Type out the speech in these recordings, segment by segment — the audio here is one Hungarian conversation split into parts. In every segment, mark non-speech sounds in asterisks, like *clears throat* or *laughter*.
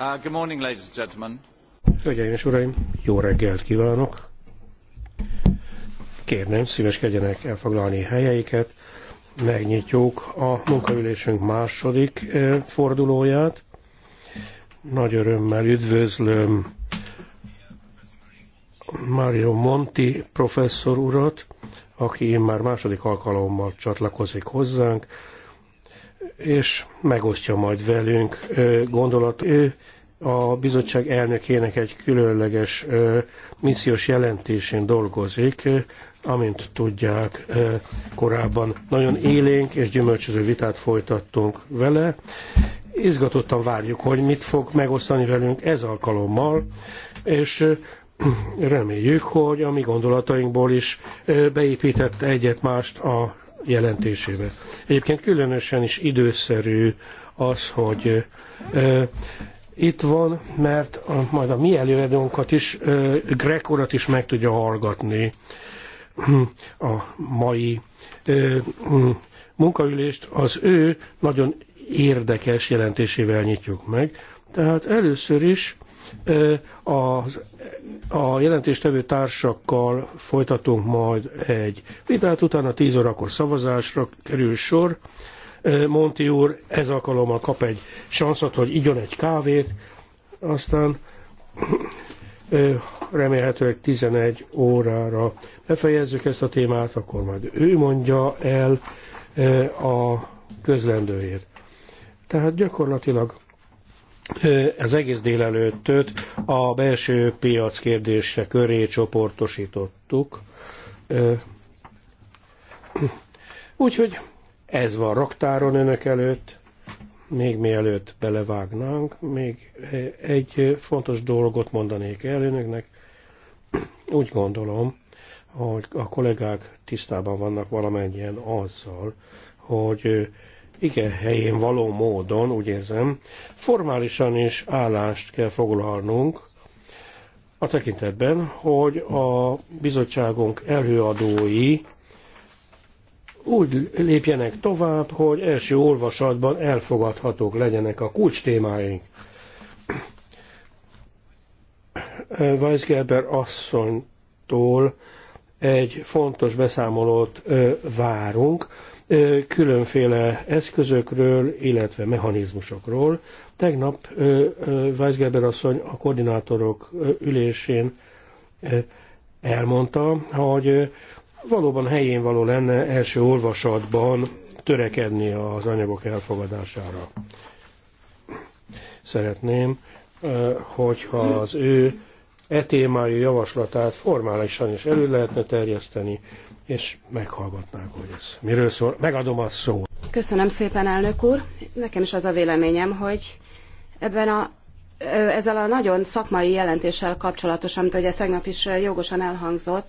Uh, good morning, ladies and gentlemen. Hölgyeim és uraim, jó reggelt kívánok! Kérném, szíveskedjenek elfoglalni helyeiket. Megnyitjuk a munkaülésünk második eh, fordulóját. Nagy örömmel üdvözlöm Mario Monti professzor urat, aki már második alkalommal csatlakozik hozzánk, és megosztja majd velünk eh, gondolat. Ő a bizottság elnökének egy különleges missziós jelentésén dolgozik, amint tudják, korábban nagyon élénk és gyümölcsöző vitát folytattunk vele. Izgatottan várjuk, hogy mit fog megosztani velünk ez alkalommal, és reméljük, hogy a mi gondolatainkból is beépített egyet-mást a jelentésébe. Egyébként különösen is időszerű az, hogy itt van, mert a, majd a mi előadónkat is, Greg urat is meg tudja hallgatni *clears throat* a mai munkaülést. Az ő nagyon érdekes jelentésével nyitjuk meg. Tehát először is a, a jelentéstevő társakkal folytatunk majd egy vitát, utána 10 órakor szavazásra kerül sor. Monti úr ez alkalommal kap egy sanszot, hogy igyon egy kávét, aztán remélhetőleg 11 órára befejezzük ezt a témát, akkor majd ő mondja el a közlendőjét. Tehát gyakorlatilag az egész délelőttöt a belső piac kérdése köré csoportosítottuk. Úgyhogy ez van raktáron önök előtt, még mielőtt belevágnánk, még egy fontos dolgot mondanék el önöknek. Úgy gondolom, hogy a kollégák tisztában vannak valamennyien azzal, hogy igen helyén való módon, úgy érzem, formálisan is állást kell foglalnunk a tekintetben, hogy a bizottságunk előadói úgy lépjenek tovább, hogy első olvasatban elfogadhatók legyenek a kulcs témáink. Weisgerber asszonytól egy fontos beszámolót várunk, különféle eszközökről, illetve mechanizmusokról. Tegnap Weisgerber asszony a koordinátorok ülésén elmondta, hogy valóban helyén való lenne első olvasatban törekedni az anyagok elfogadására. Szeretném, hogyha az ő e témájú javaslatát formálisan is elő lehetne terjeszteni, és meghallgatnák, hogy ez miről szól. Megadom a szót. Köszönöm szépen, elnök úr. Nekem is az a véleményem, hogy ebben a ezzel a nagyon szakmai jelentéssel kapcsolatosan, amit ugye ez tegnap is jogosan elhangzott,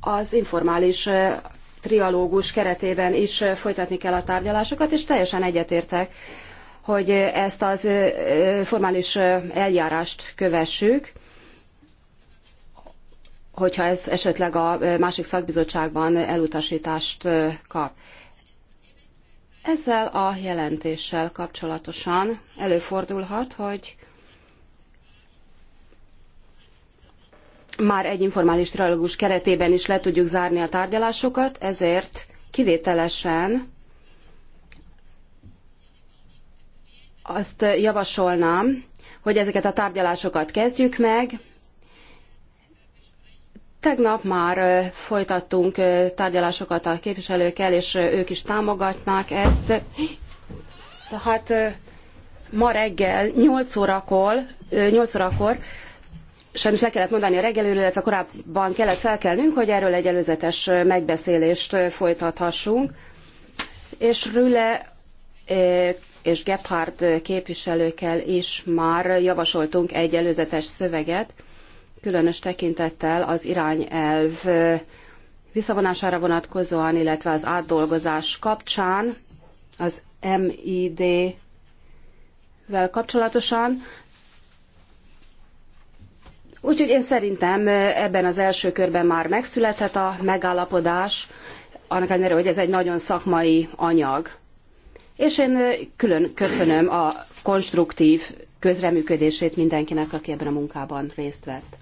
az informális trialógus keretében is folytatni kell a tárgyalásokat, és teljesen egyetértek, hogy ezt az formális eljárást kövessük, hogyha ez esetleg a másik szakbizottságban elutasítást kap. Ezzel a jelentéssel kapcsolatosan előfordulhat, hogy már egy informális trialógus keretében is le tudjuk zárni a tárgyalásokat, ezért kivételesen azt javasolnám, hogy ezeket a tárgyalásokat kezdjük meg. Tegnap már folytattunk tárgyalásokat a képviselőkkel, és ők is támogatnak ezt. Tehát ma reggel 8 órakor, 8 órakor sajnos le kellett mondani a reggelőről, illetve korábban kellett felkelnünk, hogy erről egy előzetes megbeszélést folytathassunk. És Rüle eh, és Gebhardt képviselőkkel is már javasoltunk egy előzetes szöveget, különös tekintettel az irányelv eh, visszavonására vonatkozóan, illetve az átdolgozás kapcsán, az MID-vel kapcsolatosan. Úgyhogy én szerintem ebben az első körben már megszülethet a megállapodás, annak ellenére, hogy ez egy nagyon szakmai anyag. És én külön köszönöm a konstruktív közreműködését mindenkinek, aki ebben a munkában részt vett.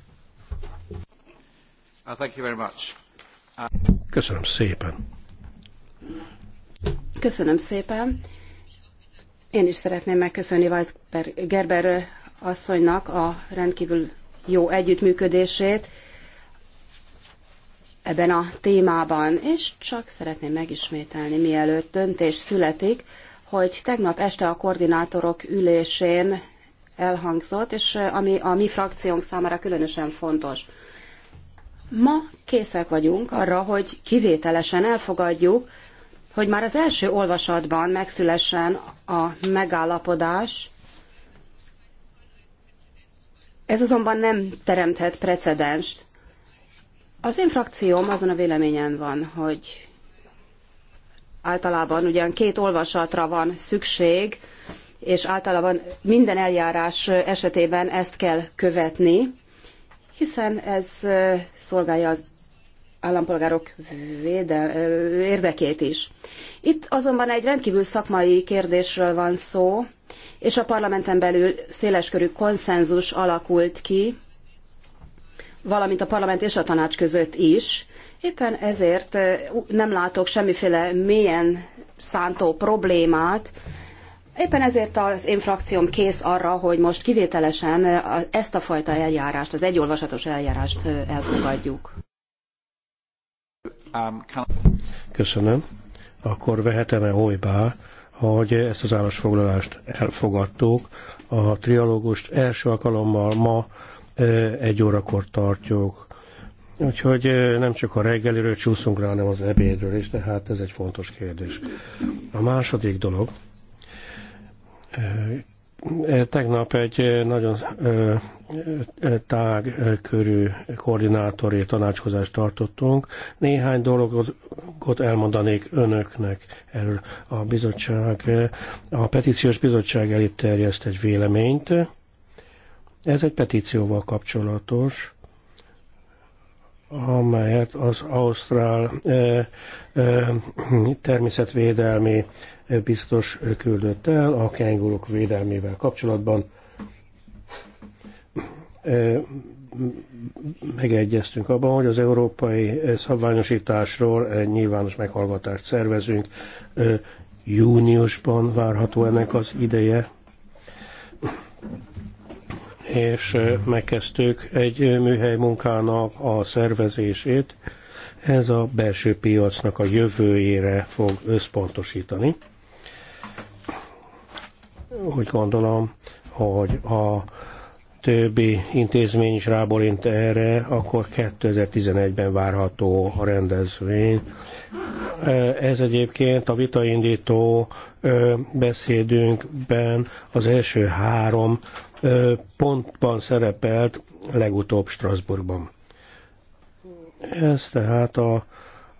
Uh, köszönöm szépen. Köszönöm szépen. Én is szeretném megköszönni Weiss Gerber asszonynak a rendkívül jó együttműködését ebben a témában, és csak szeretném megismételni, mielőtt döntés születik, hogy tegnap este a koordinátorok ülésén elhangzott, és eh, ami a mi frakciónk számára különösen fontos. Ma készek vagyunk arra, hogy kivételesen elfogadjuk, hogy már az első olvasatban megszülessen a megállapodás ez azonban nem teremthet precedenst. Az én frakcióm azon a véleményen van, hogy általában ugyan két olvasatra van szükség, és általában minden eljárás esetében ezt kell követni, hiszen ez szolgálja az állampolgárok védel, érdekét is. Itt azonban egy rendkívül szakmai kérdésről van szó, és a parlamenten belül széleskörű konszenzus alakult ki, valamint a parlament és a tanács között is. Éppen ezért nem látok semmiféle mélyen szántó problémát. Éppen ezért az én frakcióm kész arra, hogy most kivételesen ezt a fajta eljárást, az egyolvasatos eljárást elfogadjuk. Um, Köszönöm. Akkor vehetem-e olybá, hogy ezt az állásfoglalást elfogadtuk. A trialógust első alkalommal ma egy órakor tartjuk. Úgyhogy nem csak a reggeliről csúszunk rá, hanem az ebédről is, de hát ez egy fontos kérdés. A második dolog, tegnap egy nagyon tág körű koordinátori tanácskozást tartottunk. Néhány dologot elmondanék önöknek erről a bizottság. A petíciós bizottság elé terjeszt egy véleményt. Ez egy petícióval kapcsolatos amelyet az Ausztrál eh, eh, természetvédelmi biztos küldött el a kenguruk védelmével kapcsolatban megegyeztünk abban, hogy az európai szabványosításról nyilvános meghallgatást szervezünk. Júniusban várható ennek az ideje, és megkezdtük egy műhely munkának a szervezését. Ez a belső piacnak a jövőjére fog összpontosítani. Úgy gondolom, hogy a többi intézmény is rábólint erre, akkor 2011-ben várható a rendezvény. Ez egyébként a vitaindító beszédünkben az első három pontban szerepelt legutóbb Strasbourgban. Ez tehát a,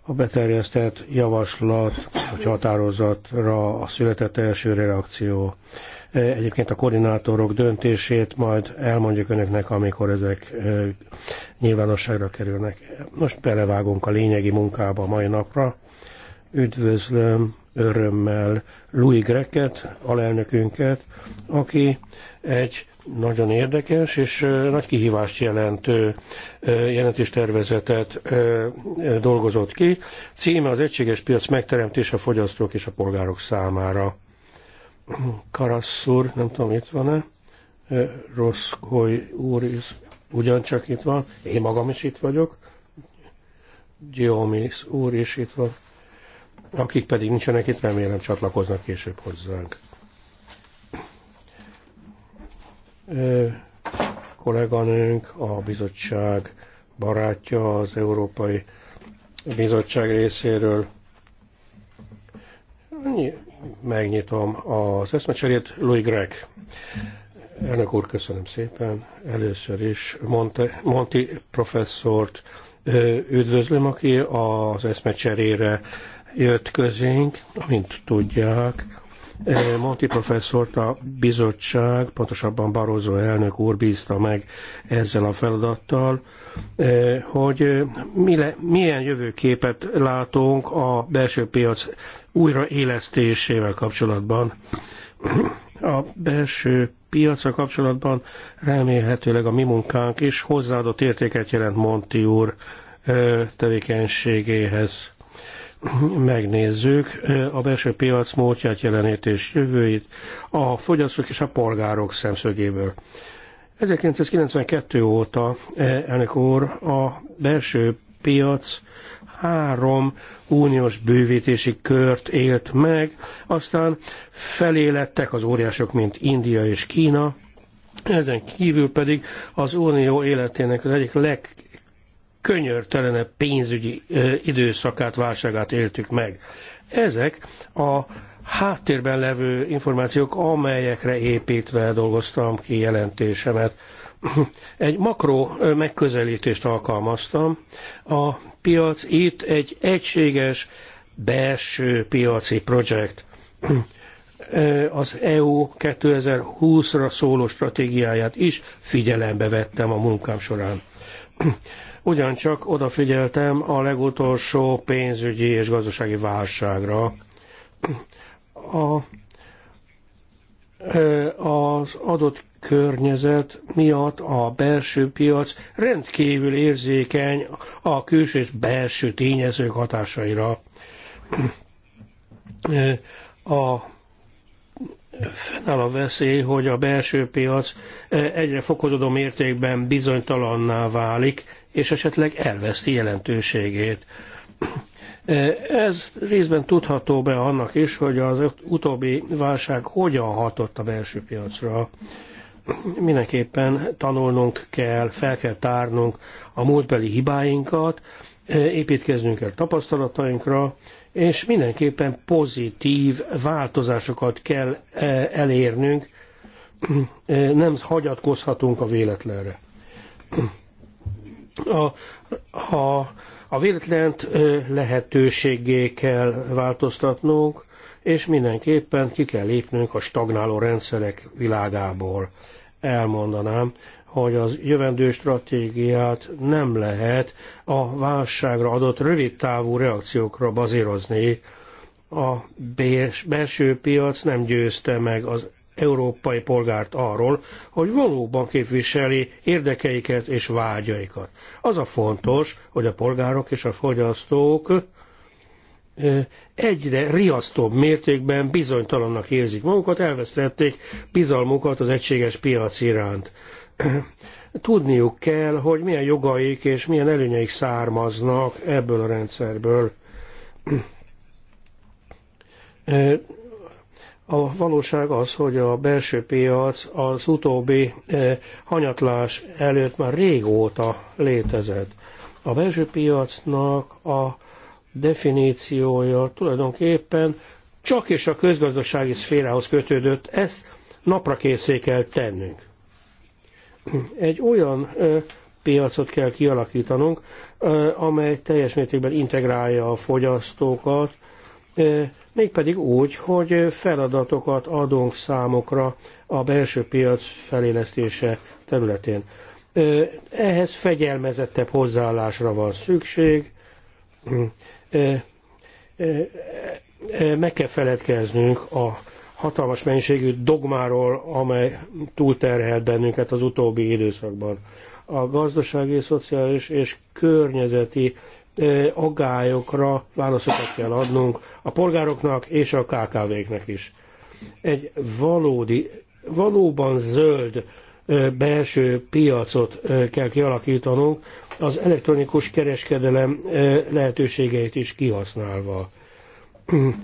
a beterjesztett javaslat, vagy határozatra a született első reakció. Egyébként a koordinátorok döntését majd elmondjuk önöknek, amikor ezek nyilvánosságra kerülnek. Most belevágunk a lényegi munkába a mai napra. Üdvözlöm örömmel Louis Greket, alelnökünket, aki egy nagyon érdekes és nagy kihívást jelentő tervezetet dolgozott ki. Címe az egységes piac megteremtése a fogyasztók és a polgárok számára. Karasszur, nem tudom, itt van-e, Roszkoly úr is ugyancsak itt van, én magam is itt vagyok, Diomis úr is itt van, akik pedig nincsenek itt, remélem csatlakoznak később hozzánk. Kolléganőnk a bizottság barátja az Európai Bizottság részéről megnyitom az eszmecserét. Louis Gregg. Elnök úr, köszönöm szépen. Először is Monte, Monti professzort üdvözlöm, aki az eszmecserére jött közénk, amint tudják. Monti professzort a bizottság, pontosabban Barozó elnök úr bízta meg ezzel a feladattal, hogy milyen jövőképet látunk a belső piac újraélesztésével kapcsolatban. A belső piacra kapcsolatban remélhetőleg a mi munkánk is hozzáadott értéket jelent Monti úr tevékenységéhez. Megnézzük a belső piac módját, jelenét és jövőit a fogyasztók és a polgárok szemszögéből. 1992 óta, elnök úr, a belső piac három uniós bővítési kört élt meg, aztán felélettek az óriások, mint India és Kína, ezen kívül pedig az unió életének az egyik legkönyörtelenebb pénzügyi időszakát, válságát éltük meg. Ezek a háttérben levő információk, amelyekre építve dolgoztam ki jelentésemet. Egy makro megközelítést alkalmaztam. A piac itt egy egységes belső piaci projekt. Az EU 2020-ra szóló stratégiáját is figyelembe vettem a munkám során. Ugyancsak odafigyeltem a legutolsó pénzügyi és gazdasági válságra. A, az adott környezet miatt a belső piac rendkívül érzékeny a külső és belső tényezők hatásaira. A fennáll a veszély, hogy a belső piac e, egyre fokozódó mértékben bizonytalanná válik, és esetleg elveszti jelentőségét. E, ez részben tudható be annak is, hogy az utóbbi válság hogyan hatott a belső piacra mindenképpen tanulnunk kell, fel kell tárnunk a múltbeli hibáinkat, építkeznünk kell tapasztalatainkra, és mindenképpen pozitív változásokat kell elérnünk, nem hagyatkozhatunk a véletlenre. A, a, a véletlent lehetőségé kell változtatnunk, és mindenképpen ki kell lépnünk a stagnáló rendszerek világából elmondanám, hogy az jövendő stratégiát nem lehet a válságra adott rövid távú reakciókra bazírozni. A belső piac nem győzte meg az európai polgárt arról, hogy valóban képviseli érdekeiket és vágyaikat. Az a fontos, hogy a polgárok és a fogyasztók egyre riasztóbb mértékben bizonytalannak érzik magukat, elvesztették bizalmukat az egységes piac iránt. *clears throat* Tudniuk kell, hogy milyen jogaik és milyen előnyeik származnak ebből a rendszerből. A valóság az, hogy a belső piac az utóbbi hanyatlás előtt már régóta létezett. A belső piacnak a definíciója tulajdonképpen csak és a közgazdasági szférához kötődött, ezt napra készé kell tennünk. Egy olyan ö, piacot kell kialakítanunk, ö, amely teljes mértékben integrálja a fogyasztókat, ö, mégpedig úgy, hogy feladatokat adunk számokra a belső piac felélesztése területén. Ehhez fegyelmezettebb hozzáállásra van szükség, meg kell feledkeznünk a hatalmas mennyiségű dogmáról, amely túlterhelt bennünket az utóbbi időszakban. A gazdasági, szociális és környezeti aggályokra válaszokat kell adnunk a polgároknak és a KKV-knek is. Egy valódi, valóban zöld belső piacot kell kialakítanunk, az elektronikus kereskedelem lehetőségeit is kihasználva. *clears throat*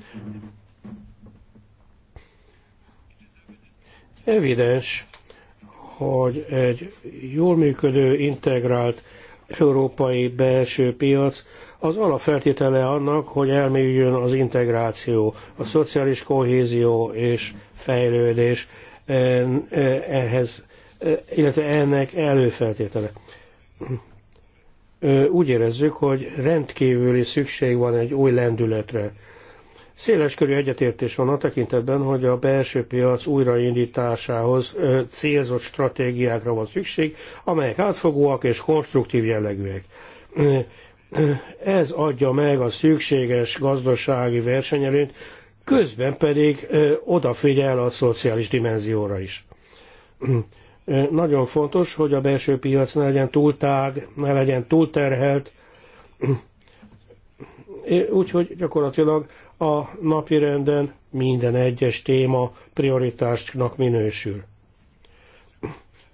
Evidens, hogy egy jól működő, integrált európai belső piac az alapfeltétele annak, hogy elmélyüljön az integráció, a szociális kohézió és fejlődés. Ehhez illetve ennek előfeltétele. Úgy érezzük, hogy rendkívüli szükség van egy új lendületre. Széleskörű egyetértés van a tekintetben, hogy a belső piac újraindításához célzott stratégiákra van szükség, amelyek átfogóak és konstruktív jellegűek. Ez adja meg a szükséges gazdasági versenyelőnyt, közben pedig odafigyel a szociális dimenzióra is. Nagyon fontos, hogy a belső piac ne legyen túl tág, ne legyen túl terhelt, úgyhogy gyakorlatilag a napirenden minden egyes téma prioritásnak minősül.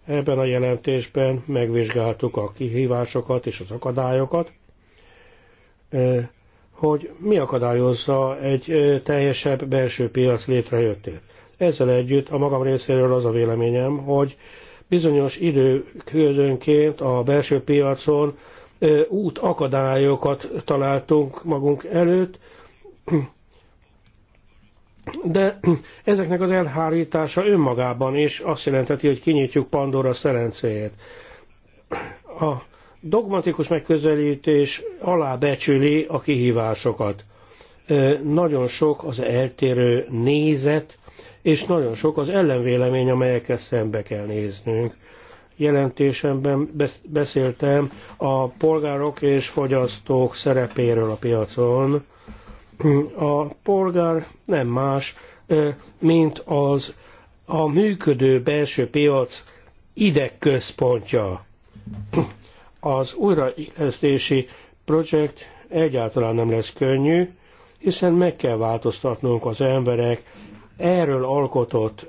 Ebben a jelentésben megvizsgáltuk a kihívásokat és az akadályokat, hogy mi akadályozza egy teljesebb belső piac létrejöttét. Ezzel együtt a magam részéről az a véleményem, hogy bizonyos időközönként a belső piacon út akadályokat találtunk magunk előtt, de ezeknek az elhárítása önmagában is azt jelenteti, hogy kinyitjuk Pandora szerencéjét. A dogmatikus megközelítés alábecsüli a kihívásokat. Nagyon sok az eltérő nézet, és nagyon sok az ellenvélemény, amelyekkel szembe kell néznünk. Jelentésemben beszéltem a polgárok és fogyasztók szerepéről a piacon. A polgár nem más, mint az a működő belső piac idegközpontja. Az újraélesztési projekt egyáltalán nem lesz könnyű, hiszen meg kell változtatnunk az emberek erről alkotott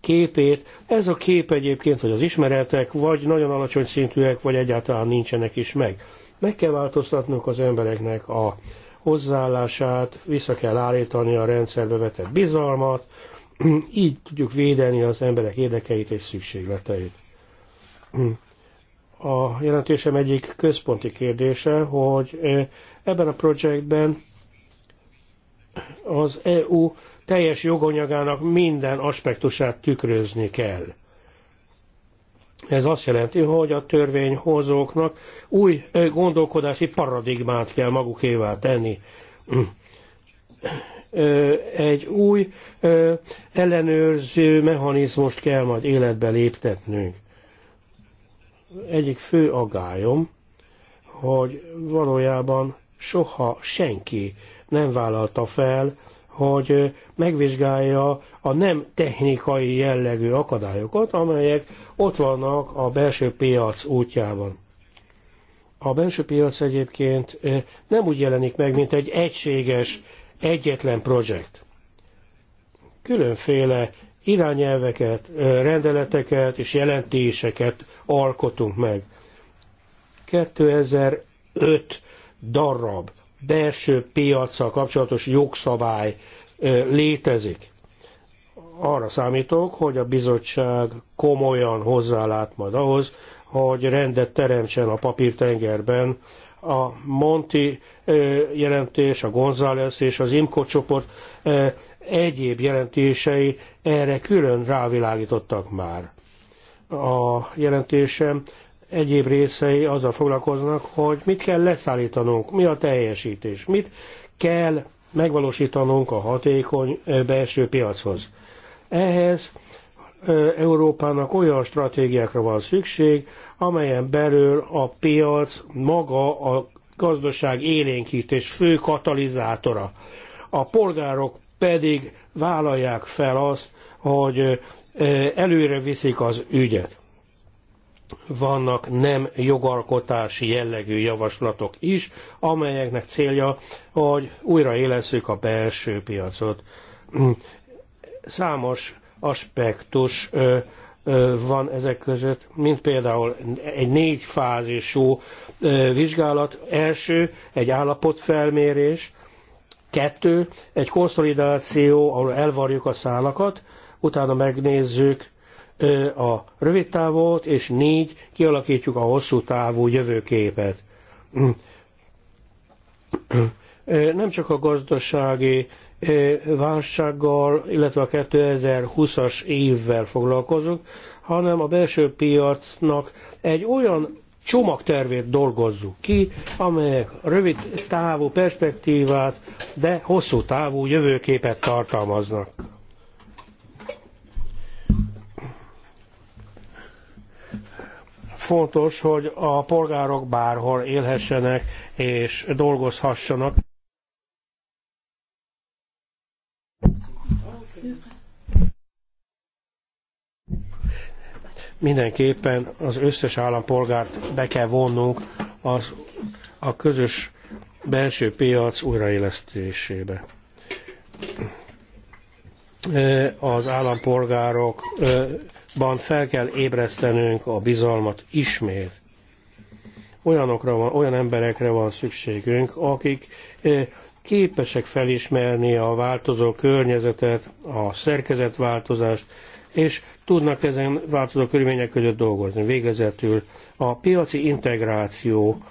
képét. Ez a kép egyébként, hogy az ismeretek vagy nagyon alacsony szintűek, vagy egyáltalán nincsenek is meg. Meg kell változtatnunk az embereknek a hozzáállását, vissza kell állítani a rendszerbe vetett bizalmat, *clears throat* így tudjuk védeni az emberek érdekeit és szükségleteit. A jelentésem egyik központi kérdése, hogy ebben a projektben az EU teljes joganyagának minden aspektusát tükrözni kell. Ez azt jelenti, hogy a törvényhozóknak új gondolkodási paradigmát kell magukévá tenni. Egy új ellenőrző mechanizmust kell majd életbe léptetnünk. Egyik fő agályom, hogy valójában soha senki nem vállalta fel, hogy megvizsgálja a nem technikai jellegű akadályokat, amelyek ott vannak a belső piac útjában. A belső piac egyébként nem úgy jelenik meg, mint egy egységes, egyetlen projekt. Különféle irányelveket, rendeleteket és jelentéseket alkotunk meg. 2005 darab belső piacsal kapcsolatos jogszabály létezik. Arra számítok, hogy a bizottság komolyan hozzálát majd ahhoz, hogy rendet teremtsen a papírtengerben. A Monti jelentés, a González és az Imco csoport egyéb jelentései erre külön rávilágítottak már. A jelentésem egyéb részei azzal foglalkoznak, hogy mit kell leszállítanunk, mi a teljesítés, mit kell megvalósítanunk a hatékony eh, belső piachoz. Ehhez Európának olyan stratégiákra van szükség, amelyen belül a piac maga a gazdaság élénkítés fő katalizátora. A polgárok pedig vállalják fel azt, hogy előre viszik az ügyet vannak nem jogalkotási jellegű javaslatok is, amelyeknek célja, hogy újraélesszük a belső piacot. Számos aspektus van ezek között, mint például egy négy fázisú vizsgálat. Első, egy állapotfelmérés, kettő, egy konszolidáció, ahol elvarjuk a szálakat, utána megnézzük a rövid távot, és négy, kialakítjuk a hosszú távú jövőképet. Nem csak a gazdasági válsággal, illetve a 2020-as évvel foglalkozunk, hanem a belső piacnak egy olyan csomagtervét dolgozzuk ki, amelyek rövid távú perspektívát, de hosszú távú jövőképet tartalmaznak. Fontos, hogy a polgárok bárhol élhessenek és dolgozhassanak. Mindenképpen az összes állampolgárt be kell vonnunk az, a közös belső piac újraélesztésébe az állampolgárok ban fel kell ébresztenünk a bizalmat ismét. Olyanokra van, olyan emberekre van szükségünk, akik képesek felismerni a változó környezetet, a szerkezetváltozást, és tudnak ezen változó körülmények között dolgozni. Végezetül a piaci integráció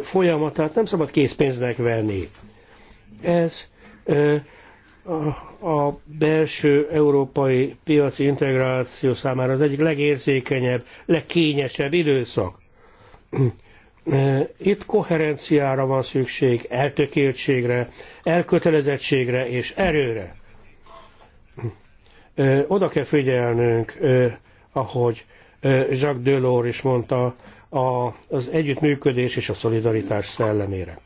folyamatát nem szabad készpénznek venni. Ez a, a belső európai piaci integráció számára az egyik legérzékenyebb, legkényesebb időszak. Itt koherenciára van szükség, eltökéltségre, elkötelezettségre és erőre. Oda kell figyelnünk, ahogy Jacques Delors is mondta, az együttműködés és a szolidaritás szellemére.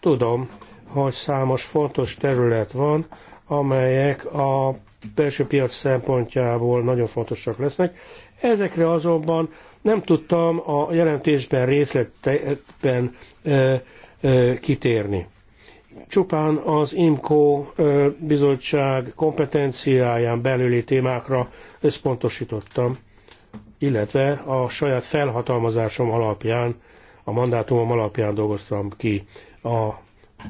Tudom, hogy számos fontos terület van, amelyek a belső piac szempontjából nagyon fontosak lesznek. Ezekre azonban nem tudtam a jelentésben részletben kitérni. Csupán az IMCO bizottság kompetenciáján belüli témákra összpontosítottam, illetve a saját felhatalmazásom alapján, a mandátumom alapján dolgoztam ki a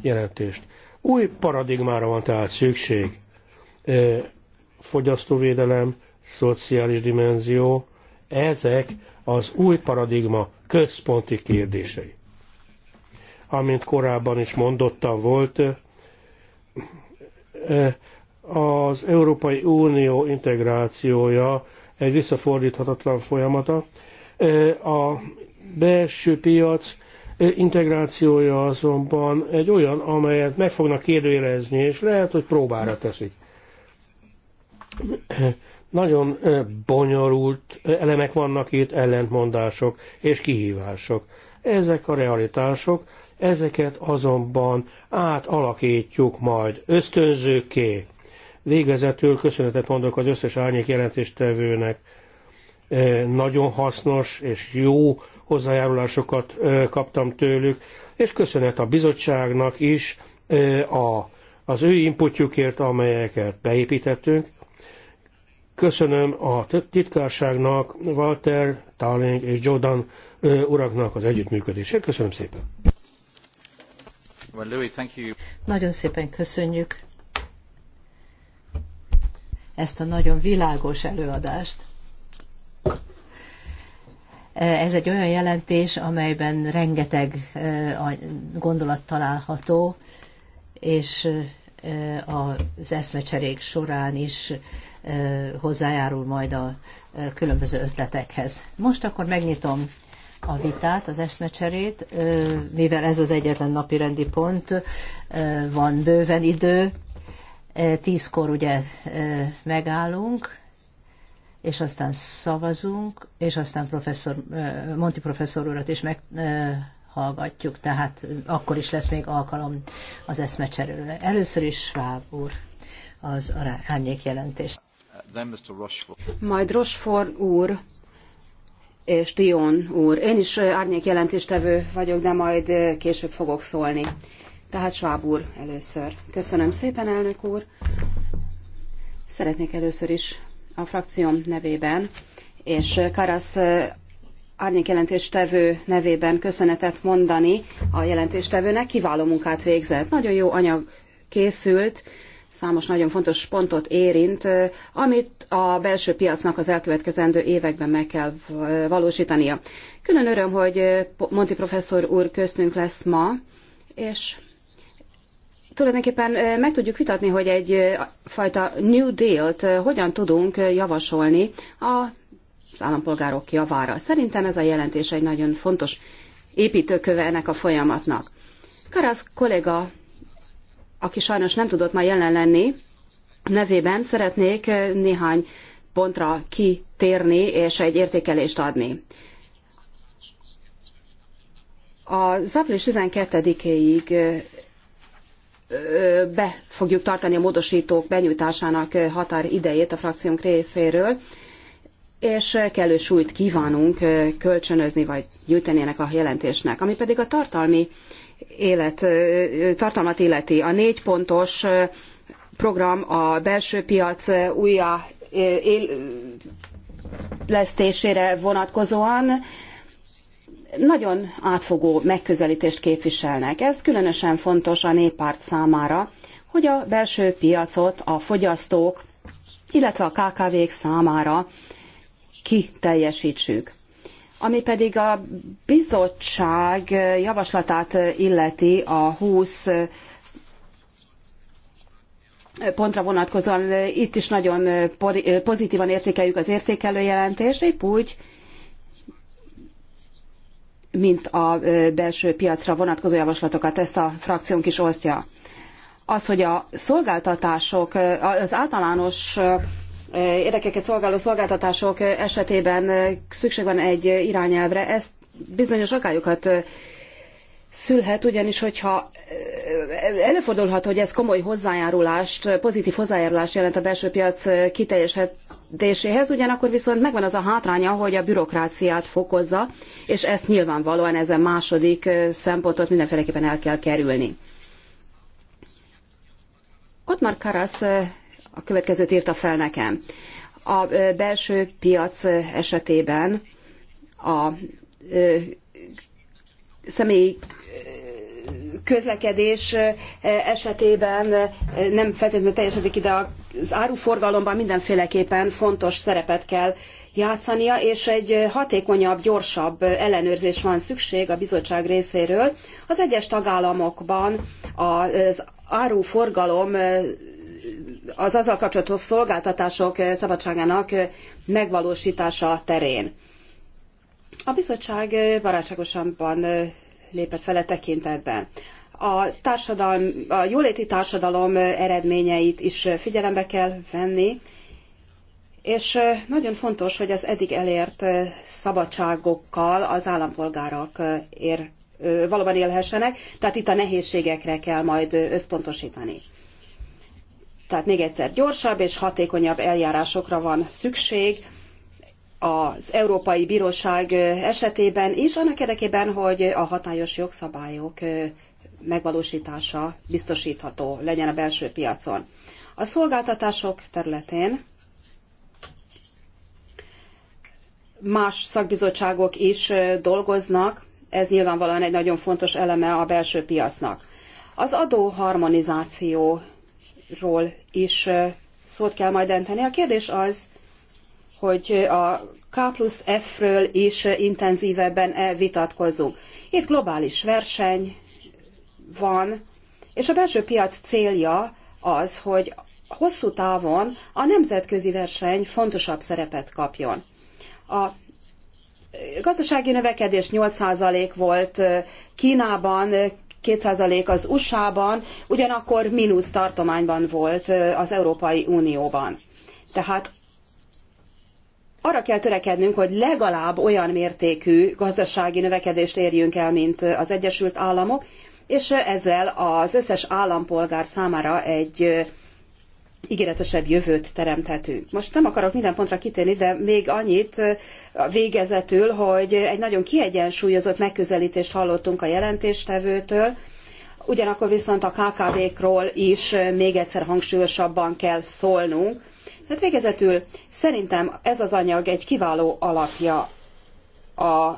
jelentést. Új paradigmára van tehát szükség. Fogyasztóvédelem, szociális dimenzió, ezek az új paradigma központi kérdései. Amint korábban is mondottam volt, az Európai Unió integrációja egy visszafordíthatatlan folyamata. A belső piac integrációja azonban egy olyan, amelyet meg fognak kérdőjelezni, és lehet, hogy próbára teszik. Nagyon bonyolult elemek vannak itt, ellentmondások és kihívások. Ezek a realitások, ezeket azonban átalakítjuk majd ösztönzőké. Végezetül köszönetet mondok az összes árnyék jelentéstevőnek. Nagyon hasznos és jó hozzájárulásokat kaptam tőlük, és köszönet a bizottságnak is a, az ő inputjukért, amelyeket beépítettünk. Köszönöm a titkárságnak, Walter, Taling és Jordan uraknak az együttműködését. Köszönöm szépen! Well, Louis, thank you. Nagyon szépen köszönjük ezt a nagyon világos előadást. Ez egy olyan jelentés, amelyben rengeteg gondolat található, és az eszmecserék során is hozzájárul majd a különböző ötletekhez. Most akkor megnyitom a vitát, az eszmecserét, mivel ez az egyetlen napi rendi pont, van bőven idő, tízkor ugye megállunk, és aztán szavazunk, és aztán professzor, Monti professzor urat is meghallgatjuk, tehát akkor is lesz még alkalom az eszmecserőre. Először is Schwab úr az árnyék jelentés. Majd Rochefort úr és Dion úr. Én is árnyék jelentéstevő vagyok, de majd később fogok szólni. Tehát Schwab úr először. Köszönöm szépen, elnök úr. Szeretnék először is a frakcióm nevében, és Karasz árnyék jelentéstevő nevében köszönetet mondani a jelentéstevőnek. Kiváló munkát végzett. Nagyon jó anyag készült, számos nagyon fontos pontot érint, amit a belső piacnak az elkövetkezendő években meg kell valósítania. Külön öröm, hogy Monti professzor úr köztünk lesz ma, és tulajdonképpen meg tudjuk vitatni, hogy egy fajta New Deal-t hogyan tudunk javasolni az állampolgárok javára. Szerintem ez a jelentés egy nagyon fontos építőköve ennek a folyamatnak. Karasz kolléga, aki sajnos nem tudott ma jelen lenni, nevében szeretnék néhány pontra kitérni és egy értékelést adni. Az április 12-ig be fogjuk tartani a módosítók benyújtásának határidejét a frakciónk részéről, és kellő súlyt kívánunk kölcsönözni vagy nyújtani ennek a jelentésnek. Ami pedig a tartalmi élet, tartalmat illeti, a négy pontos program a belső piac újjáélesztésére vonatkozóan, nagyon átfogó megközelítést képviselnek. Ez különösen fontos a néppárt számára, hogy a belső piacot a fogyasztók, illetve a KKV-k számára kiteljesítsük. Ami pedig a bizottság javaslatát illeti a 20 pontra vonatkozóan, itt is nagyon pozitívan értékeljük az értékelőjelentést, épp úgy, mint a belső piacra vonatkozó javaslatokat. Ezt a frakciónk is osztja. Az, hogy a szolgáltatások, az általános érdekeket szolgáló szolgáltatások esetében szükség van egy irányelvre, ezt bizonyos akályokat szülhet, ugyanis hogyha előfordulhat, hogy ez komoly hozzájárulást, pozitív hozzájárulást jelent a belső piac kiteljesedéséhez, ugyanakkor viszont megvan az a hátránya, hogy a bürokráciát fokozza, és ezt nyilvánvalóan ezen második szempontot mindenféleképpen el kell kerülni. Ott Karas Karasz a következőt írta fel nekem. A belső piac esetében a személyi közlekedés esetében nem feltétlenül teljesedik ide az áruforgalomban mindenféleképpen fontos szerepet kell játszania, és egy hatékonyabb, gyorsabb ellenőrzés van szükség a bizottság részéről. Az egyes tagállamokban az áruforgalom az azzal kapcsolatos szolgáltatások szabadságának megvalósítása terén. A bizottság barátságosabban lépett fele tekintetben. A, társadalom, a jóléti társadalom eredményeit is figyelembe kell venni, és nagyon fontos, hogy az eddig elért szabadságokkal az állampolgárok ér, valóban élhessenek, tehát itt a nehézségekre kell majd összpontosítani. Tehát még egyszer gyorsabb és hatékonyabb eljárásokra van szükség, az Európai Bíróság esetében is, annak érdekében, hogy a hatályos jogszabályok megvalósítása biztosítható legyen a belső piacon. A szolgáltatások területén más szakbizottságok is dolgoznak, ez nyilvánvalóan egy nagyon fontos eleme a belső piacnak. Az adóharmonizációról is szót kell majd denteni. A kérdés az, hogy a K plusz F-ről is intenzívebben vitatkozunk. Itt globális verseny van, és a belső piac célja az, hogy hosszú távon a nemzetközi verseny fontosabb szerepet kapjon. A gazdasági növekedés 8% volt Kínában, 2% az USA-ban, ugyanakkor mínusz tartományban volt az Európai Unióban. Tehát arra kell törekednünk, hogy legalább olyan mértékű gazdasági növekedést érjünk el, mint az Egyesült Államok, és ezzel az összes állampolgár számára egy ígéretesebb jövőt teremthetünk. Most nem akarok minden pontra kitérni, de még annyit végezetül, hogy egy nagyon kiegyensúlyozott megközelítést hallottunk a jelentéstevőtől, ugyanakkor viszont a KKV-król is még egyszer hangsúlyosabban kell szólnunk, Hát végezetül szerintem ez az anyag egy kiváló alapja a,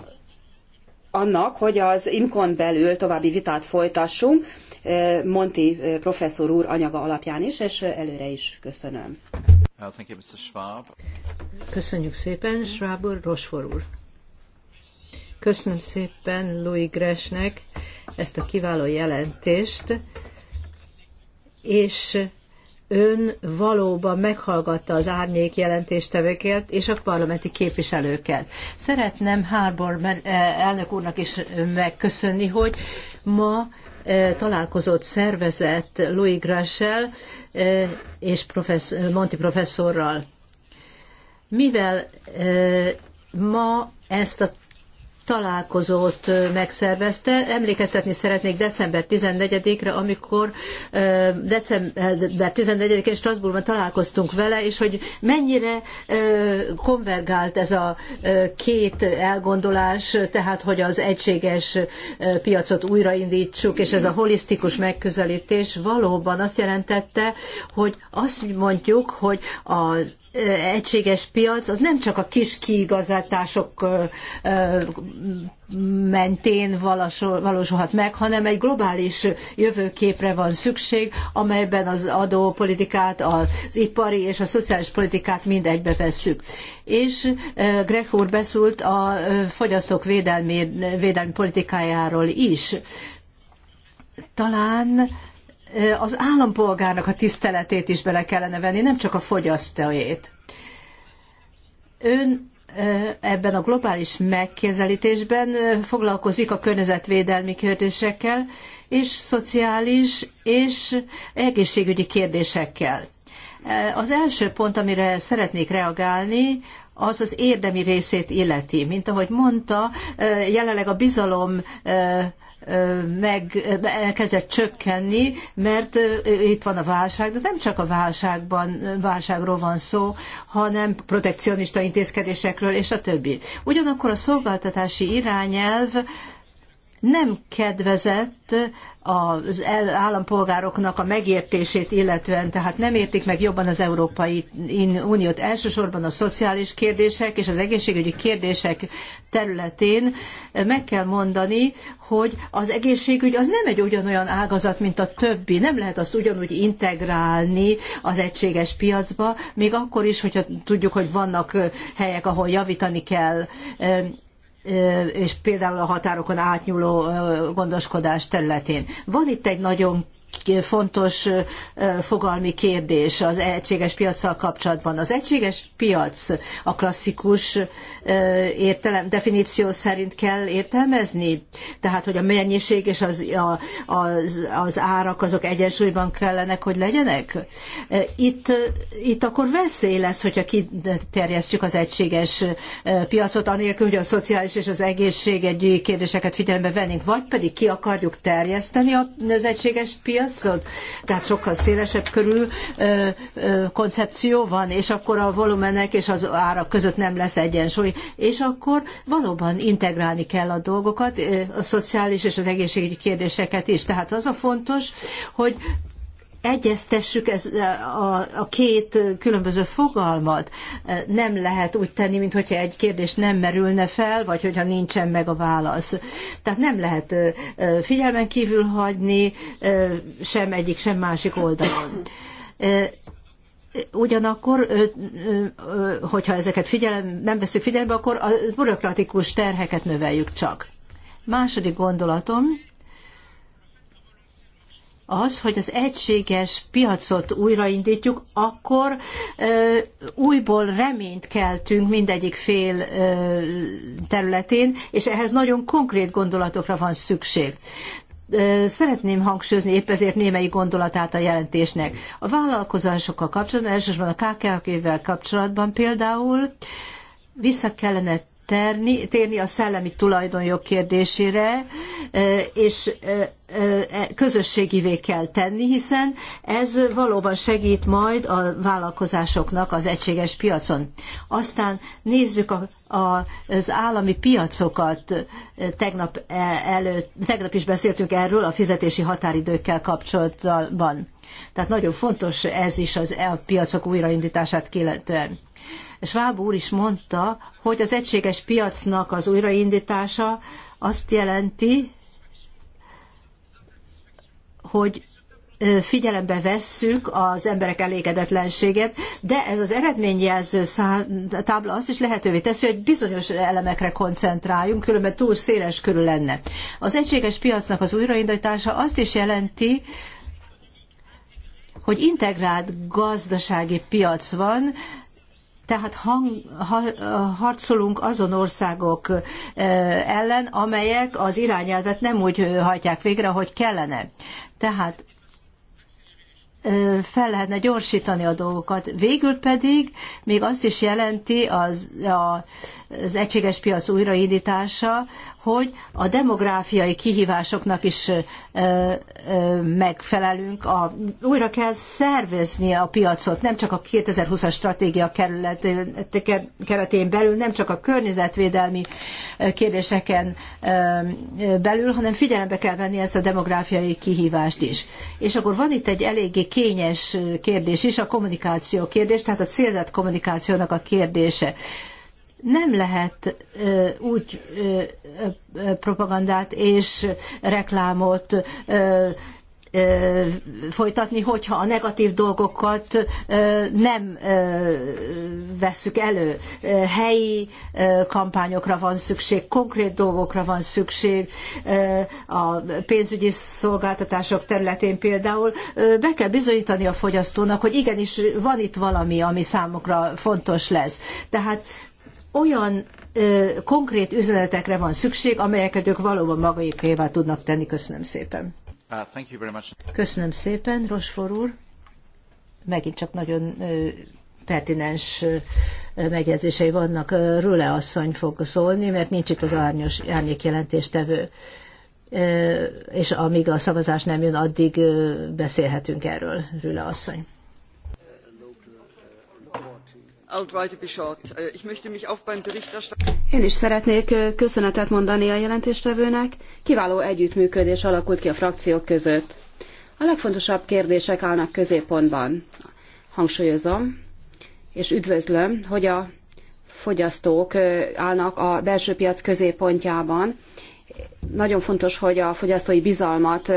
annak, hogy az IMKON belül további vitát folytassunk, eh, Monti eh, professzor úr anyaga alapján is, és előre is köszönöm. Uh, Köszönjük szépen, Schwab úr, Rosfor úr. Köszönöm szépen Louis Gresnek ezt a kiváló jelentést, és ön valóban meghallgatta az árnyék jelentéstevőket és a parlamenti képviselőket. Szeretném Harbour eh, elnök úrnak is megköszönni, hogy ma eh, találkozott szervezett Louis Grassel eh, és professz, Monti professzorral. Mivel ma ezt a találkozót megszervezte. Emlékeztetni szeretnék december 14-re, amikor december 14-én Strasbourgban találkoztunk vele, és hogy mennyire konvergált ez a két elgondolás, tehát hogy az egységes piacot újraindítsuk, és ez a holisztikus megközelítés valóban azt jelentette, hogy azt mondjuk, hogy az egységes piac az nem csak a kis kiigazítások mentén valósulhat meg, hanem egy globális jövőképre van szükség, amelyben az adópolitikát, az ipari és a szociális politikát mind egybe vesszük. És Greg úr beszélt a fogyasztók védelmi, védelmi politikájáról is. Talán az állampolgárnak a tiszteletét is bele kellene venni, nem csak a fogyasztóét. Ön ebben a globális megközelítésben foglalkozik a környezetvédelmi kérdésekkel, és szociális és egészségügyi kérdésekkel. Az első pont, amire szeretnék reagálni, az az érdemi részét illeti. Mint ahogy mondta, jelenleg a bizalom meg elkezdett csökkenni, mert itt van a válság, de nem csak a válságban, válságról van szó, hanem protekcionista intézkedésekről és a többi. Ugyanakkor a szolgáltatási irányelv nem kedvezett az állampolgároknak a megértését illetően, tehát nem értik meg jobban az Európai Uniót. Elsősorban a szociális kérdések és az egészségügyi kérdések területén meg kell mondani, hogy az egészségügy az nem egy ugyanolyan ágazat, mint a többi. Nem lehet azt ugyanúgy integrálni az egységes piacba, még akkor is, hogyha tudjuk, hogy vannak helyek, ahol javítani kell és például a határokon átnyúló gondoskodás területén. Van itt egy nagyon fontos fogalmi kérdés az egységes piacsal kapcsolatban. Az egységes piac a klasszikus értelem, definíció szerint kell értelmezni, tehát hogy a mennyiség és az, a, az, az árak azok egyensúlyban kellenek, hogy legyenek. Itt, itt akkor veszély lesz, hogyha kiterjesztjük az egységes piacot, anélkül, hogy a szociális és az egészségügyi kérdéseket figyelembe vennénk, vagy pedig ki akarjuk terjeszteni az egységes piacot, piacot, tehát sokkal szélesebb körül koncepció van, és akkor a volumenek és az árak között nem lesz egyensúly, és akkor valóban integrálni kell a dolgokat, a szociális és az egészségügyi kérdéseket is. Tehát az a fontos, hogy egyeztessük ez, e, a, a két különböző fogalmat. E, nem lehet úgy tenni, mintha egy kérdés nem merülne fel, vagy hogyha nincsen meg a válasz. Tehát nem lehet e, figyelmen kívül hagyni sem egyik, sem másik oldalon. Ugyanakkor, hogyha ezeket figyelem, nem veszük figyelembe, akkor a bürokratikus terheket növeljük csak. Második gondolatom, az, hogy az egységes piacot újraindítjuk, akkor ö, újból reményt keltünk mindegyik fél ö, területén, és ehhez nagyon konkrét gondolatokra van szükség. Szeretném hangsúlyozni épp ezért némelyik gondolatát a jelentésnek. A vállalkozásokkal kapcsolatban, elsősorban a kkk vel kapcsolatban például vissza kellene terni, térni a szellemi tulajdonjog kérdésére, és e, közösségivé kell tenni, hiszen ez valóban segít majd a vállalkozásoknak az egységes piacon. Aztán nézzük a, a, az állami piacokat. Tegnap, e, előtt, tegnap is beszéltünk erről a fizetési határidőkkel kapcsolatban. Tehát nagyon fontos ez is az, e, a piacok újraindítását illetően. Schwab úr is mondta, hogy az egységes piacnak az újraindítása azt jelenti, hogy figyelembe vesszük az emberek elégedetlenséget, de ez az eredményjelző tábla azt is lehetővé teszi, hogy bizonyos elemekre koncentráljunk, különben túl széles körül lenne. Az egységes piacnak az újraindítása azt is jelenti, hogy integrált gazdasági piac van, tehát hang, ha, harcolunk azon országok ellen, amelyek az irányelvet nem úgy hajtják végre, hogy kellene. Tehát fel lehetne gyorsítani a dolgokat. Végül pedig még azt is jelenti az, a, az egységes piac újraindítása, hogy a demográfiai kihívásoknak is ö, ö, megfelelünk. A, újra kell szervezni a piacot, nem csak a 2020-as stratégia keretén belül, nem csak a környezetvédelmi kérdéseken belül, hanem figyelembe kell venni ezt a demográfiai kihívást is. És akkor van itt egy eléggé kényes kérdés is, a kommunikáció kérdés, tehát a célzett kommunikációnak a kérdése. Nem lehet úgy propagandát és reklámot folytatni, hogyha a negatív dolgokat nem vesszük elő. Helyi kampányokra van szükség, konkrét dolgokra van szükség. A pénzügyi szolgáltatások területén például be kell bizonyítani a fogyasztónak, hogy igenis van itt valami, ami számukra fontos lesz. Tehát olyan ö, konkrét üzenetekre van szükség, amelyeket ők valóban magaikével tudnak tenni. Köszönöm szépen. Uh, Köszönöm szépen, Rosfor úr. Megint csak nagyon pertinens megjegyzései vannak. Rüle asszony fog szólni, mert nincs itt az árnyos, árnyék jelentéstevő. És amíg a szavazás nem jön, addig beszélhetünk erről, Rüle asszony. Én is szeretnék köszönetet mondani a jelentéstevőnek. Kiváló együttműködés alakult ki a frakciók között. A legfontosabb kérdések állnak középpontban. Hangsúlyozom, és üdvözlöm, hogy a fogyasztók állnak a belső piac középpontjában. Nagyon fontos, hogy a fogyasztói bizalmat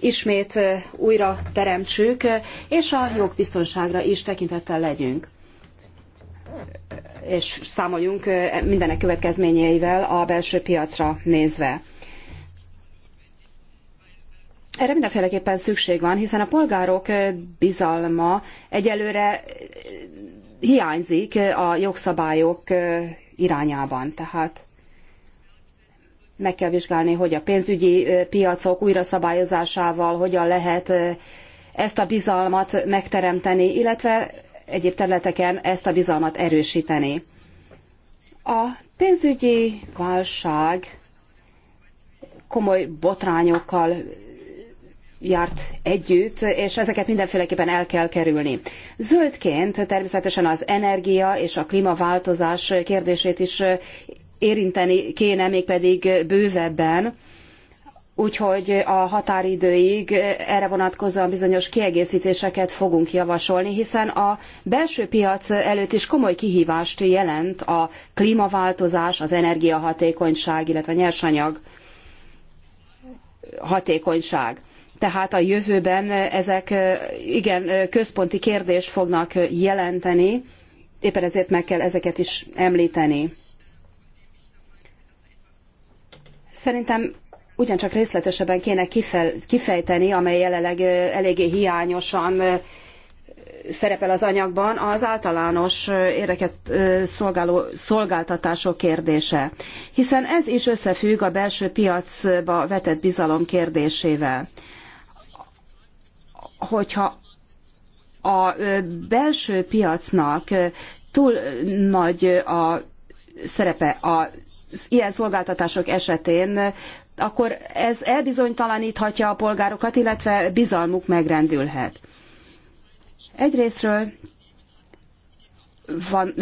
ismét újra teremtsük, és a jogbiztonságra is tekintettel legyünk és számoljunk mindenek következményeivel a belső piacra nézve. Erre mindenféleképpen szükség van, hiszen a polgárok bizalma egyelőre hiányzik a jogszabályok irányában. Tehát meg kell vizsgálni, hogy a pénzügyi piacok újraszabályozásával hogyan lehet ezt a bizalmat megteremteni, illetve egyéb területeken ezt a bizalmat erősíteni. A pénzügyi válság komoly botrányokkal járt együtt, és ezeket mindenféleképpen el kell kerülni. Zöldként természetesen az energia és a klímaváltozás kérdését is érinteni kéne, mégpedig bővebben, úgyhogy a határidőig erre vonatkozóan bizonyos kiegészítéseket fogunk javasolni, hiszen a belső piac előtt is komoly kihívást jelent a klímaváltozás, az energiahatékonyság, illetve a nyersanyag hatékonyság. Tehát a jövőben ezek igen központi kérdést fognak jelenteni, éppen ezért meg kell ezeket is említeni. Szerintem ugyancsak részletesebben kéne kifejteni, amely jelenleg eléggé hiányosan szerepel az anyagban, az általános érdeket szolgáló szolgáltatások kérdése. Hiszen ez is összefügg a belső piacba vetett bizalom kérdésével. Hogyha a belső piacnak túl nagy a szerepe a ilyen szolgáltatások esetén akkor ez elbizonytalaníthatja a polgárokat, illetve bizalmuk megrendülhet. Egyrésztről van,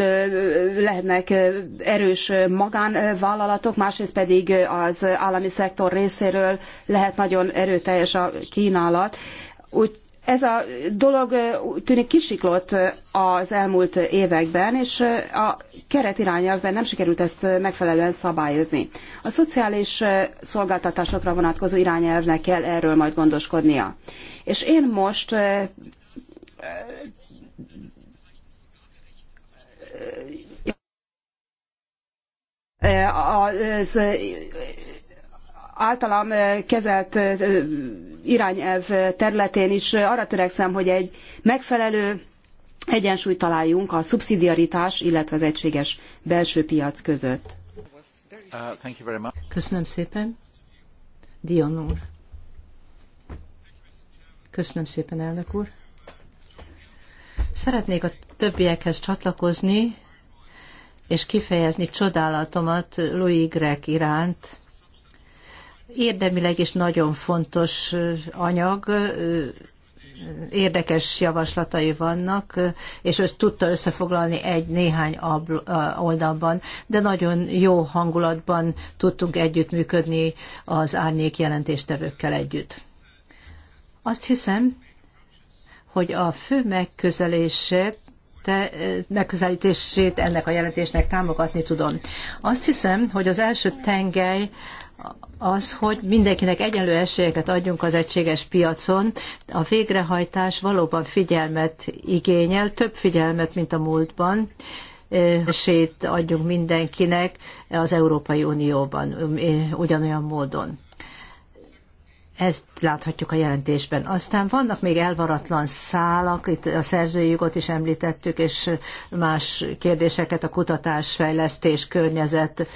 lehetnek erős magánvállalatok, másrészt pedig az állami szektor részéről lehet nagyon erőteljes a kínálat. Úgy ez a dolog úgy tűnik kisiklott az elmúlt években, és a keretirányelvben nem sikerült ezt megfelelően szabályozni. A szociális szolgáltatásokra vonatkozó irányelvnek kell erről majd gondoskodnia. És én most az általam kezelt irányelv területén is arra törekszem, hogy egy megfelelő egyensúlyt találjunk a szubszidiaritás, illetve az egységes belső piac között. Köszönöm szépen. Dion úr. Köszönöm szépen, elnök úr. Szeretnék a többiekhez csatlakozni, és kifejezni csodálatomat Louis Greg iránt, érdemileg is nagyon fontos anyag, érdekes javaslatai vannak, és ezt tudta összefoglalni egy néhány oldalban, de nagyon jó hangulatban tudtunk együttműködni az árnyék jelentéstevőkkel együtt. Azt hiszem, hogy a fő megközelését megközelítését ennek a jelentésnek támogatni tudom. Azt hiszem, hogy az első tengely az, hogy mindenkinek egyenlő esélyeket adjunk az egységes piacon. A végrehajtás valóban figyelmet igényel, több figyelmet, mint a múltban esélyt adjunk mindenkinek az Európai Unióban ugyanolyan módon. Ezt láthatjuk a jelentésben. Aztán vannak még elvaratlan szálak, itt a szerzői jogot is említettük, és más kérdéseket, a kutatás, fejlesztés, környezet,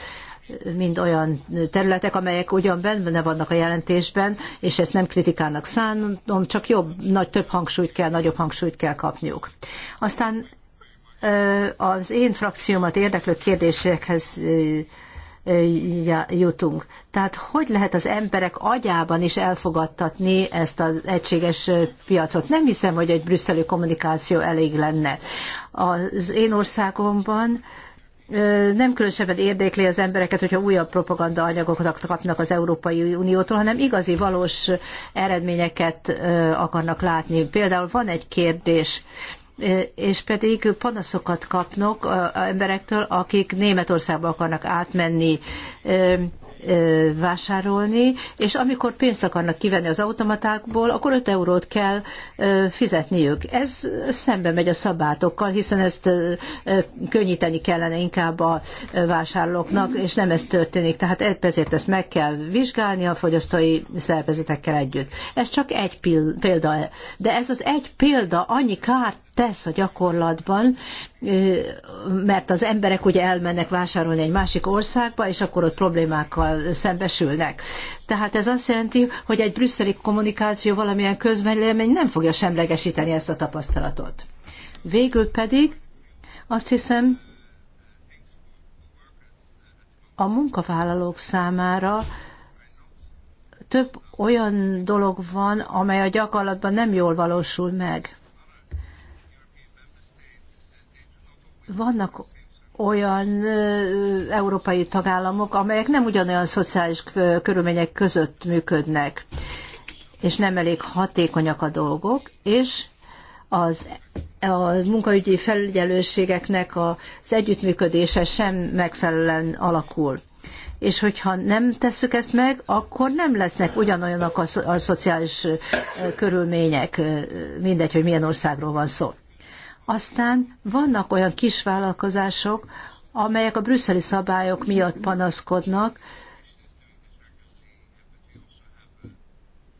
mind olyan területek, amelyek ugyan benne vannak a jelentésben, és ezt nem kritikának szánom, csak jobb, nagy, több hangsúlyt kell, nagyobb hangsúlyt kell kapniuk. Aztán az én frakciómat érdeklő kérdésekhez jutunk. Tehát hogy lehet az emberek agyában is elfogadtatni ezt az egységes piacot? Nem hiszem, hogy egy brüsszeli kommunikáció elég lenne. Az én országomban nem különösebben érdekli az embereket, hogyha újabb propaganda anyagokat kapnak az Európai Uniótól, hanem igazi, valós eredményeket akarnak látni. Például van egy kérdés, és pedig panaszokat kapnak emberektől, akik Németországba akarnak átmenni vásárolni, és amikor pénzt akarnak kivenni az automatákból, akkor 5 eurót kell fizetniük. Ez szembe megy a szabátokkal, hiszen ezt könnyíteni kellene inkább a vásárlóknak, és nem ez történik. Tehát ezért ezt meg kell vizsgálni a fogyasztói szervezetekkel együtt. Ez csak egy példa, de ez az egy példa annyi kárt tesz a gyakorlatban, mert az emberek ugye elmennek vásárolni egy másik országba, és akkor ott problémákkal szembesülnek. Tehát ez azt jelenti, hogy egy brüsszeli kommunikáció valamilyen közvélemény nem fogja semlegesíteni ezt a tapasztalatot. Végül pedig azt hiszem, a munkavállalók számára több olyan dolog van, amely a gyakorlatban nem jól valósul meg. Vannak olyan európai tagállamok, amelyek nem ugyanolyan szociális körülmények között működnek, és nem elég hatékonyak a dolgok, és az, a munkaügyi felügyelőségeknek az együttműködése sem megfelelően alakul. És hogyha nem tesszük ezt meg, akkor nem lesznek ugyanolyanak a, szociális körülmények, mindegy, hogy milyen országról van szó. Aztán vannak olyan kisvállalkozások, amelyek a brüsszeli szabályok miatt panaszkodnak,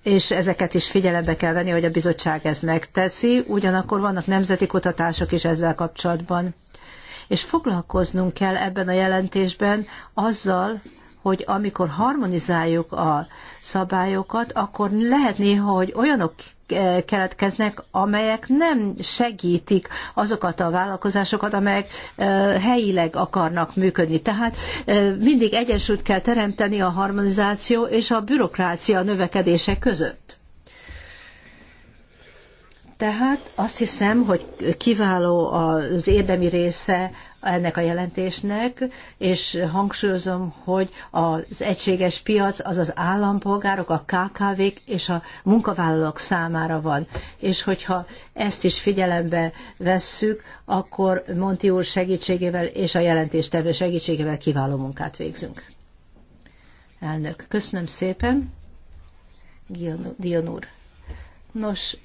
és ezeket is figyelembe kell venni, hogy a bizottság ezt megteszi, ugyanakkor vannak nemzeti kutatások is ezzel kapcsolatban. És foglalkoznunk kell ebben a jelentésben azzal, hogy amikor harmonizáljuk a szabályokat, akkor lehet néha, hogy olyanok eh, keletkeznek, amelyek nem segítik azokat a vállalkozásokat, amelyek eh, helyileg akarnak működni. Tehát eh, mindig egyensúlyt kell teremteni a harmonizáció és a bürokrácia növekedése között. Tehát azt hiszem, hogy kiváló az érdemi része ennek a jelentésnek, és hangsúlyozom, hogy az egységes piac az az állampolgárok, a KKV-k és a munkavállalók számára van. És hogyha ezt is figyelembe vesszük, akkor Monti úr segítségével és a jelentéstevő segítségével kiváló munkát végzünk. Elnök, köszönöm szépen. Dion úr. Nos,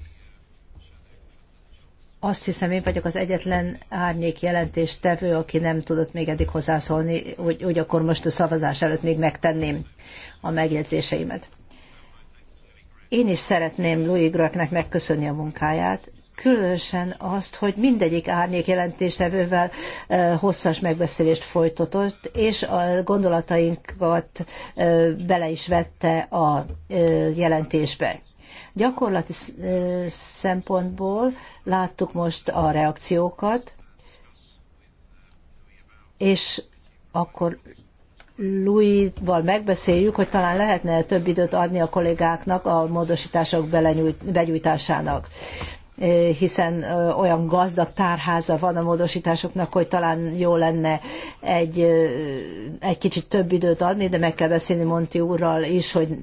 azt hiszem én vagyok az egyetlen árnyék jelentéstevő, aki nem tudott még eddig hozzászólni, hogy, hogy akkor most a szavazás előtt még megtenném a megjegyzéseimet. Én is szeretném Louis Gröcknek megköszönni a munkáját, különösen azt, hogy mindegyik árnyék jelentéstevővel eh, hosszas megbeszélést folytatott, és a gondolatainkat eh, bele is vette a eh, jelentésbe. Gyakorlati szempontból láttuk most a reakciókat, és akkor Louis-val megbeszéljük, hogy talán lehetne több időt adni a kollégáknak a módosítások benyújtásának hiszen olyan gazdag tárháza van a módosításoknak, hogy talán jó lenne egy, egy kicsit több időt adni, de meg kell beszélni Monti úrral is, hogy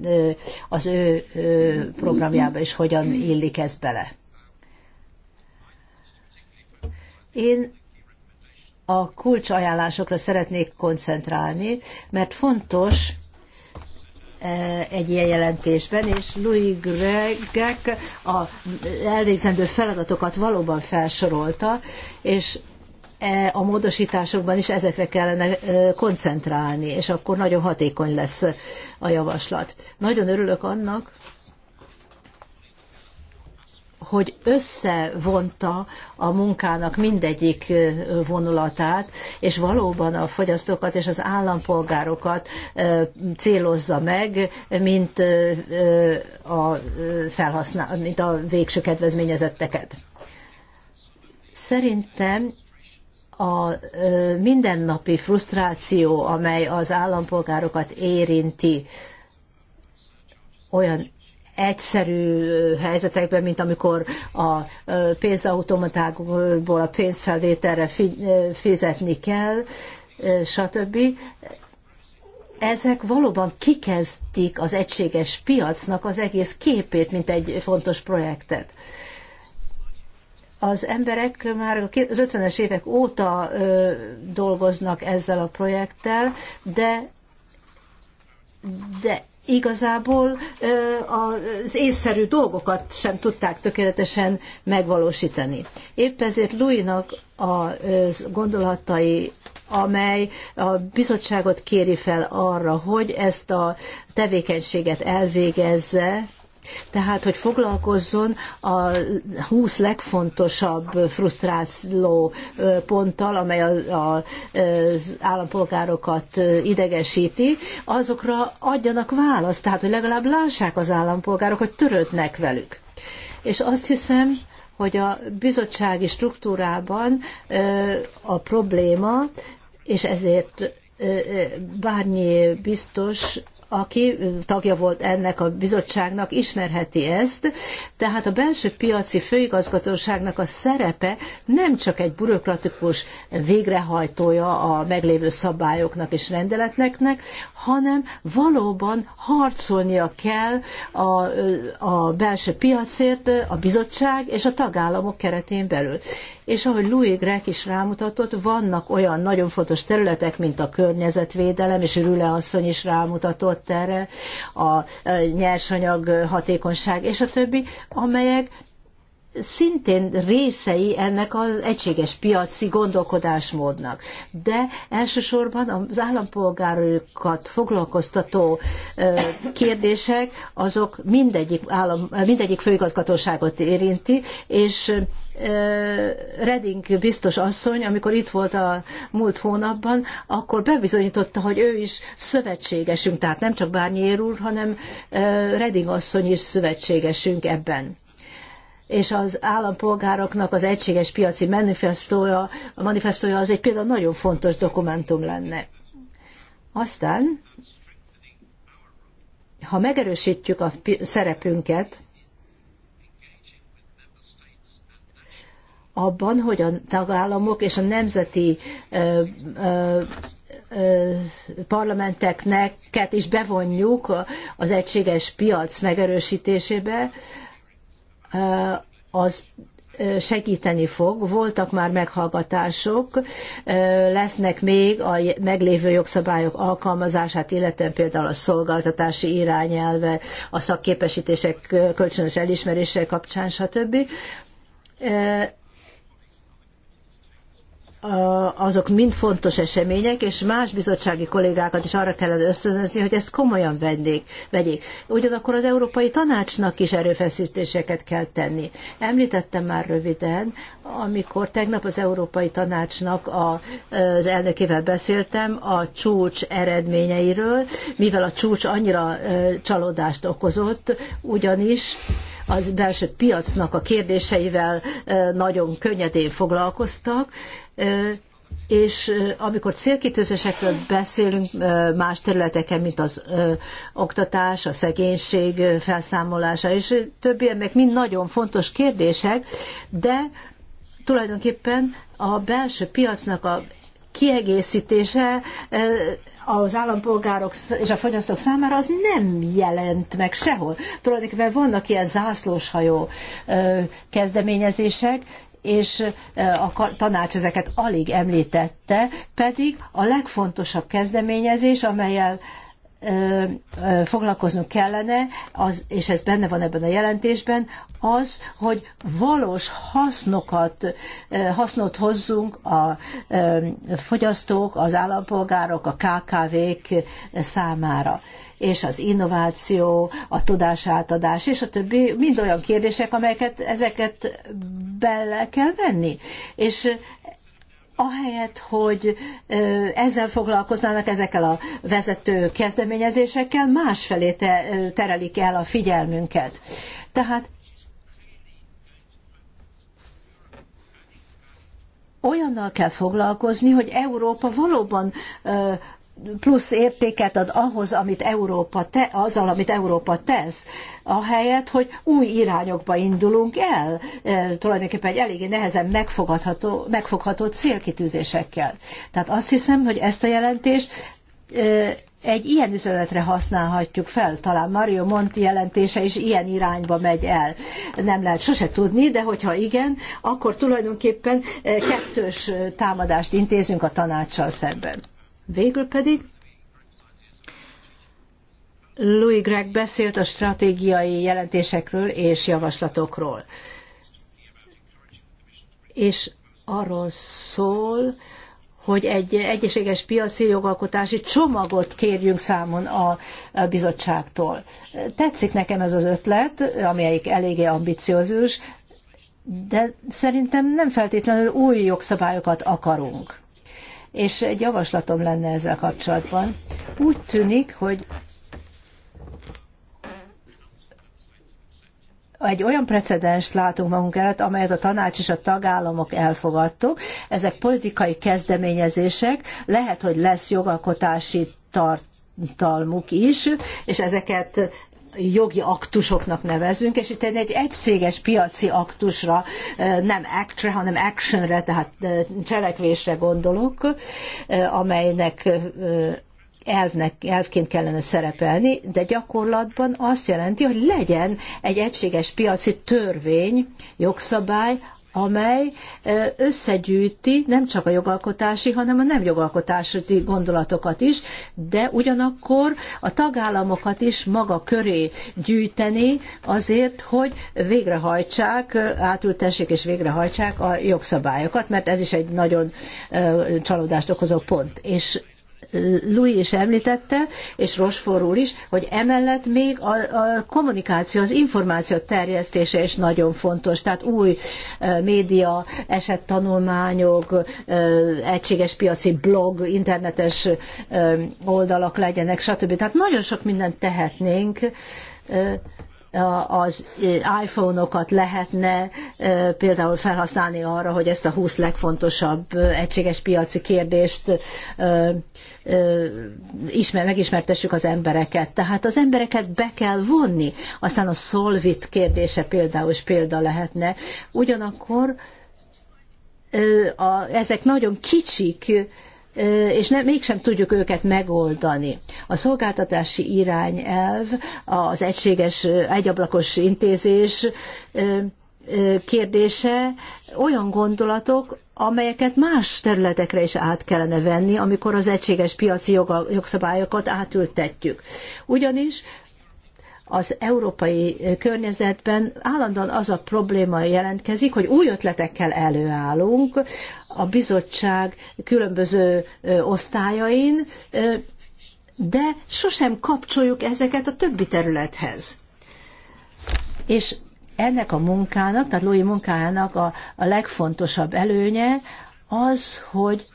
az ő programjába is hogyan illik ez bele. Én a kulcsajánlásokra szeretnék koncentrálni, mert fontos, Eh, egy ilyen jelentésben, és Louis Gregek a elvégzendő feladatokat valóban felsorolta, és eh, a módosításokban is ezekre kellene eh, koncentrálni, és akkor nagyon hatékony lesz a javaslat. Nagyon örülök annak, hogy összevonta a munkának mindegyik vonulatát, és valóban a fogyasztókat és az állampolgárokat célozza meg, mint a, felhasznál, mint a végső kedvezményezetteket. Szerintem a mindennapi frusztráció, amely az állampolgárokat érinti, olyan egyszerű helyzetekben, mint amikor a pénzautomatákból a pénzfelvételre fizetni kell, stb. Ezek valóban kikezdik az egységes piacnak az egész képét, mint egy fontos projektet az emberek már az 50-es évek óta dolgoznak ezzel a projekttel, de, de igazából az észszerű dolgokat sem tudták tökéletesen megvalósítani. Épp ezért Louisnak a gondolatai amely a bizottságot kéri fel arra, hogy ezt a tevékenységet elvégezze, tehát, hogy foglalkozzon a 20 legfontosabb frusztráló ponttal, amely az állampolgárokat idegesíti, azokra adjanak választ, tehát, hogy legalább lássák az állampolgárok, hogy törődnek velük. És azt hiszem, hogy a bizottsági struktúrában a probléma, és ezért Bárnyi biztos aki tagja volt ennek a bizottságnak, ismerheti ezt. Tehát a belső piaci főigazgatóságnak a szerepe nem csak egy bürokratikus végrehajtója a meglévő szabályoknak és rendeleteknek, hanem valóban harcolnia kell a, a belső piacért a bizottság és a tagállamok keretén belül. És ahogy Louis Grek is rámutatott, vannak olyan nagyon fontos területek, mint a környezetvédelem, és Rüle asszony is rámutatott erre, a e, nyersanyag hatékonyság és a többi, amelyek szintén részei ennek az egységes piaci gondolkodásmódnak. De elsősorban az állampolgárokat foglalkoztató kérdések, azok mindegyik, állam, mindegyik főigazgatóságot érinti, és Reding biztos asszony, amikor itt volt a múlt hónapban, akkor bebizonyította, hogy ő is szövetségesünk, tehát nem csak Bárnyér úr, hanem Reding asszony is szövetségesünk ebben és az állampolgároknak az egységes piaci manifestója, a manifestója az egy például nagyon fontos dokumentum lenne. Aztán, ha megerősítjük a szerepünket, abban, hogy a tagállamok és a nemzeti ö, ö, ö, parlamenteknek is bevonjuk az egységes piac megerősítésébe, ö, az segíteni fog. Voltak már meghallgatások, lesznek még a meglévő jogszabályok alkalmazását, illetően például a szolgáltatási irányelve, a szakképesítések kölcsönös elismerése kapcsán, stb azok mind fontos események, és más bizottsági kollégákat is arra kellene ösztönözni, hogy ezt komolyan vendék, vegyék. Ugyanakkor az Európai Tanácsnak is erőfeszítéseket kell tenni. Említettem már röviden, amikor tegnap az Európai Tanácsnak a, az elnökével beszéltem a csúcs eredményeiről, mivel a csúcs annyira csalódást okozott, ugyanis az belső piacnak a kérdéseivel nagyon könnyedén foglalkoztak, és amikor célkitűzésekről beszélünk más területeken, mint az oktatás, a szegénység felszámolása, és többi, meg mind nagyon fontos kérdések, de tulajdonképpen a belső piacnak a kiegészítése az állampolgárok és a fogyasztók számára az nem jelent meg sehol. Tulajdonképpen vannak ilyen zászlóshajó kezdeményezések, és e, a tanács ezeket alig említette, pedig a legfontosabb kezdeményezés, amelyel foglalkoznunk kellene, az, és ez benne van ebben a jelentésben, az, hogy valós hasznokat, hasznot hozzunk a fogyasztók, az állampolgárok, a KKV-k számára. És az innováció, a tudásátadás és a többi, mind olyan kérdések, amelyeket ezeket bele kell venni. És ahelyett, hogy ezzel foglalkoznának ezekkel a vezető kezdeményezésekkel, másfelé te, terelik el a figyelmünket. Tehát olyannal kell foglalkozni, hogy Európa valóban plusz értéket ad ahhoz, amit Európa te, azzal, amit Európa tesz, ahelyett, hogy új irányokba indulunk el, e, tulajdonképpen egy eléggé nehezen megfogadható, megfogható célkitűzésekkel. Tehát azt hiszem, hogy ezt a jelentést e, egy ilyen üzenetre használhatjuk fel, talán Mario Monti jelentése is ilyen irányba megy el. Nem lehet sose tudni, de hogyha igen, akkor tulajdonképpen e, kettős támadást intézünk a tanácssal szemben. Végül pedig Louis Gregg beszélt a stratégiai jelentésekről és javaslatokról. És arról szól, hogy egy egyeséges piaci jogalkotási csomagot kérjünk számon a bizottságtól. Tetszik nekem ez az ötlet, amelyik eléggé ambiciózus, de szerintem nem feltétlenül új jogszabályokat akarunk és egy javaslatom lenne ezzel kapcsolatban. Úgy tűnik, hogy egy olyan precedens látunk magunk előtt, amelyet a tanács és a tagállamok elfogadtuk. Ezek politikai kezdeményezések, lehet, hogy lesz jogalkotási tart, tartalmuk is, és ezeket jogi aktusoknak nevezünk, és itt egy egységes piaci aktusra, nem actre, hanem actionre, tehát cselekvésre gondolok, amelynek elvnek, elvként kellene szerepelni, de gyakorlatban azt jelenti, hogy legyen egy egységes piaci törvény, jogszabály, amely összegyűjti nem csak a jogalkotási, hanem a nem jogalkotási gondolatokat is, de ugyanakkor a tagállamokat is maga köré gyűjteni azért, hogy végrehajtsák, átültessék és végrehajtsák a jogszabályokat, mert ez is egy nagyon csalódást okozó pont. És Louis is említette, és Rosfor úr is, hogy emellett még a, a kommunikáció, az információ terjesztése is nagyon fontos, tehát új média, esettanulmányok, egységes piaci blog, internetes oldalak legyenek, stb. Tehát nagyon sok mindent tehetnénk, az iPhone-okat lehetne például felhasználni arra, hogy ezt a 20 legfontosabb egységes piaci kérdést ismer, megismertessük az embereket. Tehát az embereket be kell vonni. Aztán a Solvit kérdése például is példa lehetne. Ugyanakkor a, ezek nagyon kicsik, és nem, mégsem tudjuk őket megoldani. A szolgáltatási irányelv, az egységes, egyablakos intézés kérdése olyan gondolatok, amelyeket más területekre is át kellene venni, amikor az egységes piaci jogszabályokat átültetjük. Ugyanis az európai környezetben állandóan az a probléma jelentkezik, hogy új ötletekkel előállunk a bizottság különböző osztályain, de sosem kapcsoljuk ezeket a többi területhez. És ennek a munkának, tehát Lói munkájának a, a legfontosabb előnye az, hogy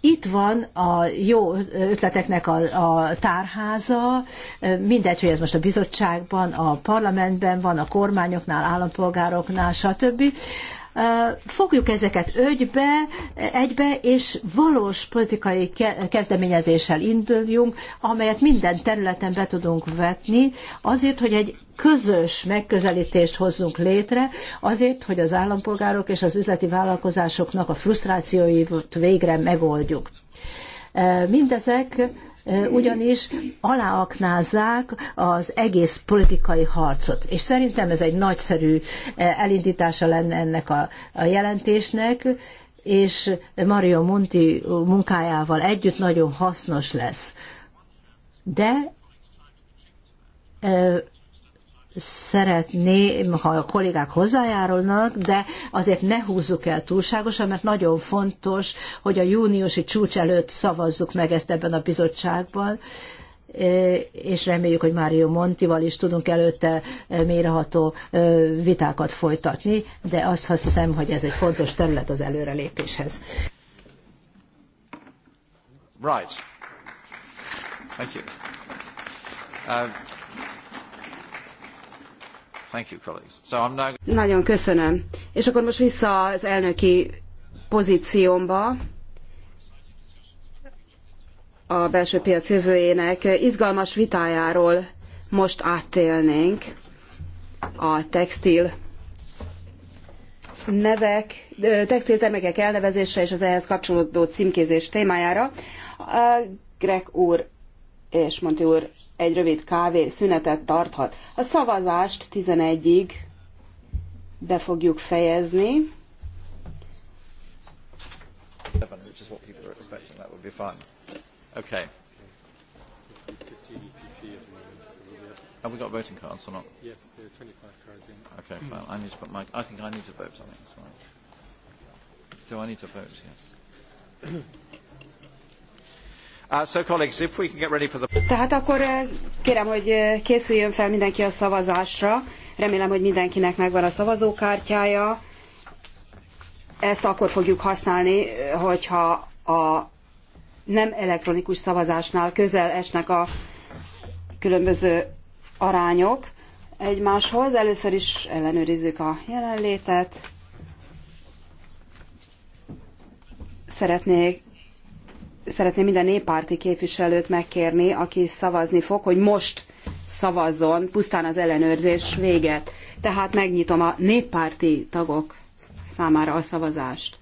itt van a jó ötleteknek a, a tárháza, mindegy, hogy ez most a bizottságban, a parlamentben van, a kormányoknál, állampolgároknál, stb fogjuk ezeket ögybe, egybe, és valós politikai kezdeményezéssel induljunk, amelyet minden területen be tudunk vetni, azért, hogy egy közös megközelítést hozzunk létre, azért, hogy az állampolgárok és az üzleti vállalkozásoknak a frusztrációit végre megoldjuk. Mindezek ugyanis aláaknázzák az egész politikai harcot. És szerintem ez egy nagyszerű elindítása lenne ennek a, a jelentésnek, és Mario Monti munkájával együtt nagyon hasznos lesz. De szeretné, ha a kollégák hozzájárulnak, de azért ne húzzuk el túlságosan, mert nagyon fontos, hogy a júniusi csúcs előtt szavazzuk meg ezt ebben a bizottságban, e, és reméljük, hogy Mário Montival is tudunk előtte e, méreható e, vitákat folytatni, de azt hiszem, hogy ez egy fontos terület az előrelépéshez. Right. Thank you. Uh... Nagyon köszönöm. És akkor most vissza az elnöki pozíciómba a belső piac jövőjének izgalmas vitájáról most áttélnénk a textil nevek, textiltermékek elnevezése és az ehhez kapcsolódó címkézés témájára. Greg úr és Monti úr egy rövid kávé szünetet tarthat. A szavazást 11-ig be fogjuk fejezni. Okay. Have we got voting cards or not? Yes, there are 25 cards in. Okay, fine. I need to put my. I think I need to vote. on it as well. Do I need to vote? Yes. *clears throat* Tehát akkor uh, kérem, hogy uh, készüljön fel mindenki a szavazásra. Remélem, hogy mindenkinek megvan a szavazókártyája. Ezt akkor fogjuk használni, uh, hogyha a nem elektronikus szavazásnál közel esnek a különböző arányok egymáshoz. Először is ellenőrizzük a jelenlétet. Szeretnék szeretném minden néppárti képviselőt megkérni, aki szavazni fog, hogy most szavazzon, pusztán az ellenőrzés véget. Tehát megnyitom a néppárti tagok számára a szavazást.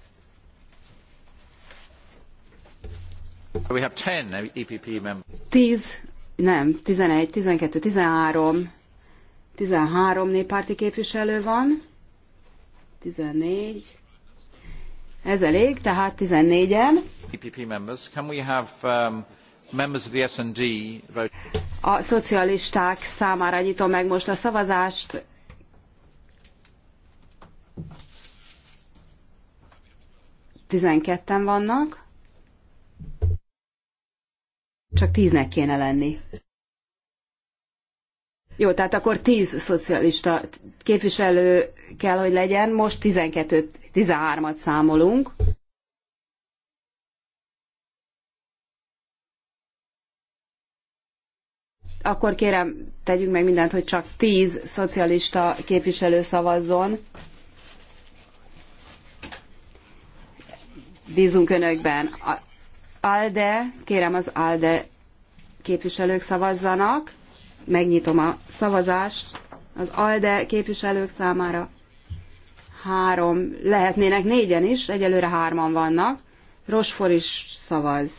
We have ten EPP members. nem, 11, 12, 13, 13 néppárti képviselő van, 14, ez elég, tehát 14-en. A szocialisták számára nyitom meg most a szavazást. Tizenketten vannak. Csak tíznek kéne lenni. Jó, tehát akkor tíz szocialista képviselő kell, hogy legyen. Most 12-t, 13-at számolunk. akkor kérem, tegyünk meg mindent, hogy csak tíz szocialista képviselő szavazzon. Bízunk önökben. ALDE, kérem az ALDE képviselők szavazzanak. Megnyitom a szavazást az ALDE képviselők számára. Három, lehetnének négyen is, egyelőre hárman vannak. Rosfor is szavaz.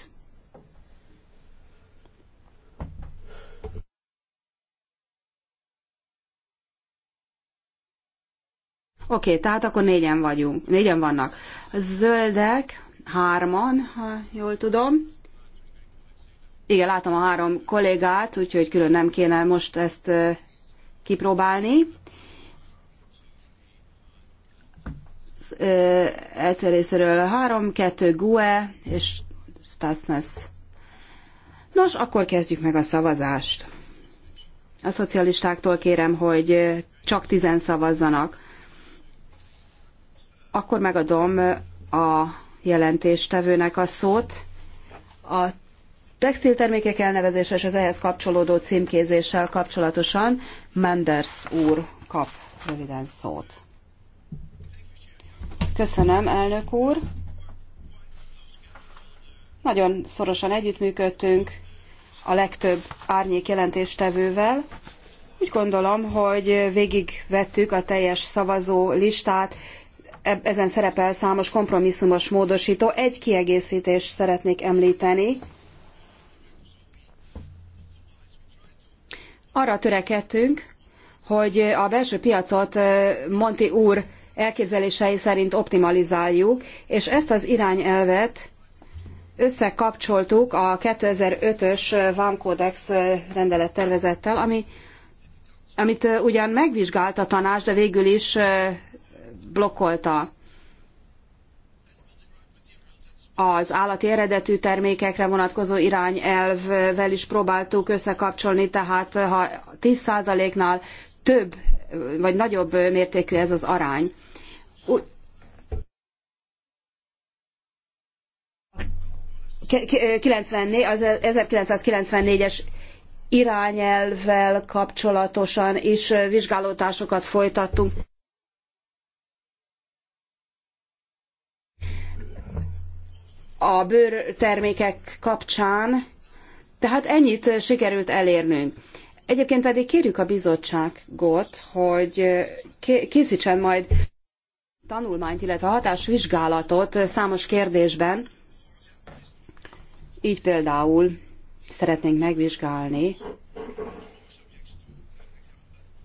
Oké, tehát akkor négyen vagyunk, négyen vannak. Zöldek, hárman, ha jól tudom. Igen, látom a három kollégát, úgyhogy külön nem kéne most ezt kipróbálni. Egyszer részéről három, kettő GUE és Stasnes. Nos, akkor kezdjük meg a szavazást. A szocialistáktól kérem, hogy csak tizen szavazzanak. Akkor megadom a jelentéstevőnek a szót. A textiltermékek elnevezése és az ehhez kapcsolódó címkézéssel kapcsolatosan Menders úr kap röviden szót. Köszönöm, elnök úr. Nagyon szorosan együttműködtünk a legtöbb árnyék jelentéstevővel. Úgy gondolom, hogy végigvettük a teljes szavazó listát, ezen szerepel számos kompromisszumos módosító. Egy kiegészítést szeretnék említeni. Arra törekedtünk, hogy a belső piacot Monti úr elképzelései szerint optimalizáljuk, és ezt az irányelvet összekapcsoltuk a 2005-ös vámkódex rendelettervezettel, ami, amit ugyan megvizsgált a tanács, de végül is blokkolta. Az állati eredetű termékekre vonatkozó irányelvvel is próbáltuk összekapcsolni, tehát ha 10%-nál több vagy nagyobb mértékű ez az arány. az 1994-es e- irányelvvel kapcsolatosan is vizsgálódásokat folytattunk. a bőrtermékek kapcsán. Tehát ennyit sikerült elérnünk. Egyébként pedig kérjük a bizottságot, hogy készítsen majd tanulmányt, illetve hatásvizsgálatot számos kérdésben. Így például szeretnénk megvizsgálni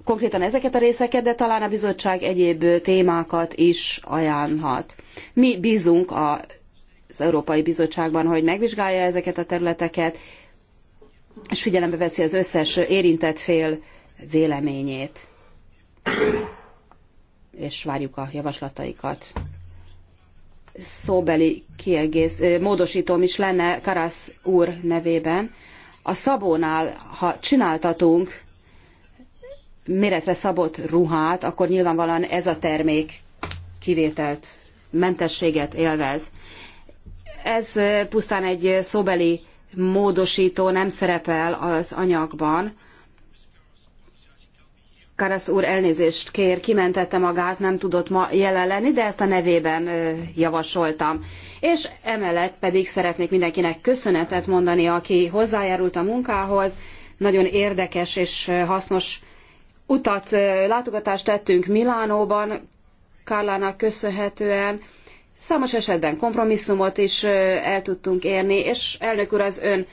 konkrétan ezeket a részeket, de talán a bizottság egyéb témákat is ajánlhat. Mi bízunk a az Európai Bizottságban, hogy megvizsgálja ezeket a területeket, és figyelembe veszi az összes érintett fél véleményét. És várjuk a javaslataikat. Szóbeli kiegész, módosítom is lenne Karasz úr nevében. A szabónál, ha csináltatunk méretre szabott ruhát, akkor nyilvánvalóan ez a termék kivételt, mentességet élvez. Ez pusztán egy szóbeli módosító nem szerepel az anyagban. Karasz úr elnézést kér, kimentette magát, nem tudott ma jelen lenni, de ezt a nevében javasoltam. És emellett pedig szeretnék mindenkinek köszönetet mondani, aki hozzájárult a munkához. Nagyon érdekes és hasznos utat, látogatást tettünk Milánóban, Kárlának köszönhetően. Számos esetben kompromisszumot is el tudtunk érni, és elnök úr az ön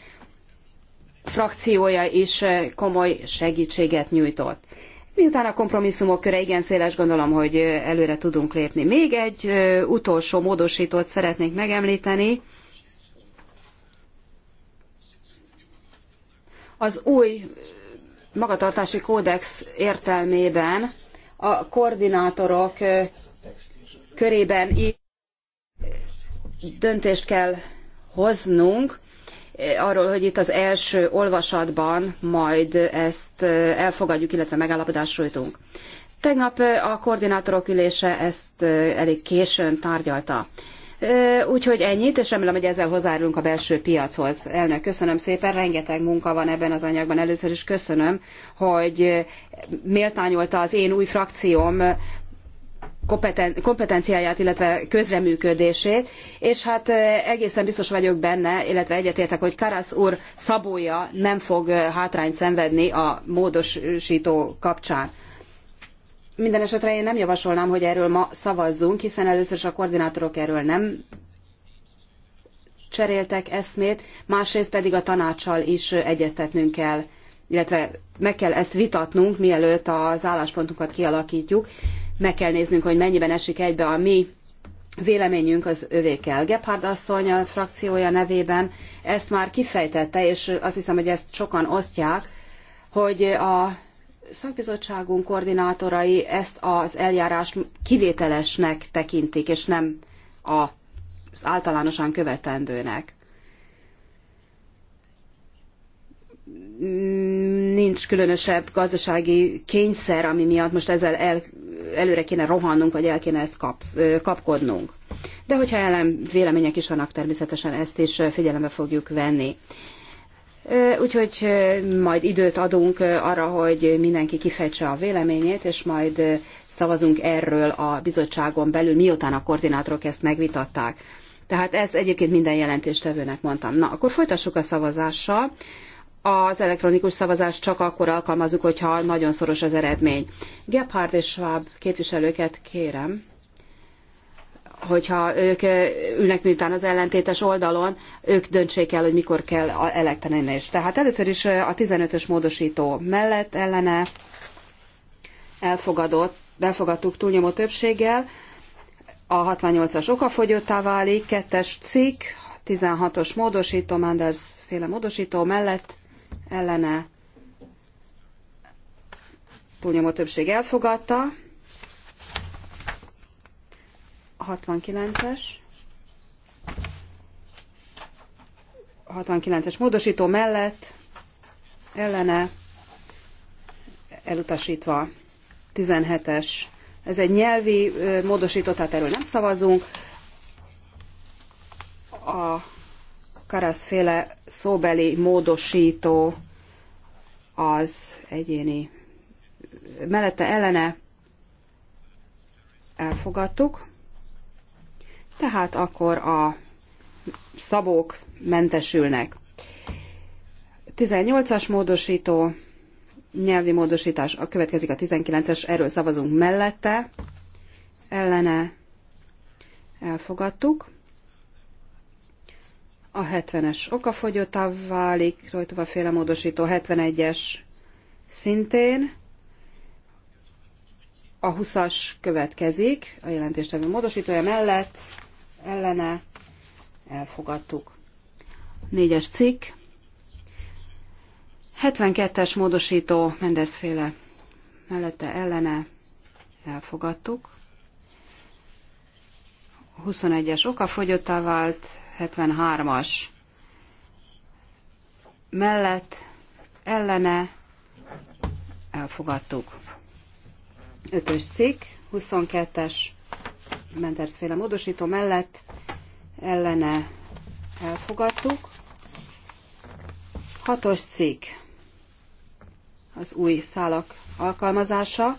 frakciója is komoly segítséget nyújtott. Miután a kompromisszumok köre igen széles, gondolom, hogy előre tudunk lépni. Még egy utolsó módosítót szeretnék megemlíteni. Az új magatartási kódex értelmében a koordinátorok körében döntést kell hoznunk eh, arról, hogy itt az első olvasatban majd ezt eh, elfogadjuk, illetve megállapodásra jutunk. Tegnap eh, a koordinátorok ülése ezt elég későn tárgyalta. Úgyhogy ennyit, és remélem, hogy ezzel hozzájárulunk a belső piachoz. Elnök, köszönöm szépen, rengeteg munka van ebben az anyagban. Először is köszönöm, hogy méltányolta az én új frakcióm kompetenciáját, illetve közreműködését, és hát egészen biztos vagyok benne, illetve egyetértek, hogy Karasz úr szabója nem fog hátrányt szenvedni a módosító kapcsán. Minden esetre én nem javasolnám, hogy erről ma szavazzunk, hiszen először is a koordinátorok erről nem cseréltek eszmét, másrészt pedig a tanácssal is egyeztetnünk kell, illetve meg kell ezt vitatnunk, mielőtt az álláspontunkat kialakítjuk meg kell néznünk, hogy mennyiben esik egybe a mi véleményünk az övékkel. Gebhard asszony a frakciója nevében ezt már kifejtette, és azt hiszem, hogy ezt sokan osztják, hogy a szakbizottságunk koordinátorai ezt az eljárást kivételesnek tekintik, és nem az általánosan követendőnek. Nincs különösebb gazdasági kényszer, ami miatt most ezzel el előre kéne rohannunk, vagy el kéne ezt kapsz, kapkodnunk. De hogyha ellen vélemények is vannak, természetesen ezt is figyelembe fogjuk venni. Úgyhogy majd időt adunk arra, hogy mindenki kifejtse a véleményét, és majd szavazunk erről a bizottságon belül, miután a koordinátorok ezt megvitatták. Tehát ez egyébként minden jelentéstevőnek mondtam. Na, akkor folytassuk a szavazással az elektronikus szavazást csak akkor alkalmazunk, hogyha nagyon szoros az eredmény. Gebhardt és Schwab képviselőket kérem, hogyha ők eh, ülnek miután az ellentétes oldalon, ők döntsék el, hogy mikor kell elektronis. Tehát először is eh, a 15-ös módosító mellett ellene elfogadott, elfogadtuk túlnyomó többséggel, a 68-as okafogyottá válik, kettes cikk, 16-os módosító, Manders féle módosító mellett ellene túlnyomó többség elfogadta. 69-es. 69-es módosító mellett ellene elutasítva 17-es. Ez egy nyelvi módosító, tehát erről nem szavazunk. A karaszféle szóbeli módosító az egyéni mellette ellene elfogadtuk, tehát akkor a szabók mentesülnek. 18-as módosító, nyelvi módosítás, a következik a 19-es, erről szavazunk mellette, ellene elfogadtuk a 70-es okafogyottá válik, rajta féle módosító 71-es szintén, a 20-as következik, a jelentéstevő módosítója mellett, ellene elfogadtuk. 4-es cikk, 72-es módosító Mendezféle mellette ellene elfogadtuk. 21-es okafogyottá vált, 73-as mellett ellene elfogadtuk. 5-ös cikk, 22-es Mentersféle módosító mellett ellene elfogadtuk. 6-os cikk, az új szálak alkalmazása.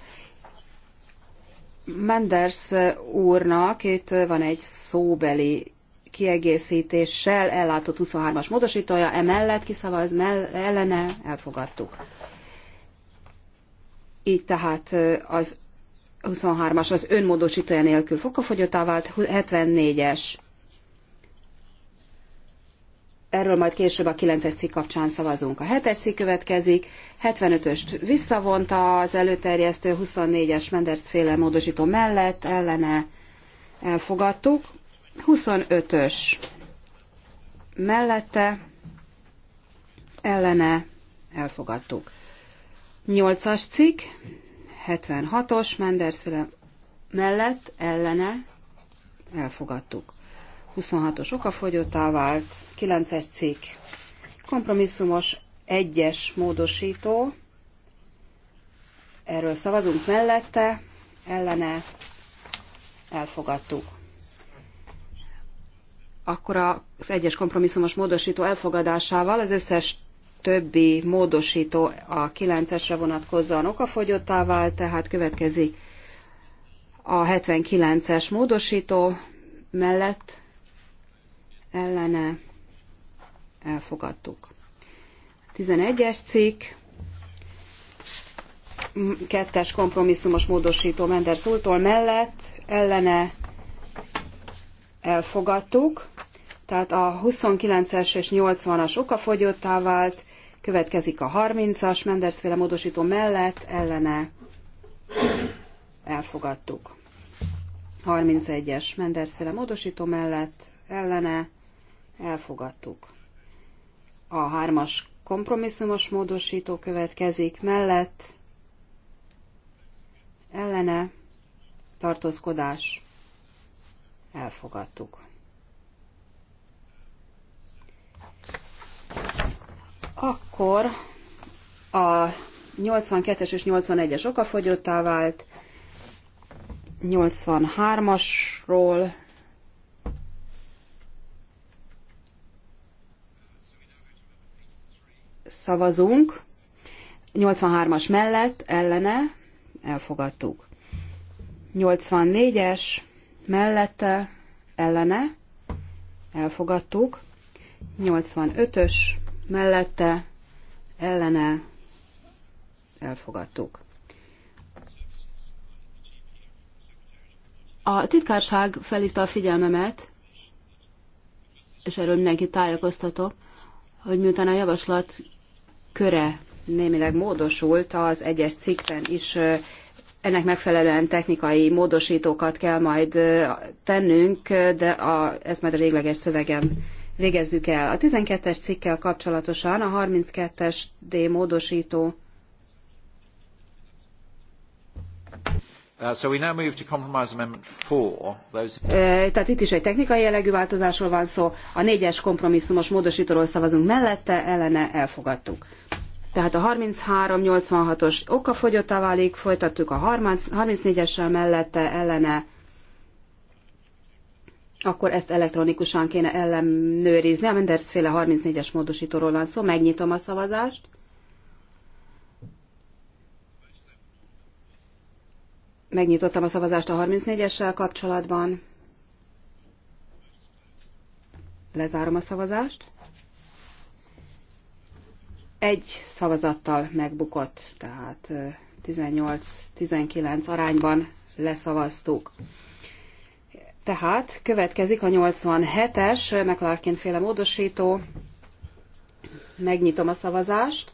Menders úrnak itt van egy szóbeli kiegészítéssel ellátott 23-as módosítója, emellett kiszavaz, mell ellene elfogadtuk. Így tehát az 23-as az önmódosítója nélkül fokafogyottá vált, 74-es. Erről majd később a 9-es cikk kapcsán szavazunk. A 7-es cikk következik, 75-öst visszavonta az előterjesztő 24-es Menders féle módosító mellett, ellene elfogadtuk. 25-ös mellette, ellene elfogadtuk. 8-as cikk, 76-os Mendersféle mellett, ellene elfogadtuk. 26-os okafogyottá vált, 9-es cikk, kompromisszumos egyes módosító, erről szavazunk mellette, ellene elfogadtuk akkor az egyes kompromisszumos módosító elfogadásával az összes többi módosító a 9-esre vonatkozóan okafogyottá vált, tehát következik a 79-es módosító mellett ellene elfogadtuk. 11-es cikk, kettes kompromisszumos módosító Menders mellett ellene elfogadtuk tehát a 29-es és 80-as okafogyottá vált, következik a 30-as Mendersféle módosító mellett, ellene elfogadtuk. 31-es Mendersféle módosító mellett, ellene elfogadtuk. A 3-as kompromisszumos módosító következik mellett, ellene tartózkodás elfogadtuk. akkor a 82-es és 81-es okafogyottá vált, 83-asról szavazunk, 83-as mellett, ellene, elfogadtuk. 84-es mellette, ellene, elfogadtuk. 85-ös mellette ellene elfogadtuk. A titkárság felhívta a figyelmemet, és erről mindenki tájékoztatok, hogy miután a javaslat köre némileg módosult, az egyes cikkben is ennek megfelelően technikai módosítókat kell majd tennünk, de a, ez majd a végleges szövegem végezzük el. A 12-es cikkel kapcsolatosan a 32-es D módosító uh, So we now move to compromise amendment four. Those... Uh, tehát itt is egy technikai jellegű változásról van szó. A négyes kompromisszumos módosítóról szavazunk mellette, ellene elfogadtuk. Tehát a 33-86-os okafogyottá válik, folytattuk a 34-essel mellette, ellene akkor ezt elektronikusan kéne ellenőrizni. A Menders féle 34-es módosítóról van szó. Megnyitom a szavazást. Megnyitottam a szavazást a 34-essel kapcsolatban. Lezárom a szavazást. Egy szavazattal megbukott, tehát 18-19 arányban leszavaztuk. Tehát következik a 87-es McLarkin féle módosító. Megnyitom a szavazást.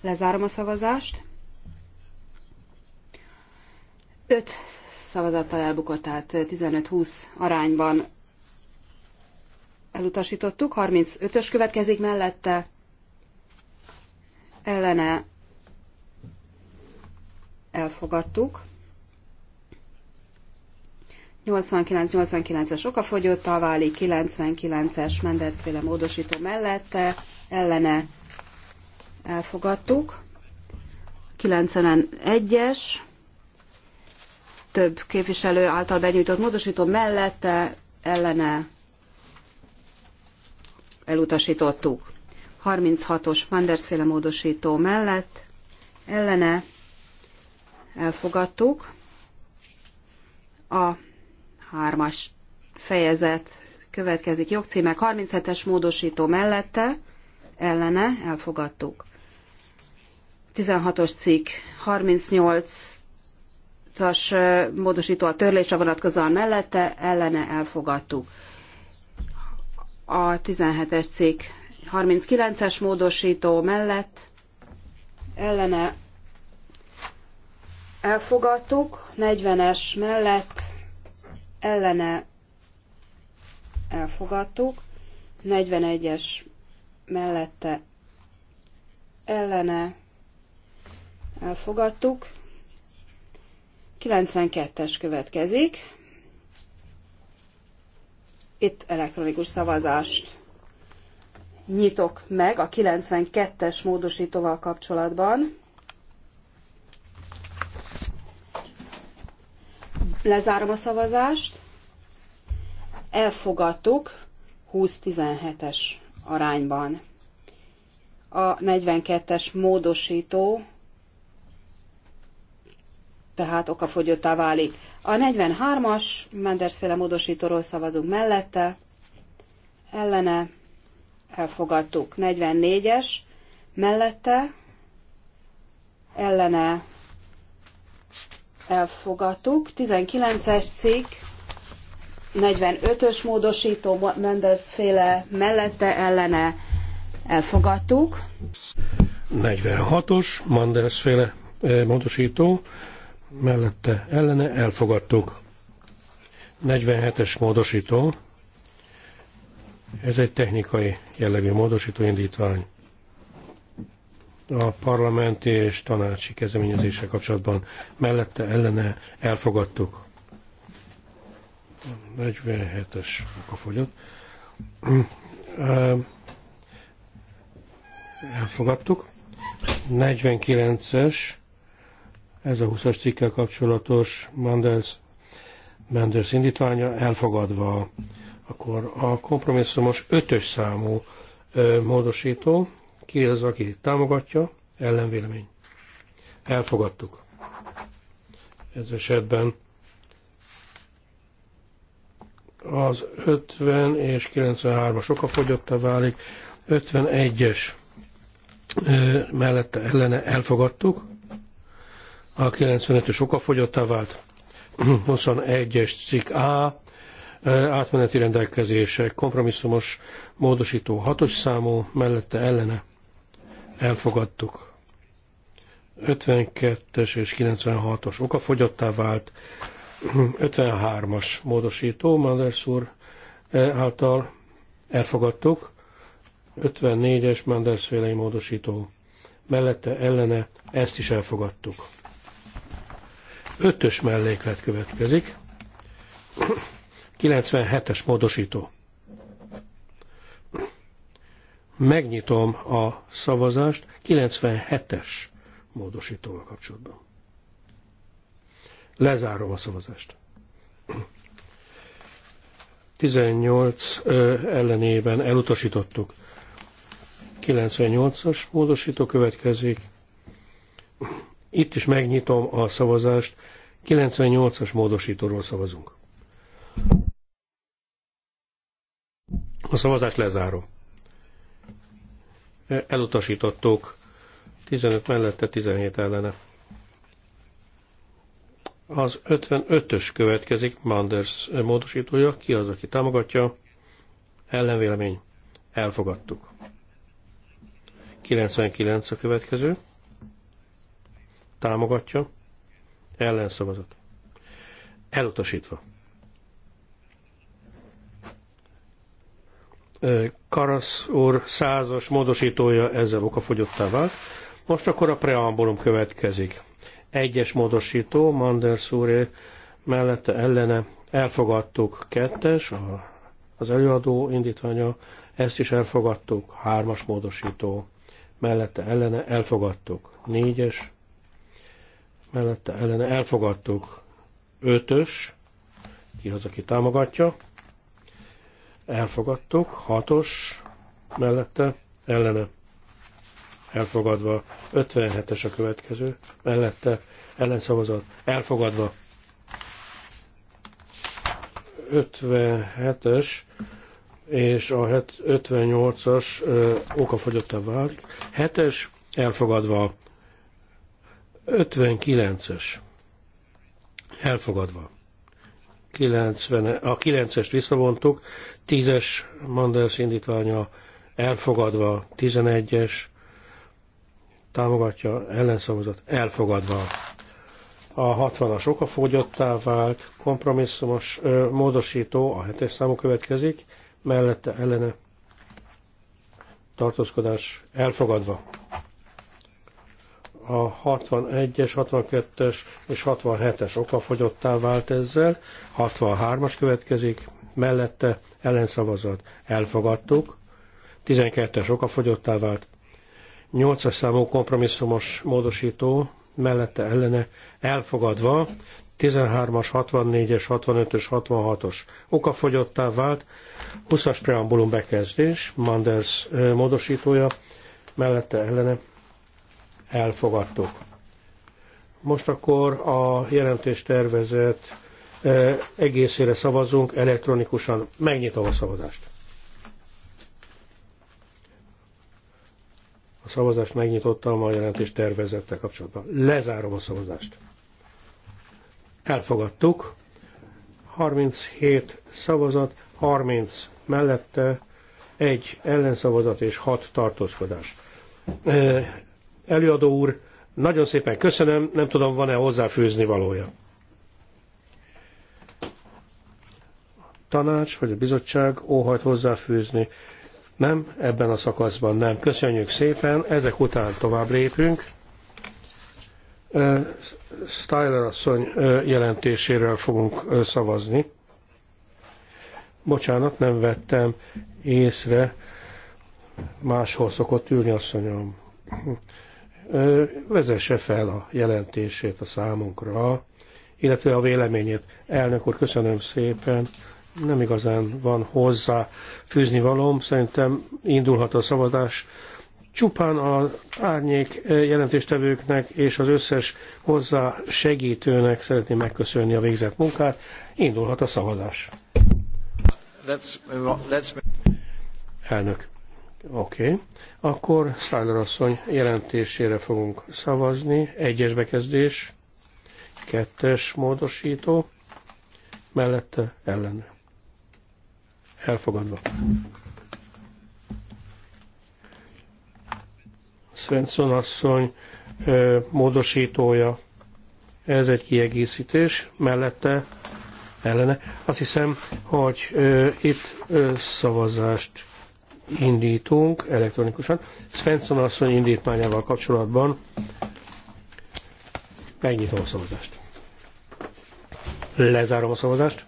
Lezárom a szavazást. Öt szavazattal elbukott, tehát 15-20 arányban elutasítottuk, 35-ös következik mellette, ellene elfogadtuk. 89-89-es okafogyottá válik, 99-es Mendersféle módosító mellette, ellene elfogadtuk. 91-es több képviselő által benyújtott módosító mellette, ellene elutasítottuk. 36-os Fandersféle módosító mellett ellene elfogadtuk. A hármas fejezet következik jogcímek 37-es módosító mellette ellene elfogadtuk. 16-os cikk 38-as módosító a törlésre vonatkozóan mellette ellene elfogadtuk a 17-es cikk 39-es módosító mellett ellene elfogadtuk, 40-es mellett ellene elfogadtuk, 41-es mellette ellene elfogadtuk, 92-es következik, itt elektronikus szavazást nyitok meg a 92-es módosítóval kapcsolatban. Lezárom a szavazást. Elfogadtuk 20-17-es arányban. A 42-es módosító tehát okafogyottá válik. A 43-as Mendersféle módosítóról szavazunk mellette, ellene elfogadtuk. 44-es mellette, ellene elfogadtuk. 19-es cikk, 45-ös módosító Mendersféle mellette, ellene elfogadtuk. 46-os Mendersféle eh, módosító mellette ellene elfogadtuk. 47-es módosító, ez egy technikai jellegű módosító indítvány a parlamenti és tanácsi kezdeményezése kapcsolatban mellette ellene elfogadtuk. 47-es okafogyott. Ehm, elfogadtuk. 49-es ez a 20-as cikkel kapcsolatos Manders, Manders indítványa elfogadva. Akkor a kompromisszumos ötös számú ö, módosító, ki az, aki támogatja, ellenvélemény. Elfogadtuk. Ez esetben az 50 és 93-as okafogyottá válik, 51-es mellette ellene elfogadtuk, a 95-ös okafogyottá vált. 21-es *clears throat* cikk A, átmeneti rendelkezések, kompromisszumos módosító hatos számú, mellette ellene elfogadtuk. 52-es és 96-os okafogyottá vált, 53-as *clears throat* módosító Manders úr által elfogadtuk, 54-es Manders módosító mellette ellene ezt is elfogadtuk. Ötös melléklet következik. 97-es módosító. Megnyitom a szavazást 97-es módosítóval kapcsolatban. Lezárom a szavazást. 18 ellenében elutasítottuk. 98-as módosító következik. Itt is megnyitom a szavazást. 98-as módosítóról szavazunk. A szavazást lezárom. E, elutasítottuk 15 mellette, 17 ellene. Az 55-ös következik, Manders módosítója. Ki az, aki támogatja? Ellenvélemény. Elfogadtuk. 99 a következő támogatja, ellenszavazat. Elutasítva. Karasz úr százas módosítója ezzel okafogyottá vált. Most akkor a preambulum következik. Egyes módosító, Manders úr mellette ellene elfogadtuk kettes, a, az előadó indítványa, ezt is elfogadtuk, hármas módosító, mellette ellene elfogadtuk, négyes, mellette ellene elfogadtuk. Ötös, ki az, aki támogatja. Elfogadtuk. Hatos, mellette ellene elfogadva. 57-es a következő, mellette ellenszavazat elfogadva. 57-es és a 58-as okafogyottá válik. 7-es elfogadva. 59-es. Elfogadva. 90, a 9-est visszavontuk, 10-es Manders indítványa elfogadva, 11-es támogatja, ellenszavazat elfogadva. A 60-as okafogyottá vált, kompromisszumos ö, módosító, a 7-es számú következik, mellette ellene tartózkodás elfogadva a 61-es, 62-es és 67-es okafogyottá vált ezzel, 63-as következik, mellette ellenszavazat elfogadtuk, 12-es okafogyottá vált, 8-as számú kompromisszumos módosító, mellette ellene elfogadva, 13-as, 64-es, 65-ös, 66-os okafogyottá vált, 20-as preambulum bekezdés, Manders eh, módosítója, mellette ellene elfogadtuk. Most akkor a jelentés tervezet eh, egészére szavazunk elektronikusan. Megnyitom a szavazást. A szavazást megnyitottam a jelentés tervezettel kapcsolatban. Lezárom a szavazást. Elfogadtuk. 37 szavazat, 30 mellette, egy ellenszavazat és 6 tartózkodás. Eh, Előadó úr, nagyon szépen köszönöm, nem tudom, van-e hozzáfűzni valója. Tanács vagy a bizottság óhajt hozzáfűzni. Nem, ebben a szakaszban nem. Köszönjük szépen, ezek után tovább lépünk. Styler asszony jelentéséről fogunk szavazni. Bocsánat, nem vettem észre, máshol szokott ülni asszonyom vezesse fel a jelentését a számunkra, illetve a véleményét. Elnök úr, köszönöm szépen. Nem igazán van hozzá fűzni valóm. Szerintem indulhat a szavazás. Csupán az árnyék jelentéstevőknek és az összes hozzá segítőnek szeretném megköszönni a végzett munkát. Indulhat a szavazás. Let's, let's... Elnök Oké, okay. akkor Szájler asszony jelentésére fogunk szavazni. Egyes bekezdés, kettes módosító, mellette ellen. Elfogadva. Svensson asszony ö, módosítója, ez egy kiegészítés, mellette ellene. Azt hiszem, hogy ö, itt ö, szavazást indítunk elektronikusan. Svensson asszony indítmányával kapcsolatban megnyitom a szavazást. Lezárom a szavazást.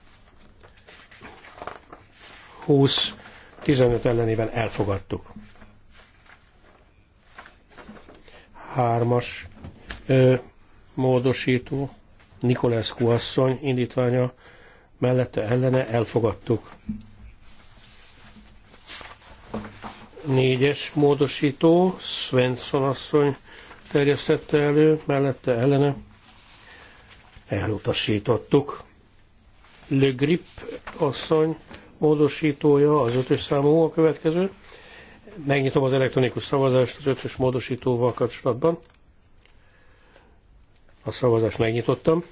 20-15 ellenében elfogadtuk. Hármas ö, módosító, Nikolászku asszony indítványa mellette ellene elfogadtuk. Négyes módosító, Svensson asszony terjesztette elő, mellette ellene. Elutasítottuk. Le Grip asszony módosítója, az ötös számú a következő. Megnyitom az elektronikus szavazást az ötös módosítóval kapcsolatban. A szavazást megnyitottam.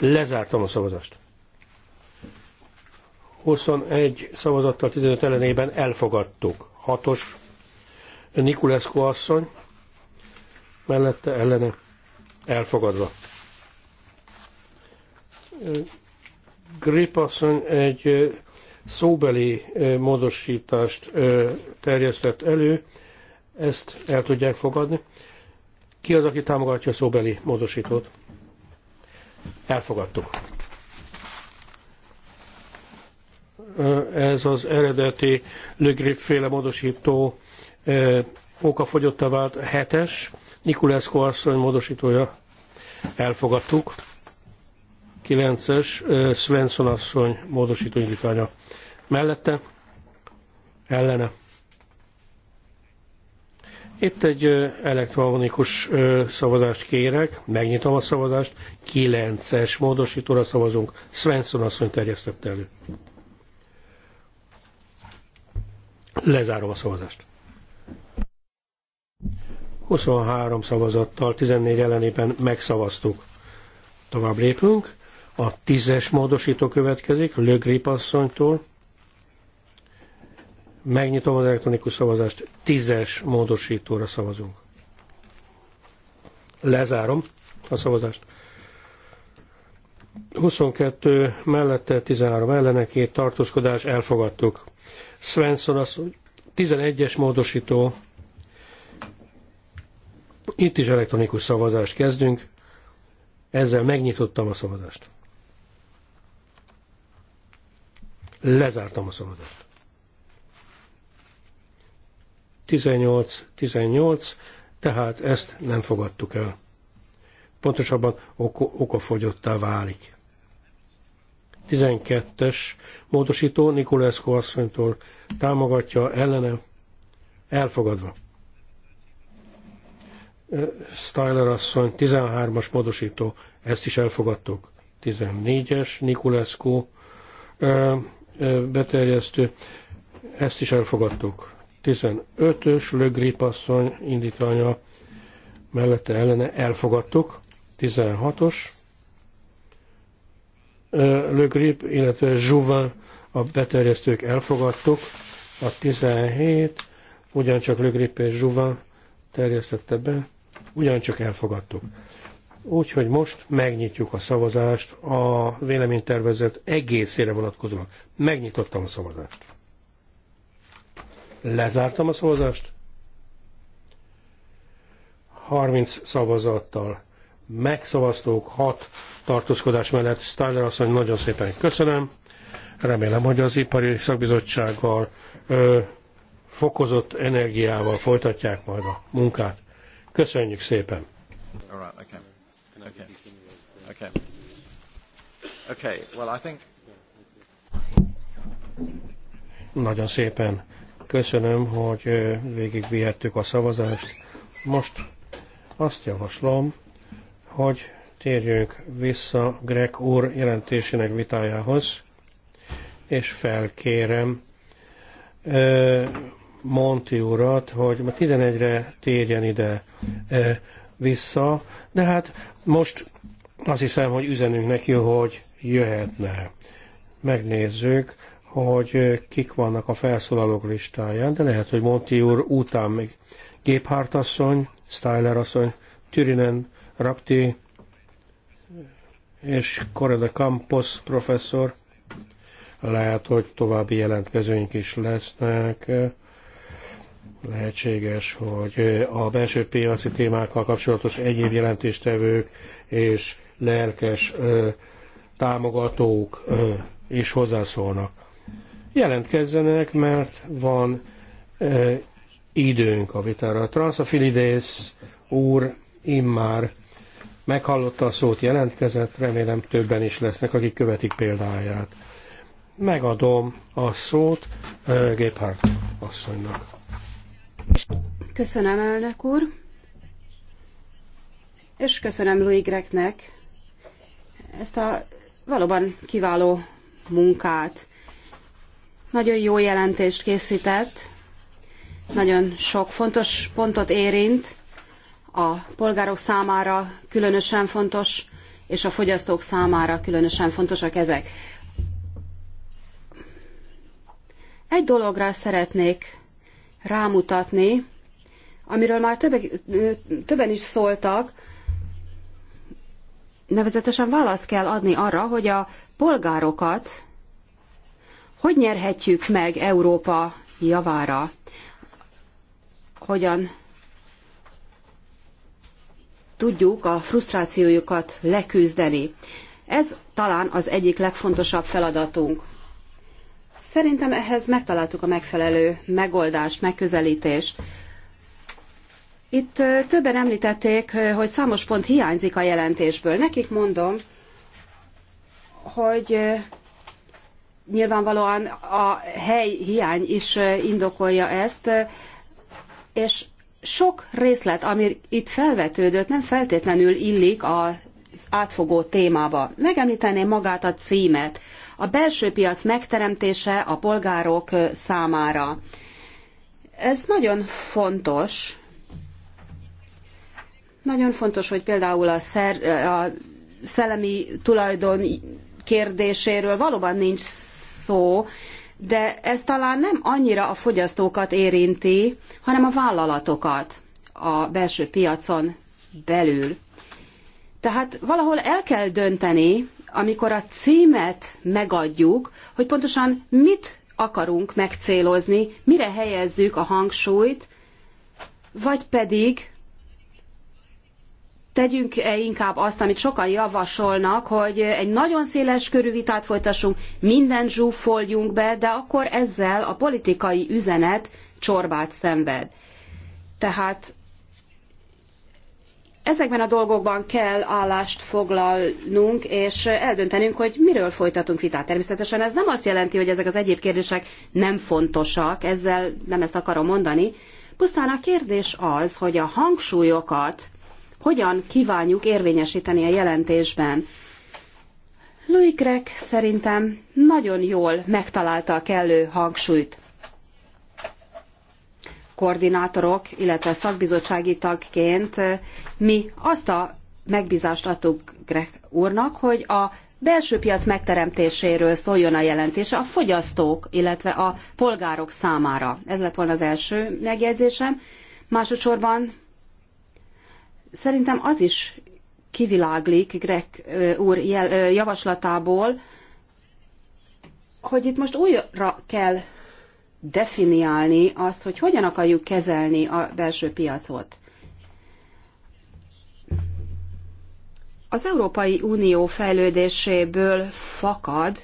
Lezártam a szavazást. 21 szavazattal 15 ellenében elfogadtuk. 6-os Nikulescu asszony, mellette ellene elfogadva. Grip asszony egy szóbeli módosítást terjesztett elő, ezt el tudják fogadni. Ki az, aki támogatja a szóbeli módosítót? Elfogadtuk. ez az eredeti Le Grip féle módosító okafogyottá vált 7-es, Nikulászko asszony módosítója elfogadtuk. 9-es Svensson asszony módosító indítványa mellette, ellene. Itt egy elektronikus szavazást kérek, megnyitom a szavazást, 9-es módosítóra szavazunk, Svensson asszony terjesztette elő. Lezárom a szavazást. 23 szavazattal, 14 ellenében megszavaztuk. Tovább lépünk. A tízes módosító következik, Lögrip asszonytól. Megnyitom az elektronikus szavazást, tízes módosítóra szavazunk. Lezárom a szavazást. 22 mellette, 13 ellene, két tartózkodás, elfogadtuk. Svensson asszony, 11-es módosító. Itt is elektronikus szavazást kezdünk. Ezzel megnyitottam a szavazást. Lezártam a szavazást. 18-18, tehát ezt nem fogadtuk el. Pontosabban ok okafogyottá válik. 12-es módosító Nikolászko asszonytól támogatja ellene elfogadva. Styler asszony 13-as módosító, ezt is elfogadtok. 14-es Nikolászko beterjesztő, ezt is elfogadtok. 15-ös Lögrip asszony indítványa mellette ellene elfogadtuk. 16-os le Grip, illetve Jouvin a beterjesztők elfogadtuk, a 17, ugyancsak Le Grip és Jouvin terjesztette be, ugyancsak elfogadtuk. Úgyhogy most megnyitjuk a szavazást a véleménytervezet egészére vonatkozóan. Megnyitottam a szavazást. Lezártam a szavazást. 30 szavazattal megszavaztók hat tartózkodás mellett. Steiner asszony, nagyon szépen köszönöm. Remélem, hogy az ipari szakbizottsággal ö, fokozott energiával folytatják majd a munkát. Köszönjük szépen! Nagyon szépen köszönöm, hogy végigvihettük a szavazást. Most azt javaslom, hogy térjünk vissza Greg úr jelentésének vitájához, és felkérem Monti urat, hogy ma 11-re térjen ide vissza, de hát most azt hiszem, hogy üzenünk neki, hogy jöhetne. Megnézzük, hogy kik vannak a felszólalók listáján, de lehet, hogy Monti úr után még Géphárt asszony, Styler asszony, Türinen Rapti és Korede Campos professzor. Lehet, hogy további jelentkezőink is lesznek. Lehetséges, hogy a belső piaci témákkal kapcsolatos egyéb jelentéstevők és lelkes támogatók is hozzászólnak. Jelentkezzenek, mert van időnk a vitára. Transafilides úr immár meghallotta a szót, jelentkezett, remélem többen is lesznek, akik követik példáját. Megadom a szót uh, Géphárt asszonynak. Köszönöm, elnök úr, és köszönöm Louis Gregnek ezt a valóban kiváló munkát. Nagyon jó jelentést készített, nagyon sok fontos pontot érint, a polgárok számára különösen fontos, és a fogyasztók számára különösen fontosak ezek. Egy dologra szeretnék rámutatni, amiről már többek, többen is szóltak, nevezetesen választ kell adni arra, hogy a polgárokat hogy nyerhetjük meg Európa javára, hogyan tudjuk a frusztrációjukat leküzdeni. Ez talán az egyik legfontosabb feladatunk. Szerintem ehhez megtaláltuk a megfelelő megoldást, megközelítést. Itt többen említették, hogy számos pont hiányzik a jelentésből. Nekik mondom, hogy nyilvánvalóan a hely hiány is indokolja ezt, és sok részlet, ami itt felvetődött, nem feltétlenül illik az átfogó témába. Megemlíteném magát a címet. A belső piac megteremtése a polgárok számára. Ez nagyon fontos. Nagyon fontos, hogy például a, szer, a szellemi tulajdon kérdéséről valóban nincs szó, de ez talán nem annyira a fogyasztókat érinti, hanem a vállalatokat a belső piacon belül. Tehát valahol el kell dönteni, amikor a címet megadjuk, hogy pontosan mit akarunk megcélozni, mire helyezzük a hangsúlyt, vagy pedig tegyünk -e inkább azt, amit sokan javasolnak, hogy egy nagyon széles körű vitát folytassunk, minden zsúfoljunk be, de akkor ezzel a politikai üzenet csorbát szenved. Tehát ezekben a dolgokban kell állást foglalnunk, és eldöntenünk, hogy miről folytatunk vitát. Természetesen ez nem azt jelenti, hogy ezek az egyéb kérdések nem fontosak, ezzel nem ezt akarom mondani. Pusztán a kérdés az, hogy a hangsúlyokat hogyan kívánjuk érvényesíteni a jelentésben. Louis Craig szerintem nagyon jól megtalálta a kellő hangsúlyt. Koordinátorok, illetve szakbizottsági tagként eh, mi azt a megbízást adtuk Greg úrnak, hogy a belső piac megteremtéséről szóljon a jelentése a fogyasztók, illetve a polgárok számára. Ez lett volna az első megjegyzésem. Másodszorban Szerintem az is kiviláglik Greg úr javaslatából, hogy itt most újra kell definiálni azt, hogy hogyan akarjuk kezelni a belső piacot. Az Európai Unió fejlődéséből fakad,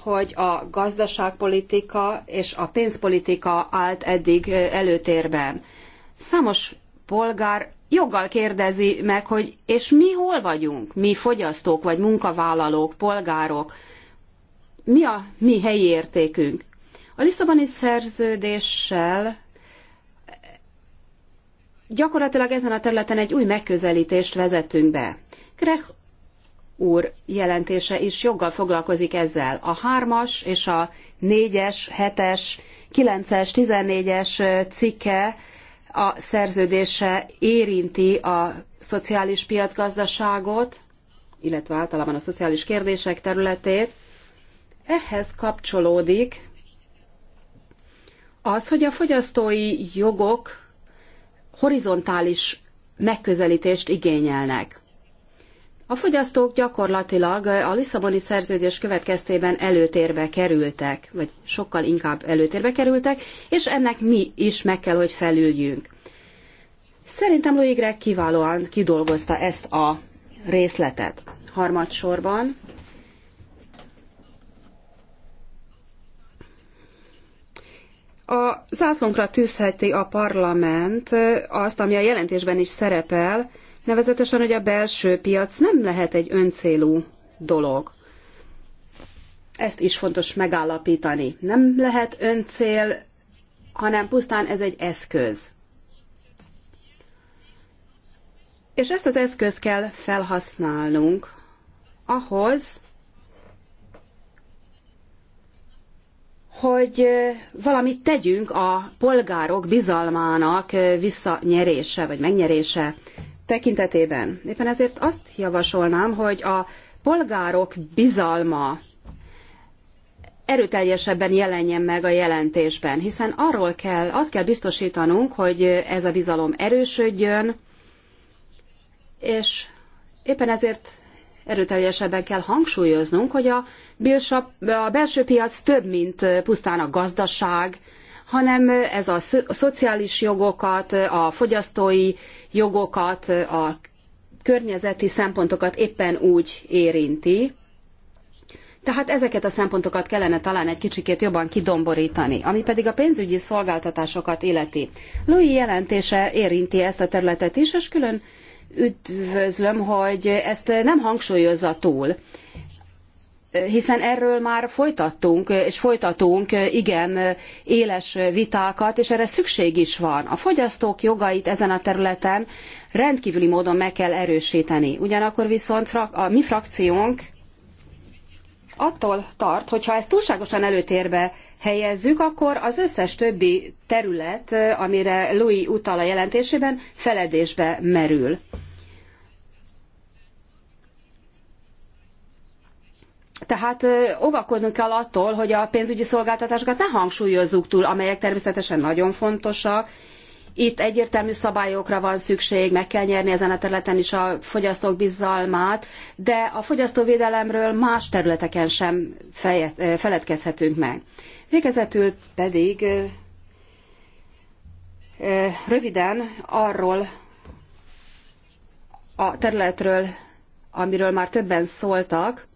hogy a gazdaságpolitika és a pénzpolitika állt eddig előtérben. Számos polgár joggal kérdezi meg, hogy és mi hol vagyunk, mi fogyasztók vagy munkavállalók, polgárok, mi a mi helyi értékünk. A Lisszaboni szerződéssel gyakorlatilag ezen a területen egy új megközelítést vezetünk be. Grech úr jelentése is joggal foglalkozik ezzel. A hármas és a négyes, hetes, kilences, tizennégyes cikke a szerződése érinti a szociális piacgazdaságot, illetve általában a szociális kérdések területét. Ehhez kapcsolódik az, hogy a fogyasztói jogok horizontális megközelítést igényelnek. A fogyasztók gyakorlatilag a Lisszaboni szerződés következtében előtérbe kerültek, vagy sokkal inkább előtérbe kerültek, és ennek mi is meg kell, hogy felüljünk. Szerintem Louis Greg kiválóan kidolgozta ezt a részletet. Harmadsorban a zászlónkra tűzheti a parlament azt, ami a jelentésben is szerepel, nevezetesen, hogy a belső piac nem lehet egy öncélú dolog. Ezt is fontos megállapítani. Nem lehet öncél, hanem pusztán ez egy eszköz. És ezt az eszközt kell felhasználnunk ahhoz, hogy valamit tegyünk a polgárok bizalmának visszanyerése vagy megnyerése tekintetében. Éppen ezért azt javasolnám, hogy a polgárok bizalma erőteljesebben jelenjen meg a jelentésben, hiszen arról kell, azt kell biztosítanunk, hogy ez a bizalom erősödjön, és éppen ezért erőteljesebben kell hangsúlyoznunk, hogy a, belső piac több, mint pusztán a gazdaság, hanem ez a, szociális jogokat, a fogyasztói jogokat, a környezeti szempontokat éppen úgy érinti. Tehát ezeket a szempontokat kellene talán egy kicsikét jobban kidomborítani, ami pedig a pénzügyi szolgáltatásokat illeti. Lui jelentése érinti ezt a területet is, és külön üdvözlöm, hogy ezt nem hangsúlyozza túl hiszen erről már folytattunk, és folytatunk igen éles vitákat, és erre szükség is van. A fogyasztók jogait ezen a területen rendkívüli módon meg kell erősíteni. Ugyanakkor viszont a mi frakciónk attól tart, hogy ha ezt túlságosan előtérbe helyezzük, akkor az összes többi terület, amire Louis utal a jelentésében, feledésbe merül. Tehát óvakodnunk kell attól, hogy a pénzügyi szolgáltatásokat ne hangsúlyozzuk túl, amelyek természetesen nagyon fontosak. Itt egyértelmű szabályokra van szükség, meg kell nyerni ezen a területen is a fogyasztók bizalmát, de a fogyasztóvédelemről más területeken sem fejez, feledkezhetünk meg. Végezetül pedig röviden arról a területről, amiről már többen szóltak,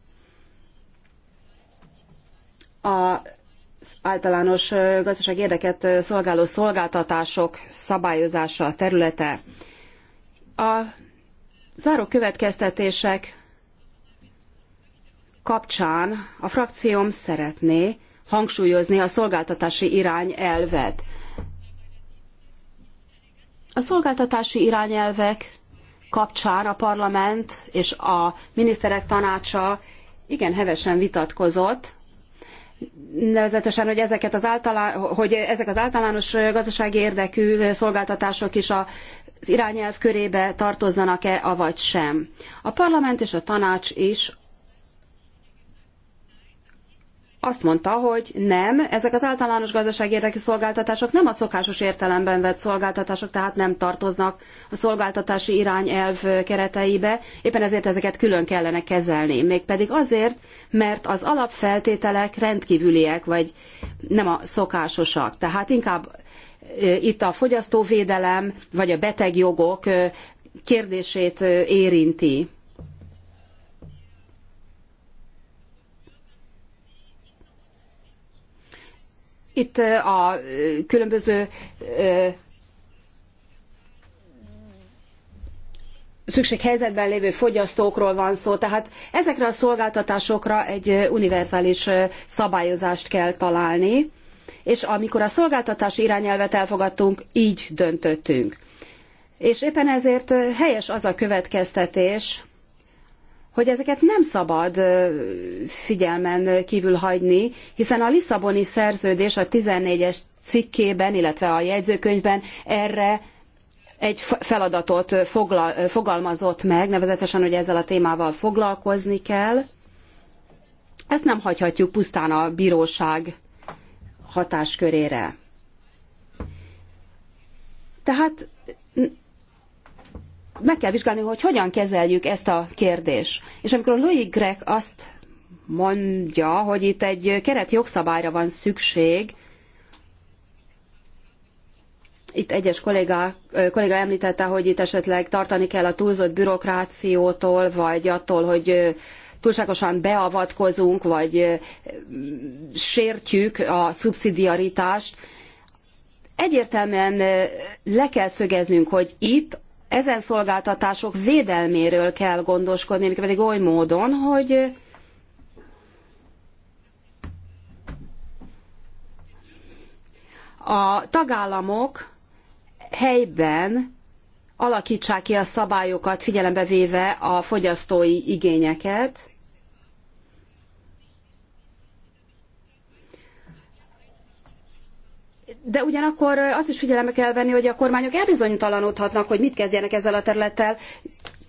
az általános gazdaság érdeket szolgáló szolgáltatások szabályozása területe. A záró következtetések kapcsán a frakcióm szeretné hangsúlyozni a szolgáltatási irányelvet. A szolgáltatási irányelvek kapcsán a parlament és a miniszterek tanácsa igen hevesen vitatkozott, nevezetesen, hogy, ezeket az általán, hogy ezek az általános gazdasági érdekű szolgáltatások is a az irányelv körébe tartozzanak-e, avagy sem. A parlament és a tanács is azt mondta, hogy nem, ezek az általános gazdasági érdekű szolgáltatások nem a szokásos értelemben vett szolgáltatások, tehát nem tartoznak a szolgáltatási irányelv kereteibe, éppen ezért ezeket külön kellene kezelni. Mégpedig azért, mert az alapfeltételek rendkívüliek, vagy nem a szokásosak. Tehát inkább itt a fogyasztóvédelem, vagy a betegjogok kérdését érinti. Itt a különböző szükséghelyzetben lévő fogyasztókról van szó, tehát ezekre a szolgáltatásokra egy univerzális szabályozást kell találni, és amikor a szolgáltatás irányelvet elfogadtunk, így döntöttünk. És éppen ezért helyes az a következtetés, hogy ezeket nem szabad figyelmen kívül hagyni, hiszen a Lisszaboni szerződés a 14-es cikkében, illetve a jegyzőkönyvben erre egy feladatot fogalmazott meg, nevezetesen, hogy ezzel a témával foglalkozni kell. Ezt nem hagyhatjuk pusztán a bíróság hatáskörére. Tehát meg kell vizsgálni, hogy hogyan kezeljük ezt a kérdést. És amikor Louis Greg azt mondja, hogy itt egy keret jogszabályra van szükség, itt egyes kolléga, kolléga említette, hogy itt esetleg tartani kell a túlzott bürokrációtól, vagy attól, hogy túlságosan beavatkozunk, vagy sértjük a szubszidiaritást. Egyértelműen le kell szögeznünk, hogy itt ezen szolgáltatások védelméről kell gondoskodni, pedig oly módon, hogy a tagállamok helyben alakítsák ki a szabályokat, figyelembe véve a fogyasztói igényeket, de ugyanakkor azt is figyelembe kell venni, hogy a kormányok elbizonytalanodhatnak, hogy mit kezdjenek ezzel a területtel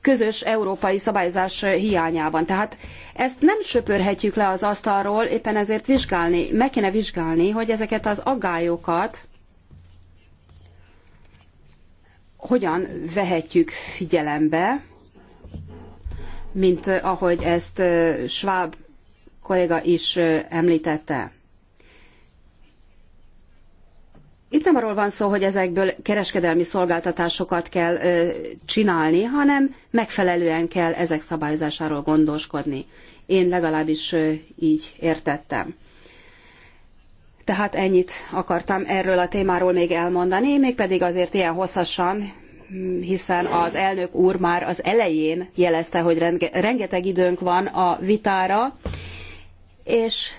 közös európai szabályzás hiányában. Tehát ezt nem söpörhetjük le az asztalról, éppen ezért vizsgálni, meg kéne vizsgálni, hogy ezeket az aggályokat hogyan vehetjük figyelembe, mint ahogy ezt Schwab kolléga is említette. Itt nem arról van szó, hogy ezekből kereskedelmi szolgáltatásokat kell csinálni, hanem megfelelően kell ezek szabályozásáról gondoskodni. Én legalábbis így értettem. Tehát ennyit akartam erről a témáról még elmondani, mégpedig azért ilyen hosszasan, hiszen az elnök úr már az elején jelezte, hogy rengeteg időnk van a vitára, és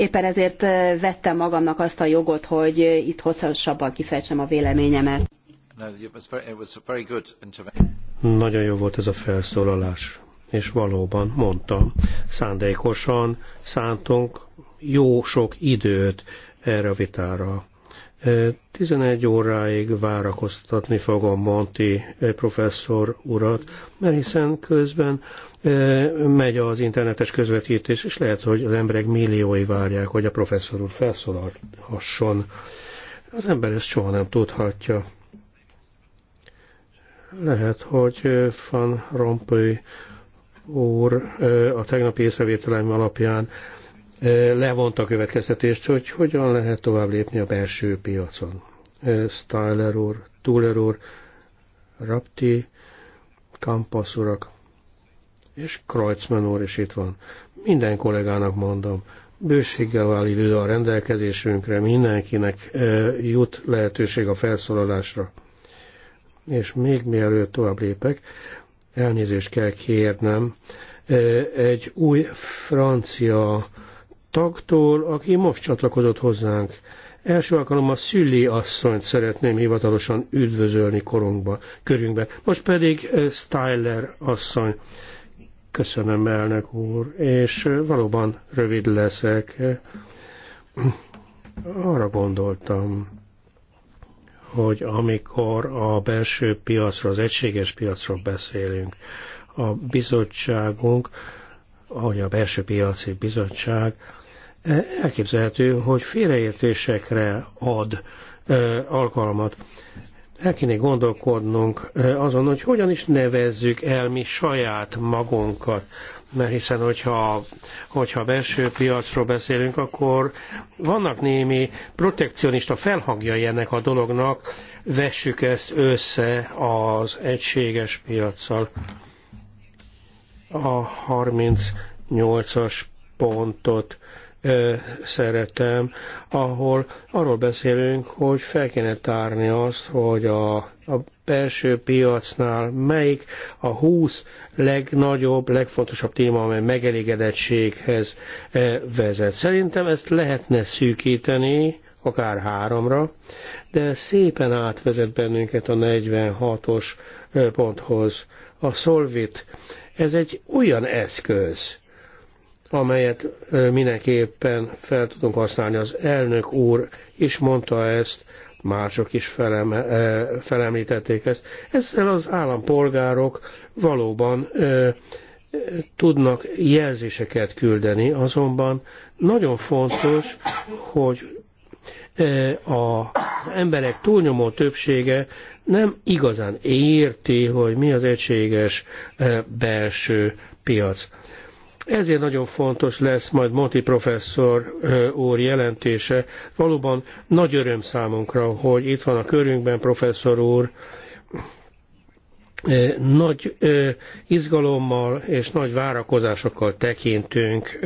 Éppen ezért vettem magamnak azt a jogot, hogy itt hosszasabban kifejtsem a véleményemet. Nagyon jó volt ez a felszólalás, és valóban mondtam, szándékosan szántunk jó sok időt erre a vitára. 11 óráig várakoztatni fogom Monti professzor urat, mert hiszen közben megy az internetes közvetítés, és lehet, hogy az emberek milliói várják, hogy a professzor úr felszólalhasson. Az ember ezt soha nem tudhatja. Lehet, hogy Van Rompuy úr a tegnapi észrevételem alapján levonta a következtetést, hogy hogyan lehet tovább lépni a belső piacon. Styler úr, Tuller úr, Rapti, Kampasz urak, és Kreutzmann úr is itt van. Minden kollégának mondom, bőséggel áll idő a rendelkezésünkre, mindenkinek jut lehetőség a felszólalásra. És még mielőtt tovább lépek, elnézést kell kérnem egy új francia tagtól, aki most csatlakozott hozzánk. Első alkalommal Szüli asszonyt szeretném hivatalosan üdvözölni korunkba, körünkbe. Most pedig Styler asszony. Köszönöm, elnök úr, és valóban rövid leszek. Arra gondoltam, hogy amikor a belső piacról, az egységes piacról beszélünk, a bizottságunk, ahogy a belső piaci bizottság, elképzelhető, hogy félreértésekre ad alkalmat el kéne gondolkodnunk azon, hogy hogyan is nevezzük el mi saját magunkat. Mert hiszen, hogyha, hogyha belső piacról beszélünk, akkor vannak némi protekcionista felhangjai ennek a dolognak, vessük ezt össze az egységes piacsal. A 38-as pontot szeretem, ahol arról beszélünk, hogy fel kéne tárni azt, hogy a, a belső piacnál melyik a 20 legnagyobb, legfontosabb téma, amely megelégedettséghez vezet. Szerintem ezt lehetne szűkíteni, akár háromra, de szépen átvezet bennünket a 46-os ponthoz. A Solvit, ez egy olyan eszköz, amelyet mindenképpen fel tudunk használni. Az elnök úr is mondta ezt, mások is felem, felemlítették ezt. Ezzel az állampolgárok valóban ö, tudnak jelzéseket küldeni, azonban nagyon fontos, hogy az emberek túlnyomó többsége nem igazán érti, hogy mi az egységes belső piac. Ezért nagyon fontos lesz majd Monti professzor úr jelentése. Valóban nagy öröm számunkra, hogy itt van a körünkben professzor úr, nagy izgalommal és nagy várakozásokkal tekintünk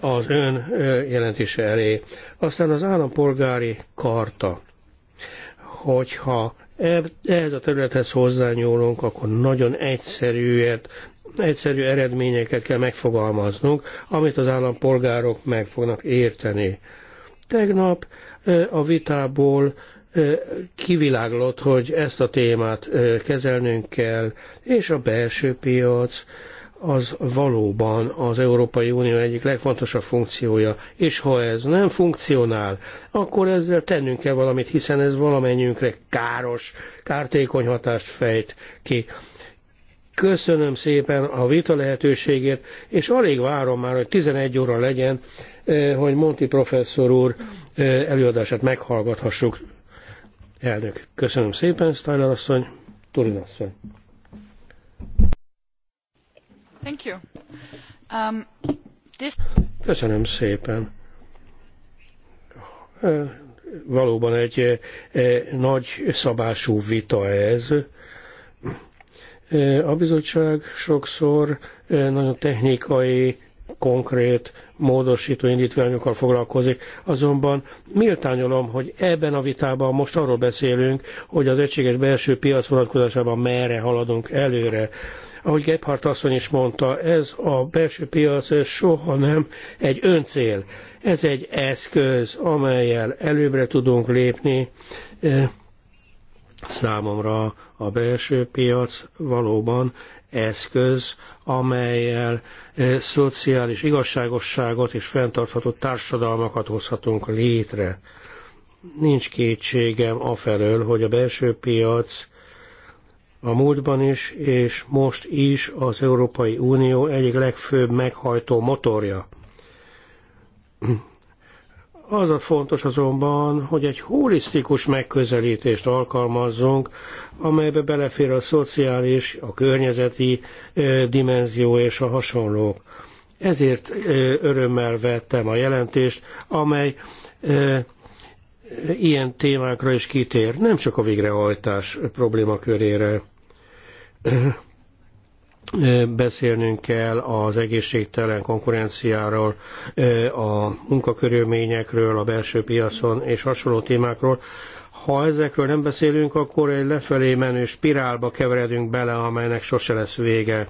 az ön jelentése elé. Aztán az állampolgári karta, hogyha e, ehhez a területhez hozzányúlunk, akkor nagyon egyszerűet, egyszerű eredményeket kell megfogalmaznunk, amit az állampolgárok meg fognak érteni. Tegnap a vitából kiviláglott, hogy ezt a témát kezelnünk kell, és a belső piac az valóban az Európai Unió egyik legfontosabb funkciója, és ha ez nem funkcionál, akkor ezzel tennünk kell valamit, hiszen ez valamennyünkre káros, kártékony hatást fejt ki. Köszönöm szépen a vita lehetőségét, és alig várom már, hogy 11 óra legyen, eh, hogy Monti professzor úr eh, előadását meghallgathassuk. Elnök, köszönöm szépen, Steiner asszony, Turin asszony. Thank you. Um, this... Köszönöm szépen. Eh, valóban egy nagy szabású vita ez a bizottság sokszor nagyon technikai, konkrét módosító indítványokkal foglalkozik. Azonban méltányolom, hogy ebben a vitában most arról beszélünk, hogy az egységes belső piac vonatkozásában merre haladunk előre. Ahogy Gebhardt asszony is mondta, ez a belső piac ez soha nem egy öncél. Ez egy eszköz, amelyel előbbre tudunk lépni. Számomra a belső piac valóban eszköz, amelyel szociális igazságosságot és fenntartható társadalmakat hozhatunk létre. Nincs kétségem afelől, hogy a belső piac a múltban is és most is az Európai Unió egyik legfőbb meghajtó motorja. Az a fontos azonban, hogy egy holisztikus megközelítést alkalmazzunk, amelybe belefér a szociális, a környezeti dimenzió és a hasonlók. Ezért örömmel vettem a jelentést, amely ilyen témákra is kitér, nem csak a végrehajtás problémakörére beszélnünk kell az egészségtelen konkurenciáról, a munkakörülményekről, a belső piacon és hasonló témákról. Ha ezekről nem beszélünk, akkor egy lefelé menő spirálba keveredünk bele, amelynek sose lesz vége.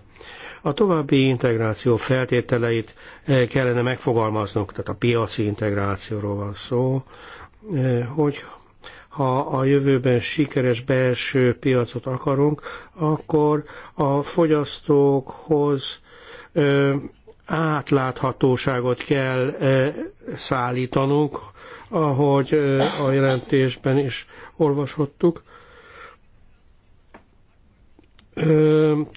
A további integráció feltételeit kellene megfogalmaznunk, tehát a piaci integrációról van szó, hogy ha a jövőben sikeres belső piacot akarunk, akkor a fogyasztókhoz átláthatóságot kell szállítanunk, ahogy a jelentésben is olvashattuk.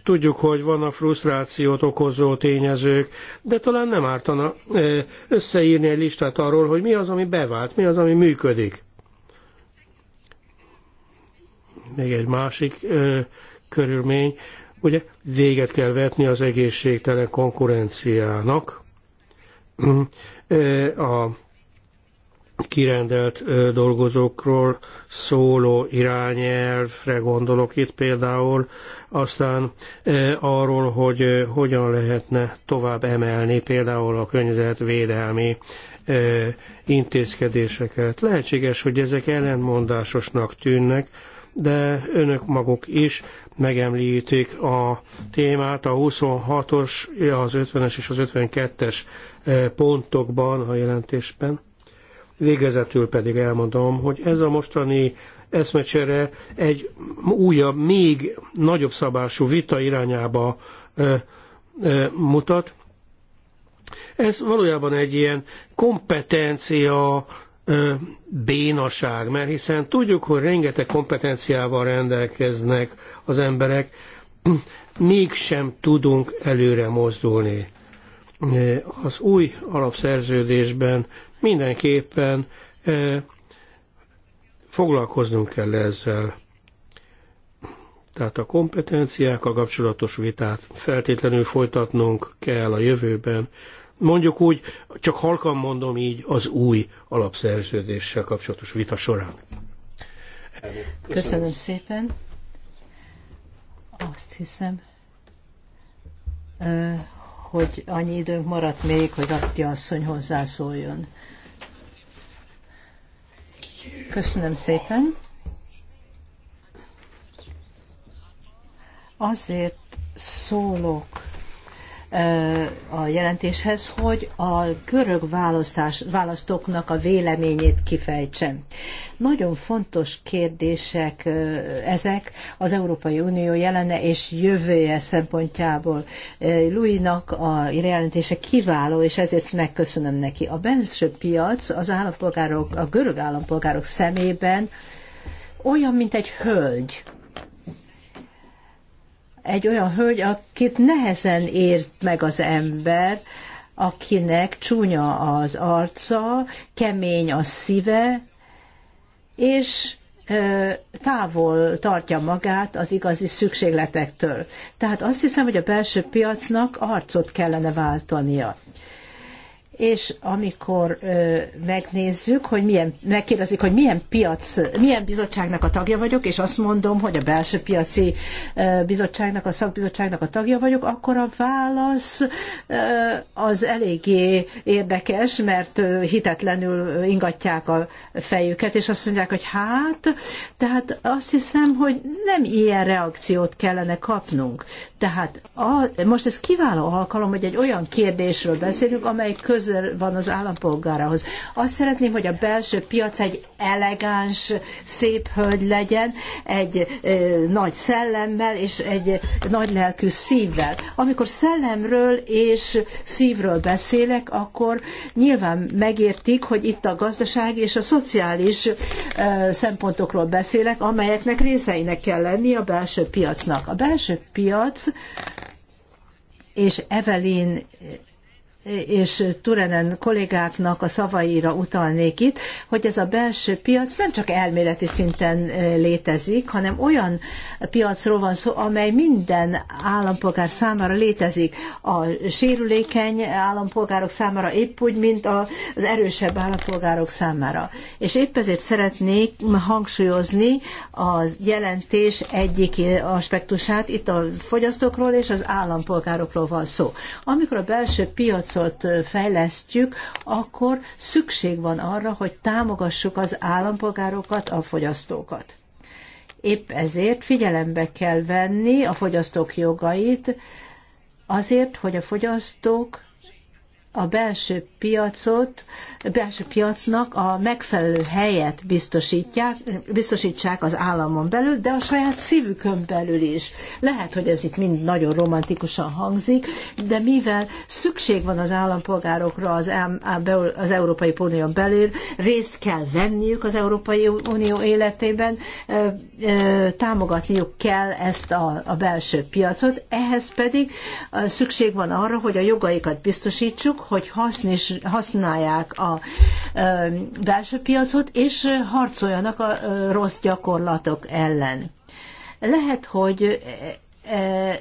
Tudjuk, hogy vannak frusztrációt okozó tényezők, de talán nem ártana összeírni egy listát arról, hogy mi az, ami bevált, mi az, ami működik még egy másik ö, körülmény, ugye véget kell vetni az egészségtelen konkurenciának. Mm, a kirendelt dolgozókról szóló irányelvre gondolok itt például, aztán arról, hogy hogyan lehetne tovább emelni például a környezetvédelmi intézkedéseket. Lehetséges, hogy ezek ellentmondásosnak tűnnek, de önök maguk is megemlítik a témát a 26-os, az 50-es és az 52-es eh, pontokban a jelentésben. Végezetül pedig elmondom, hogy ez a mostani eszmecsere egy újabb, még nagyobb szabású vita irányába eh, eh, mutat. Ez valójában egy ilyen kompetencia bénaság, mert hiszen tudjuk, hogy rengeteg kompetenciával rendelkeznek az emberek, mégsem tudunk előre mozdulni. Az új alapszerződésben mindenképpen foglalkoznunk kell ezzel. Tehát a kompetenciákkal kapcsolatos vitát feltétlenül folytatnunk kell a jövőben mondjuk úgy, csak halkan mondom így, az új alapszerződéssel kapcsolatos vita során. Köszönöm, Köszönöm szépen. Azt hiszem, hogy annyi időnk maradt még, hogy Atti asszony hozzászóljon. Köszönöm szépen. Azért szólok a jelentéshez, hogy a görög választás, választóknak a véleményét kifejtsem. Nagyon fontos kérdések ezek az Európai Unió jelene és jövője szempontjából. Louis-nak a jelentése kiváló, és ezért megköszönöm neki. A belső piac az állampolgárok, a görög állampolgárok szemében olyan, mint egy hölgy egy olyan hölgy, akit nehezen ért meg az ember, akinek csúnya az arca, kemény a szíve, és távol tartja magát az igazi szükségletektől. Tehát azt hiszem, hogy a belső piacnak arcot kellene váltania és amikor megnézzük, hogy milyen, megkérdezik, hogy milyen piac, milyen bizottságnak a tagja vagyok, és azt mondom, hogy a belső piaci bizottságnak, a szakbizottságnak a tagja vagyok, akkor a válasz az eléggé érdekes, mert hitetlenül ingatják a fejüket, és azt mondják, hogy hát, tehát azt hiszem, hogy nem ilyen reakciót kellene kapnunk. Tehát a, most ez kiváló alkalom, hogy egy olyan kérdésről beszélünk, amely közös van az állampolgárahoz. Azt szeretném, hogy a belső piac egy elegáns, szép hölgy legyen, egy nagy szellemmel és egy nagy lelkű szívvel. Amikor szellemről és szívről beszélek, akkor nyilván megértik, hogy itt a gazdaság és a szociális szempontokról beszélek, amelyeknek részeinek kell lenni a belső piacnak. A belső piac és Evelyn és Turenen kollégáknak a szavaira utalnék itt, hogy ez a belső piac nem csak elméleti szinten létezik, hanem olyan piacról van szó, amely minden állampolgár számára létezik. A sérülékeny állampolgárok számára épp úgy, mint az erősebb állampolgárok számára. És épp ezért szeretnék hangsúlyozni a jelentés egyik aspektusát, itt a fogyasztókról és az állampolgárokról van szó. Amikor a belső piac piacot fejlesztjük, akkor szükség van arra, hogy támogassuk az állampolgárokat, a fogyasztókat. Épp ezért figyelembe kell venni a fogyasztók jogait, azért, hogy a fogyasztók a belső piacot, belső piacnak a megfelelő helyet biztosítják, biztosítsák az államon belül, de a saját szívükön belül is. Lehet, hogy ez itt mind nagyon romantikusan hangzik, de mivel szükség van az állampolgárokra az, az Európai Unió belül, részt kell venniük az Európai Unió életében, támogatniuk kell ezt a, a belső piacot, ehhez pedig szükség van arra, hogy a jogaikat biztosítsuk, hogy hasznis, használják a belső piacot, és harcoljanak a rossz gyakorlatok ellen. Lehet, hogy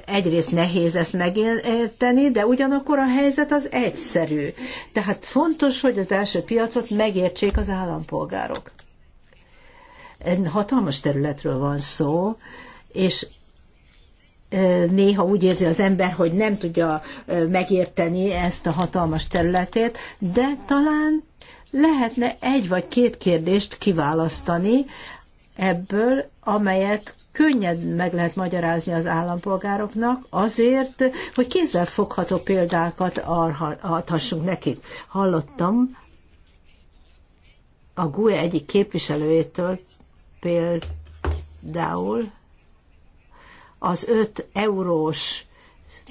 egyrészt nehéz ezt megérteni, de ugyanakkor a helyzet az egyszerű. Tehát fontos, hogy a belső piacot megértsék az állampolgárok. Hatalmas területről van szó, és néha úgy érzi az ember, hogy nem tudja megérteni ezt a hatalmas területét, de talán lehetne egy vagy két kérdést kiválasztani ebből, amelyet könnyen meg lehet magyarázni az állampolgároknak azért, hogy kézzelfogható példákat adhassunk nekik. Hallottam a GUE egyik képviselőjétől például, az 5 eurós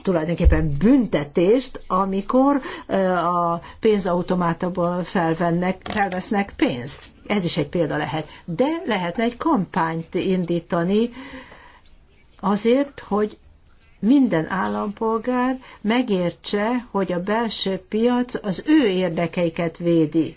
tulajdonképpen büntetést, amikor a pénzautomátából felvennek, felvesznek pénzt. Ez is egy példa lehet. De lehetne egy kampányt indítani azért, hogy minden állampolgár megértse, hogy a belső piac az ő érdekeiket védi.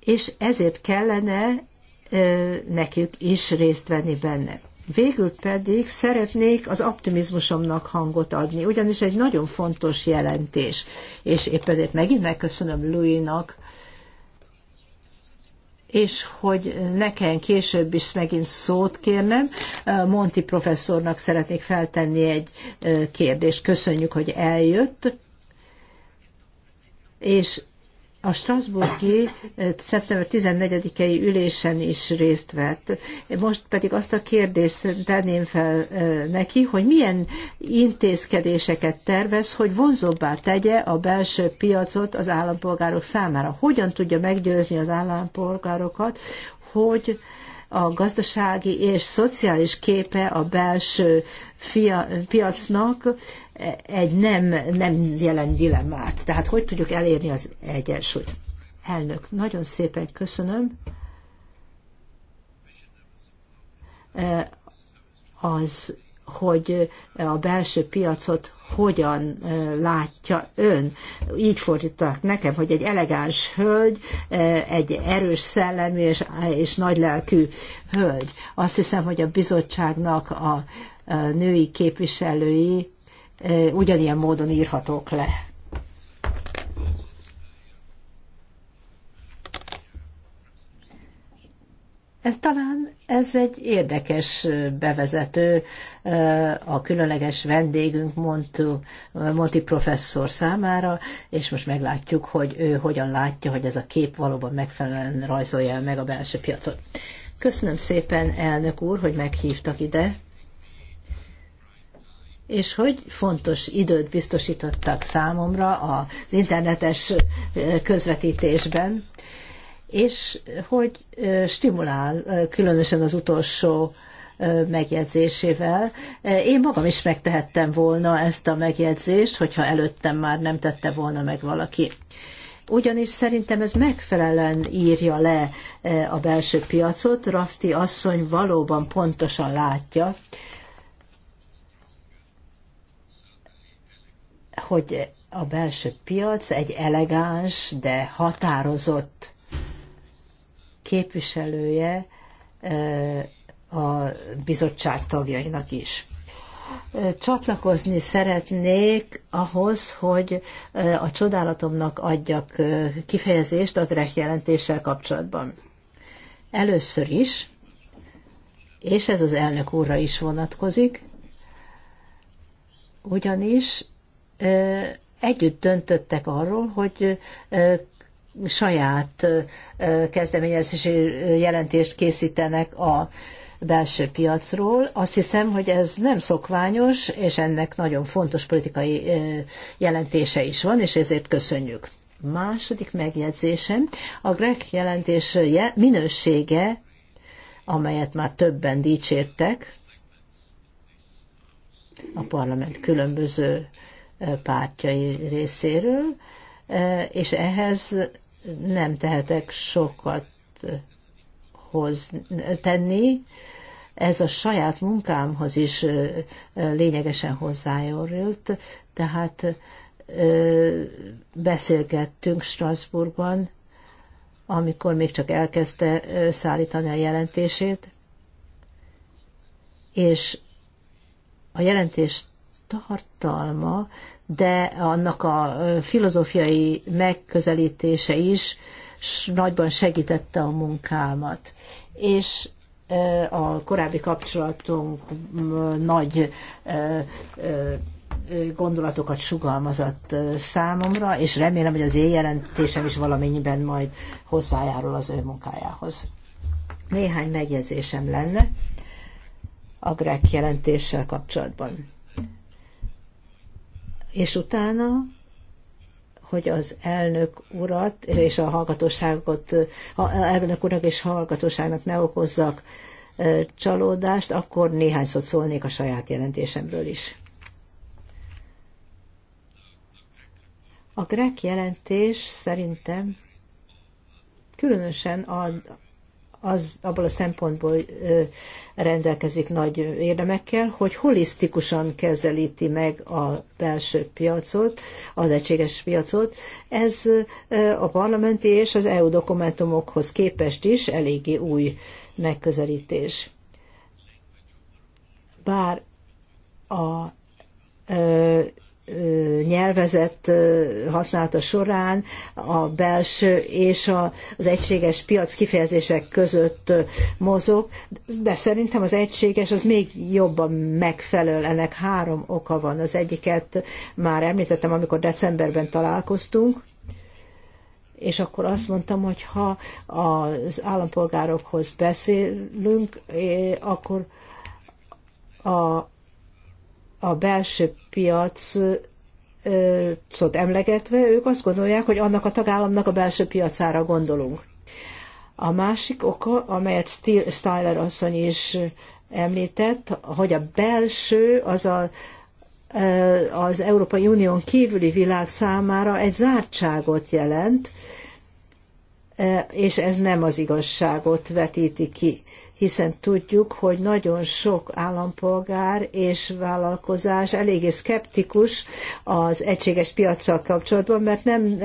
És ezért kellene ö, nekik is részt venni benne. Végül pedig szeretnék az optimizmusomnak hangot adni, ugyanis egy nagyon fontos jelentés, és éppen ezért megint megköszönöm Louis-nak, és hogy nekem később is megint szót kérnem, Monti professzornak szeretnék feltenni egy kérdést. Köszönjük, hogy eljött, és a Strasbourgi eh, szeptember 14-i ülésen is részt vett. Most pedig azt a kérdést tenném fel eh, neki, hogy milyen intézkedéseket tervez, hogy vonzóbbá tegye a belső piacot az állampolgárok számára. Hogyan tudja meggyőzni az állampolgárokat, hogy a gazdasági és szociális képe a belső fia, piacnak egy nem, nem jelent dilemmát. Tehát hogy tudjuk elérni az egyensúlyt? Elnök, nagyon szépen köszönöm. Eh, az, hogy a belső piacot hogyan látja ön. Így fordított nekem, hogy egy elegáns hölgy, egy erős szellemű és, és nagylelkű hölgy. Azt hiszem, hogy a bizottságnak a női képviselői ugyanilyen módon írhatók le. Ez talán ez egy érdekes bevezető a különleges vendégünk Monti professzor számára, és most meglátjuk, hogy ő hogyan látja, hogy ez a kép valóban megfelelően rajzolja meg a belső piacot. Köszönöm szépen, elnök úr, hogy meghívtak ide, és hogy fontos időt biztosítottak számomra az internetes közvetítésben és hogy stimulál, különösen az utolsó megjegyzésével. Én magam is megtehettem volna ezt a megjegyzést, hogyha előttem már nem tette volna meg valaki. Ugyanis szerintem ez megfelelően írja le a belső piacot. Rafti asszony valóban pontosan látja, hogy a belső piac egy elegáns, de határozott képviselője a bizottság tagjainak is. Csatlakozni szeretnék ahhoz, hogy a csodálatomnak adjak kifejezést a Grech jelentéssel kapcsolatban. Először is, és ez az elnök úrra is vonatkozik, ugyanis együtt döntöttek arról, hogy saját kezdeményezési jelentést készítenek a belső piacról. Azt hiszem, hogy ez nem szokványos, és ennek nagyon fontos politikai jelentése is van, és ezért köszönjük. Második megjegyzésem, a Grek jelentés minősége, amelyet már többen dicsértek, a parlament különböző pártjai részéről, és ehhez nem tehetek sokat hoz tenni. Ez a saját munkámhoz is lényegesen hozzájárult, tehát beszélgettünk Strasbourgban, amikor még csak elkezdte szállítani a jelentését, és a jelentést tartalma, de annak a filozófiai megközelítése is nagyban segítette a munkámat. És a korábbi kapcsolatunk nagy gondolatokat sugalmazott számomra, és remélem, hogy az én jelentésem is valamennyiben majd hozzájárul az ő munkájához. Néhány megjegyzésem lenne a grek jelentéssel kapcsolatban és utána hogy az elnök urat és a hallgatóságot, a elnök urak és hallgatóságnak ne okozzak csalódást, akkor néhány szót szólnék a saját jelentésemről is. A grek jelentés szerintem különösen a, az abból a szempontból rendelkezik nagy érdemekkel, hogy holisztikusan kezelíti meg a belső piacot, az egységes piacot. Ez a parlamenti és az EU dokumentumokhoz képest is eléggé új megközelítés. Bár a nyelvezet használata során a belső és a, az egységes piac kifejezések között mozog, de szerintem az egységes az még jobban megfelel. Ennek három oka van. Az egyiket már említettem, amikor decemberben találkoztunk, és akkor azt mondtam, hogy ha az állampolgárokhoz beszélünk, akkor a, a belső piac szót emlegetve, ők azt gondolják, hogy annak a tagállamnak a belső piacára gondolunk. A másik oka, amelyet Styler asszony is említett, hogy a belső az a, az Európai Unión kívüli világ számára egy zártságot jelent, és ez nem az igazságot vetíti ki hiszen tudjuk, hogy nagyon sok állampolgár és vállalkozás eléggé szkeptikus az egységes piacsal kapcsolatban, mert nem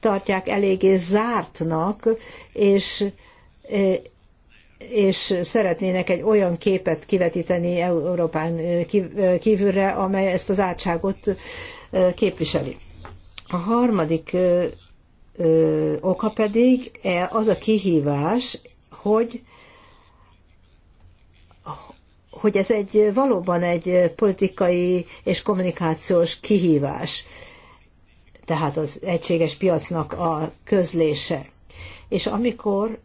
tartják eléggé zártnak, és és szeretnének egy olyan képet kivetíteni Európán kívülre, amely ezt az átságot képviseli. A harmadik oka pedig e, az a kihívás, hogy hogy ez egy valóban egy politikai és kommunikációs kihívás, tehát az egységes piacnak a közlése. És amikor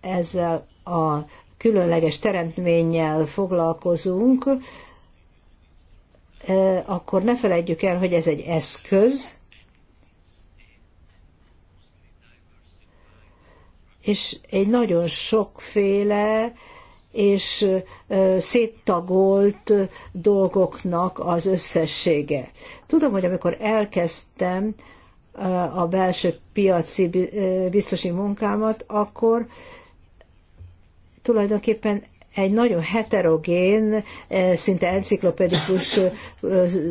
ezzel a különleges teremtménnyel foglalkozunk, e, akkor ne felejtjük el, hogy ez egy eszköz, és egy nagyon sokféle és széttagolt dolgoknak az összessége. Tudom, hogy amikor elkezdtem a belső piaci biztosi munkámat, akkor tulajdonképpen egy nagyon heterogén, szinte enciklopedikus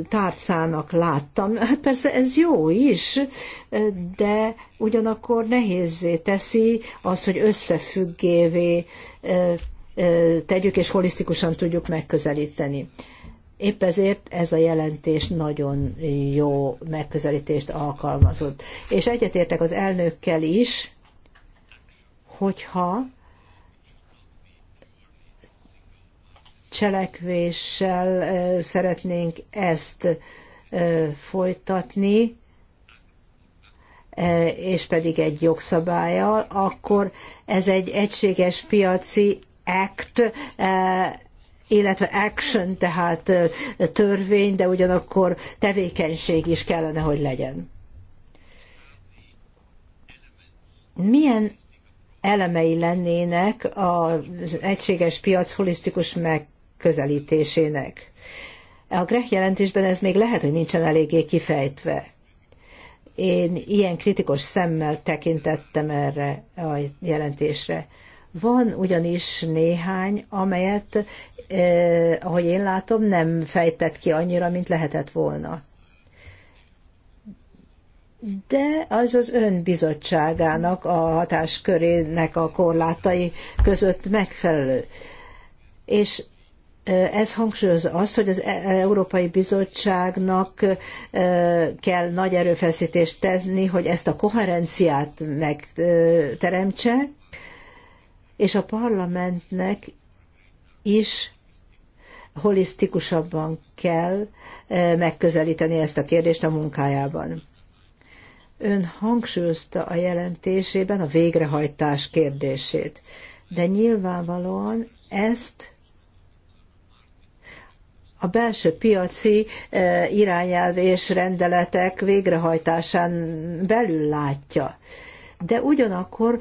tárcának láttam. Hát persze ez jó is, de ugyanakkor nehézé teszi az, hogy összefüggévé tegyük, és holisztikusan tudjuk megközelíteni. Épp ezért ez a jelentés nagyon jó megközelítést alkalmazott. És egyetértek az elnökkel is, hogyha cselekvéssel szeretnénk ezt folytatni, és pedig egy jogszabályal, akkor ez egy egységes piaci Act eh, illetve action, tehát eh, törvény, de ugyanakkor tevékenység is kellene, hogy legyen. Milyen elemei lennének az egységes piac holisztikus megközelítésének? A Grech jelentésben ez még lehet, hogy nincsen eléggé kifejtve. Én ilyen kritikus szemmel tekintettem erre a jelentésre. Van ugyanis néhány, amelyet, eh, ahogy én látom, nem fejtett ki annyira, mint lehetett volna. De az az ön bizottságának, a hatáskörének a korlátai között megfelelő. És eh, ez hangsúlyozza azt, hogy az e- Európai Bizottságnak eh, kell nagy erőfeszítést tenni, hogy ezt a koherenciát megteremtse, és a parlamentnek is holisztikusabban kell e, megközelíteni ezt a kérdést a munkájában. Ön hangsúlyozta a jelentésében a végrehajtás kérdését, de nyilvánvalóan ezt a belső piaci e, irányelv és rendeletek végrehajtásán belül látja de ugyanakkor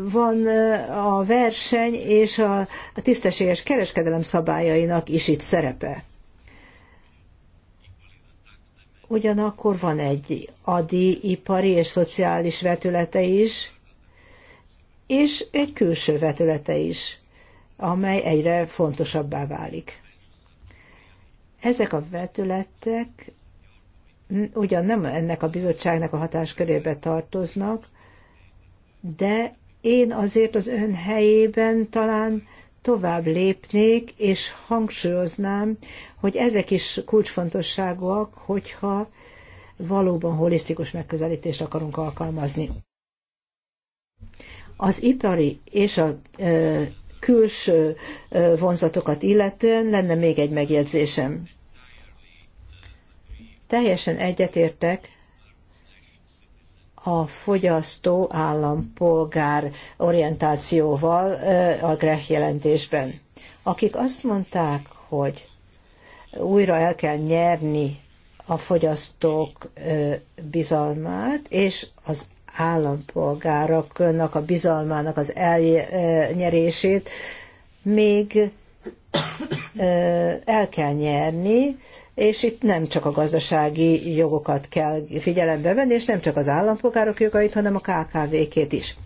van a verseny és a tisztességes kereskedelem szabályainak is itt szerepe. Ugyanakkor van egy adi, ipari és szociális vetülete is, és egy külső vetülete is, amely egyre fontosabbá válik. Ezek a vetületek ugyan nem ennek a bizottságnak a hatáskörébe tartoznak, de én azért az ön helyében talán tovább lépnék, és hangsúlyoznám, hogy ezek is kulcsfontosságúak, hogyha valóban holisztikus megközelítést akarunk alkalmazni. Az ipari és a ö, külső ö, vonzatokat illetően lenne még egy megjegyzésem. Teljesen egyetértek a fogyasztó állampolgár orientációval eh, a Grech jelentésben, akik azt mondták, hogy újra el kell nyerni a fogyasztók eh, bizalmát, és az állampolgároknak a bizalmának az elnyerését még eh, el kell nyerni, és itt nem csak a gazdasági jogokat kell figyelembe venni, és nem csak az állampolgárok jogait, hanem a KKV-két is.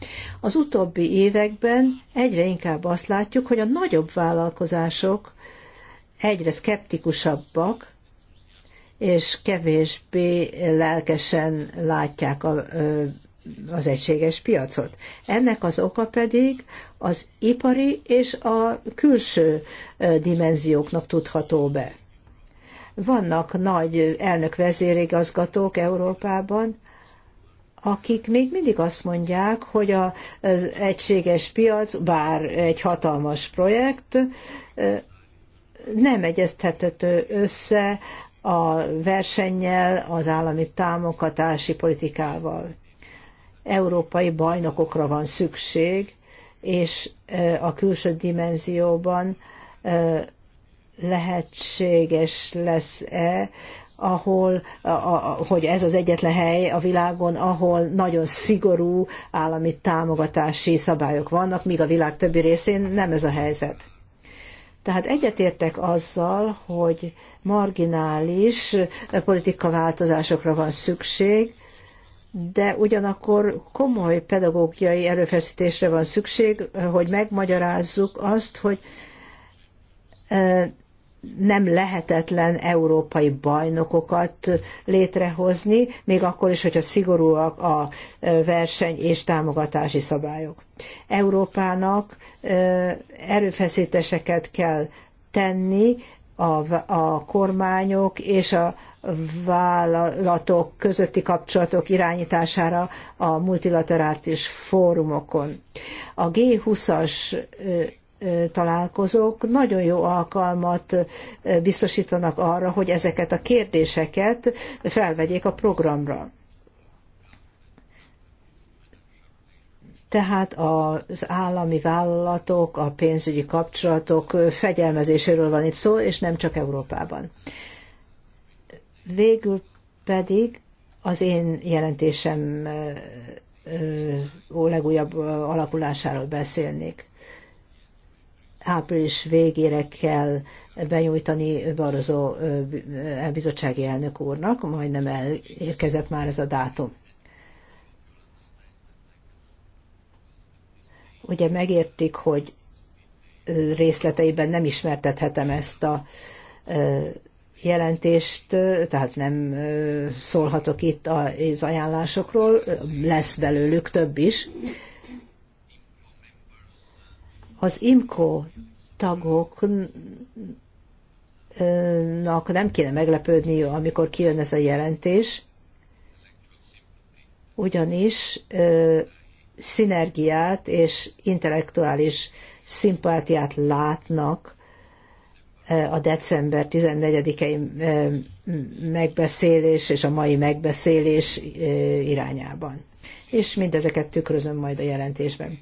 Az utóbbi években egyre inkább azt látjuk, hogy a nagyobb vállalkozások egyre szkeptikusabbak, és kevésbé lelkesen látják a, az egységes piacot. Ennek az oka pedig az ipari és a külső dimenzióknak tudható be. Vannak nagy vezérigazgatók Európában, akik még mindig azt mondják, hogy az egységes piac, bár egy hatalmas projekt, nem egyeztethető össze a versennyel, az állami támogatási politikával. Európai bajnokokra van szükség, és a külső dimenzióban lehetséges lesz-e, ahol, a, a, hogy ez az egyetlen hely a világon, ahol nagyon szigorú állami támogatási szabályok vannak, míg a világ többi részén nem ez a helyzet. Tehát egyetértek azzal, hogy marginális változásokra van szükség, de ugyanakkor komoly pedagógiai erőfeszítésre van szükség, hogy megmagyarázzuk azt, hogy nem lehetetlen európai bajnokokat létrehozni, még akkor is, hogyha szigorúak a verseny és támogatási szabályok. Európának erőfeszítéseket kell tenni a, a kormányok és a vállalatok közötti kapcsolatok irányítására a multilaterális fórumokon. A G20-as találkozók nagyon jó alkalmat biztosítanak arra, hogy ezeket a kérdéseket felvegyék a programra. tehát az állami vállalatok, a pénzügyi kapcsolatok fegyelmezéséről van itt szó, és nem csak Európában. Végül pedig az én jelentésem legújabb alakulásáról beszélnék április végére kell benyújtani Barozó bizottsági elnök úrnak, majdnem elérkezett már ez a dátum. Ugye megértik, hogy részleteiben nem ismertethetem ezt a jelentést, tehát nem szólhatok itt az ajánlásokról, lesz belőlük több is, az IMCO tagoknak nem kéne meglepődni, amikor kijön ez a jelentés, ugyanis ö, szinergiát és intellektuális szimpátiát látnak a december 14-i megbeszélés és a mai megbeszélés irányában. És mindezeket tükrözöm majd a jelentésben.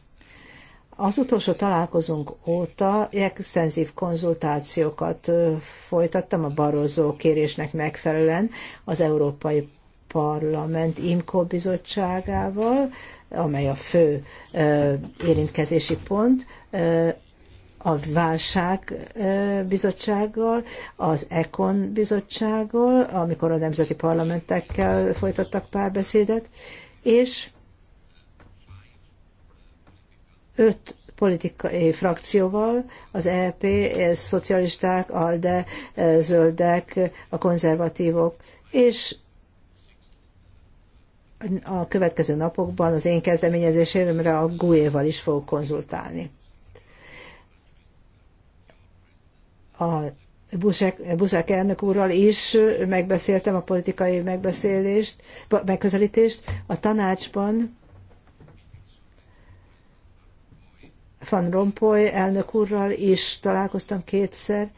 Az utolsó találkozunk óta extenzív konzultációkat folytattam a Barozó kérésnek megfelelően az Európai Parlament IMCO bizottságával, amely a fő érintkezési pont, a válság bizottsággal, az ECON bizottsággal, amikor a nemzeti parlamentekkel folytattak párbeszédet, és öt politikai frakcióval, az EP, a eh, szocialisták, ALDE, eh, zöldek, a konzervatívok, és a következő napokban az én kezdeményezésemre a GUE-val is fogok konzultálni. A Buzek, Buzek elnök úrral is megbeszéltem a politikai megbeszélést, megbeszélést, megközelítést. A tanácsban Van Rompoy elnök úrral is találkoztam kétszer,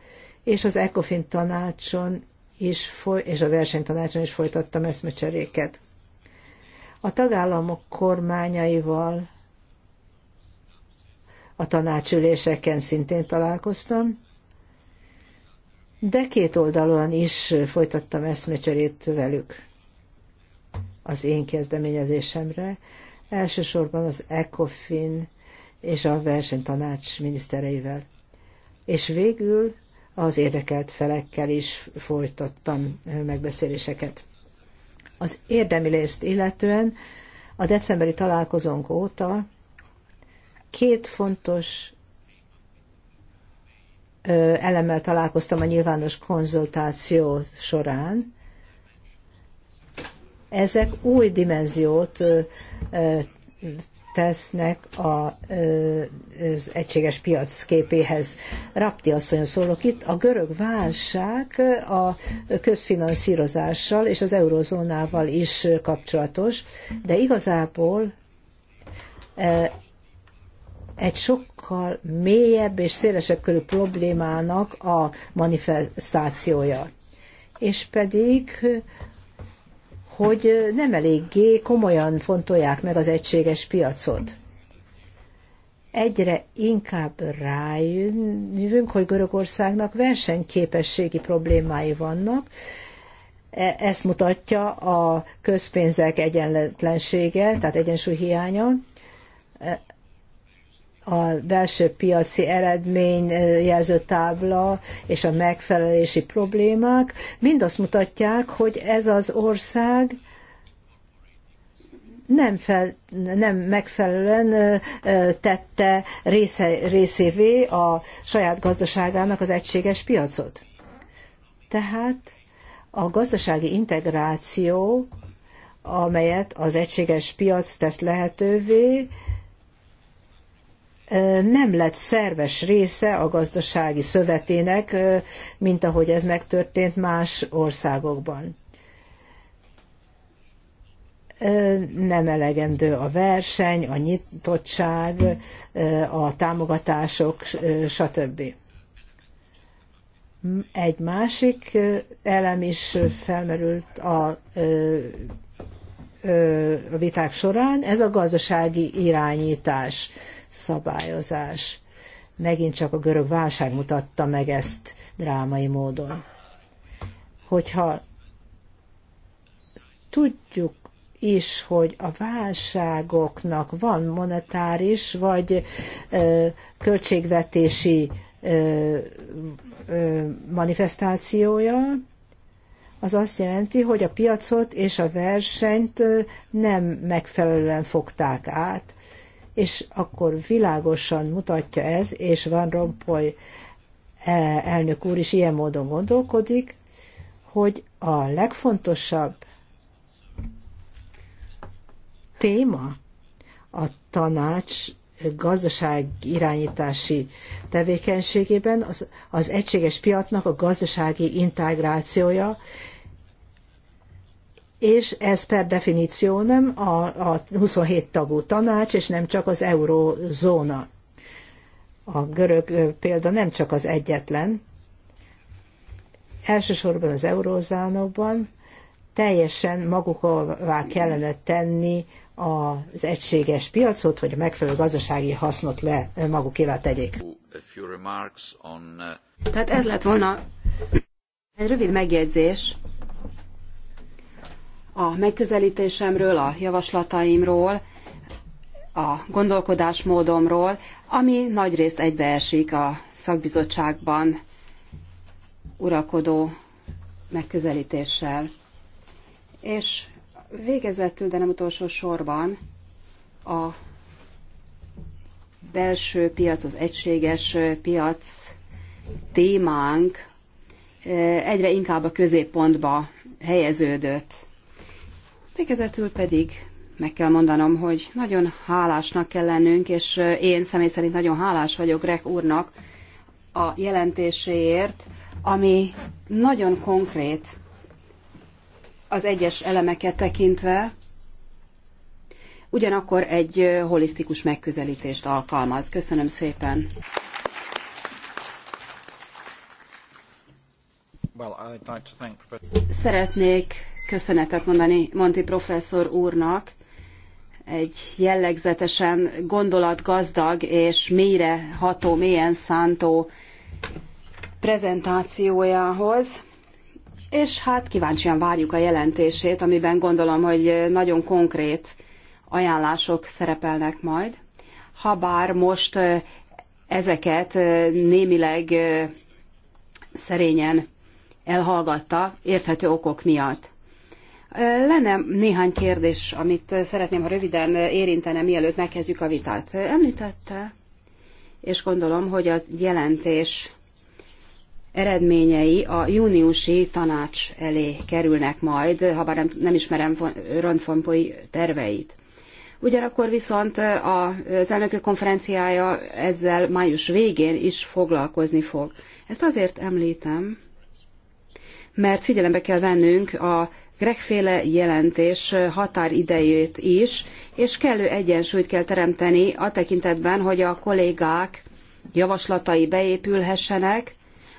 és az ECOFIN tanácson is foly, és a versenytanácson is folytattam eszmecseréket. A tagállamok kormányaival a tanácsüléseken szintén találkoztam, de két oldalon is folytattam eszmecserét velük az én kezdeményezésemre. Elsősorban az ECOFIN és a versenytanács minisztereivel. És végül az érdekelt felekkel is folytattam megbeszéléseket. Az érdemi részt illetően a decemberi találkozónk óta két fontos elemmel találkoztam a nyilvános konzultáció során. Ezek új dimenziót tesznek a, az egységes piac képéhez. Rapti asszony szólok itt, a görög válság a közfinanszírozással és az eurozónával is kapcsolatos, de igazából egy sokkal mélyebb és szélesebb körű problémának a manifestációja. És pedig hogy nem eléggé komolyan fontolják meg az egységes piacot. Egyre inkább rájövünk, hogy Görögországnak versenyképességi problémái vannak, e, ezt mutatja a közpénzek egyenletlensége, tehát egyensúly hiánya, e, a belső piaci eredmény tábla és a megfelelési problémák mind azt mutatják, hogy ez az ország nem, fel, nem megfelelően tette része, részévé a saját gazdaságának az egységes piacot. Tehát a gazdasági integráció, amelyet az egységes piac tesz lehetővé, nem lett szerves része a gazdasági szövetének, mint ahogy ez megtörtént más országokban. Nem elegendő a verseny, a nyitottság, a támogatások, stb. Egy másik elem is felmerült a a viták során, ez a gazdasági irányítás, szabályozás. Megint csak a görög válság mutatta meg ezt drámai módon. Hogyha tudjuk is, hogy a válságoknak van monetáris vagy ö, költségvetési ö, ö, manifestációja, az azt jelenti, hogy a piacot és a versenyt nem megfelelően fogták át, és akkor világosan mutatja ez, és Van Rompuy e, elnök úr is ilyen módon gondolkodik, hogy a legfontosabb téma a tanács gazdaság irányítási tevékenységében az, az egységes piacnak a gazdasági integrációja, és ez per definíció nem a, a 27 tagú tanács, és nem csak az eurózóna. A görög példa nem csak az egyetlen. Elsősorban az eurózánokban teljesen magukává kellene tenni az egységes piacot, hogy a megfelelő gazdasági hasznot le magukévá tegyék. Uh, Tehát ez lett volna egy rövid megjegyzés a megközelítésemről, a javaslataimról, a gondolkodásmódomról, ami nagyrészt egybeesik a szakbizottságban uralkodó megközelítéssel. És Végezetül, de nem utolsó sorban a belső piac, az egységes piac témánk eh, egyre inkább a középpontba helyeződött. Végezetül pedig meg kell mondanom, hogy nagyon hálásnak kell lennünk, és eh, én személy szerint nagyon hálás vagyok Rek úrnak a jelentéséért, ami nagyon konkrét az egyes elemeket tekintve, ugyanakkor egy holisztikus megközelítést alkalmaz. Köszönöm szépen! Szeretnék köszönetet mondani Monti professzor úrnak, egy jellegzetesen gondolatgazdag és mélyre ható, mélyen szántó prezentációjához és hát kíváncsian várjuk a jelentését, amiben gondolom, hogy nagyon konkrét ajánlások szerepelnek majd. Habár most ezeket némileg szerényen elhallgatta, érthető okok miatt. Lenne néhány kérdés, amit szeretném, ha röviden érintene, mielőtt megkezdjük a vitát. Említette, és gondolom, hogy az jelentés eredményei a júniusi tanács elé kerülnek majd, bár nem, nem ismerem Ron Fompoy terveit. Ugyanakkor viszont az elnökök konferenciája ezzel május végén is foglalkozni fog. Ezt azért említem, mert figyelembe kell vennünk a Gregféle jelentés határidejét is, és kellő egyensúlyt kell teremteni a tekintetben, hogy a kollégák javaslatai beépülhessenek,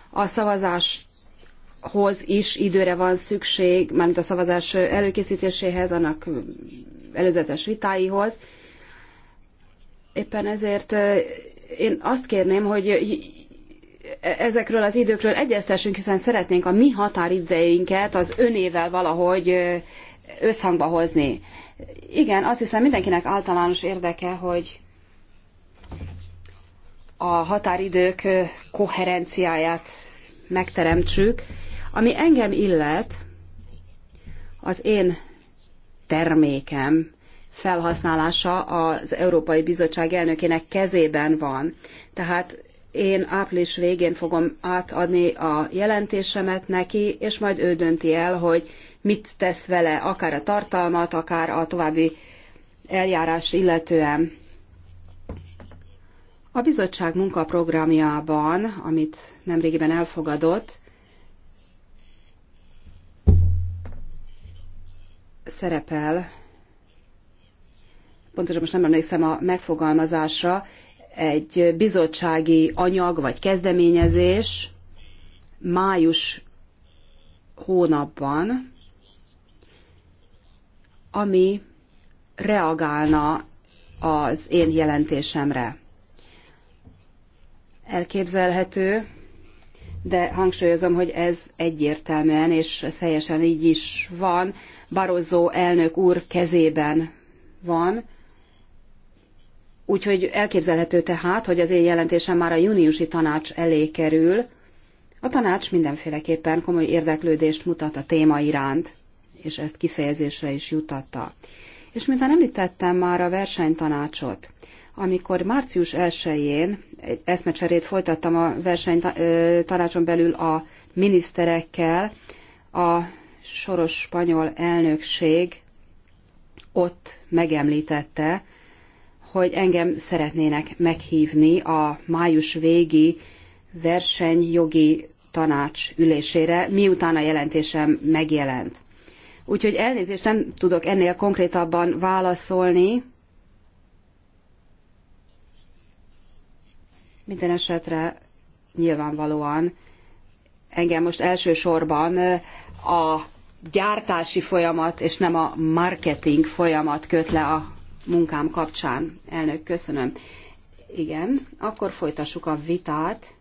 a szavazáshoz is időre van szükség, mármint a szavazás előkészítéséhez, annak előzetes vitáihoz. Éppen ezért eh, én azt kérném, hogy ezekről az időkről egyeztessünk, hiszen szeretnénk a mi határideinket az önével valahogy eh, összhangba hozni. Igen, azt hiszem mindenkinek általános érdeke, hogy a határidők koherenciáját megteremtsük. Ami engem illet, az én termékem felhasználása az Európai Bizottság elnökének kezében van. Tehát én április végén fogom átadni a jelentésemet neki, és majd ő dönti el, hogy mit tesz vele, akár a tartalmat, akár a további eljárás illetően. A bizottság munkaprogramjában, amit nemrégiben elfogadott, szerepel, pontosan most nem emlékszem a megfogalmazásra, egy bizottsági anyag vagy kezdeményezés május hónapban, ami reagálna az én jelentésemre elképzelhető, de hangsúlyozom, hogy ez egyértelműen, és ez helyesen így is van, Barozó elnök úr kezében van. Úgyhogy elképzelhető tehát, hogy az én jelentésem már a júniusi tanács elé kerül. A tanács mindenféleképpen komoly érdeklődést mutat a téma iránt, és ezt kifejezésre is jutatta. És mintha említettem már a versenytanácsot, amikor március 1-én egy eszmecserét folytattam a versenytanácson belül a miniszterekkel, a soros spanyol elnökség ott megemlítette, hogy engem szeretnének meghívni a május végi versenyjogi tanács ülésére, miután a jelentésem megjelent. Úgyhogy elnézést nem tudok ennél konkrétabban válaszolni, Minden esetre nyilvánvalóan engem most elsősorban a gyártási folyamat és nem a marketing folyamat köt le a munkám kapcsán. Elnök, köszönöm. Igen, akkor folytassuk a vitát.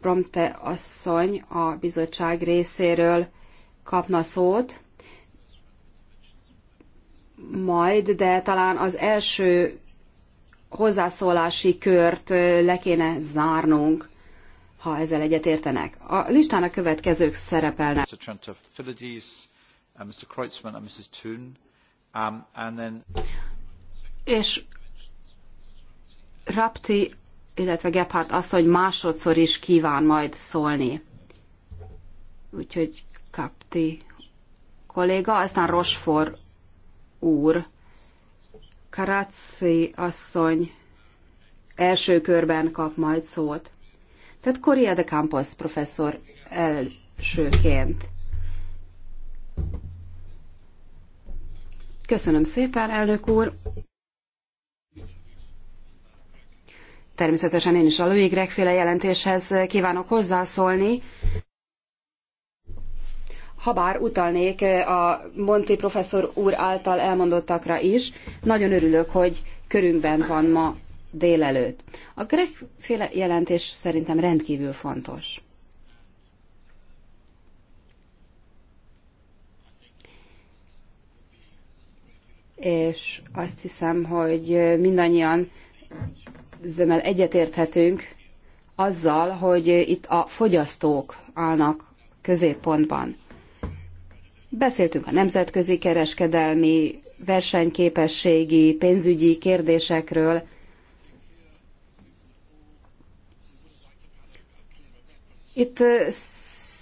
Promte asszony a bizottság részéről kapna szót, majd, de talán az első hozzászólási kört le kéne zárnunk, ha ezzel egyet értenek. A listán a következők szerepelnek. Mr. Trenta Philides, uh, Mr. Kreutzmann and Mrs. Toon, um, and then... És Rapti, illetve Gephardt asszony másodszor is kíván majd szólni. Úgyhogy Kapti kolléga, aztán Rosfor úr. Karácsi asszony első körben kap majd szót. Tehát Coria de Campos professzor elsőként. Köszönöm szépen, elnök úr! Természetesen én is a Louis Gregg jelentéshez kívánok hozzászólni habár utalnék eh, a Monti professzor úr által elmondottakra is, nagyon örülök, hogy körünkben van ma délelőtt. A Greg-féle jelentés szerintem rendkívül fontos. És azt hiszem, hogy mindannyian zömmel egyetérthetünk azzal, hogy itt a fogyasztók állnak középpontban. Beszéltünk a nemzetközi kereskedelmi, versenyképességi, pénzügyi kérdésekről. Itt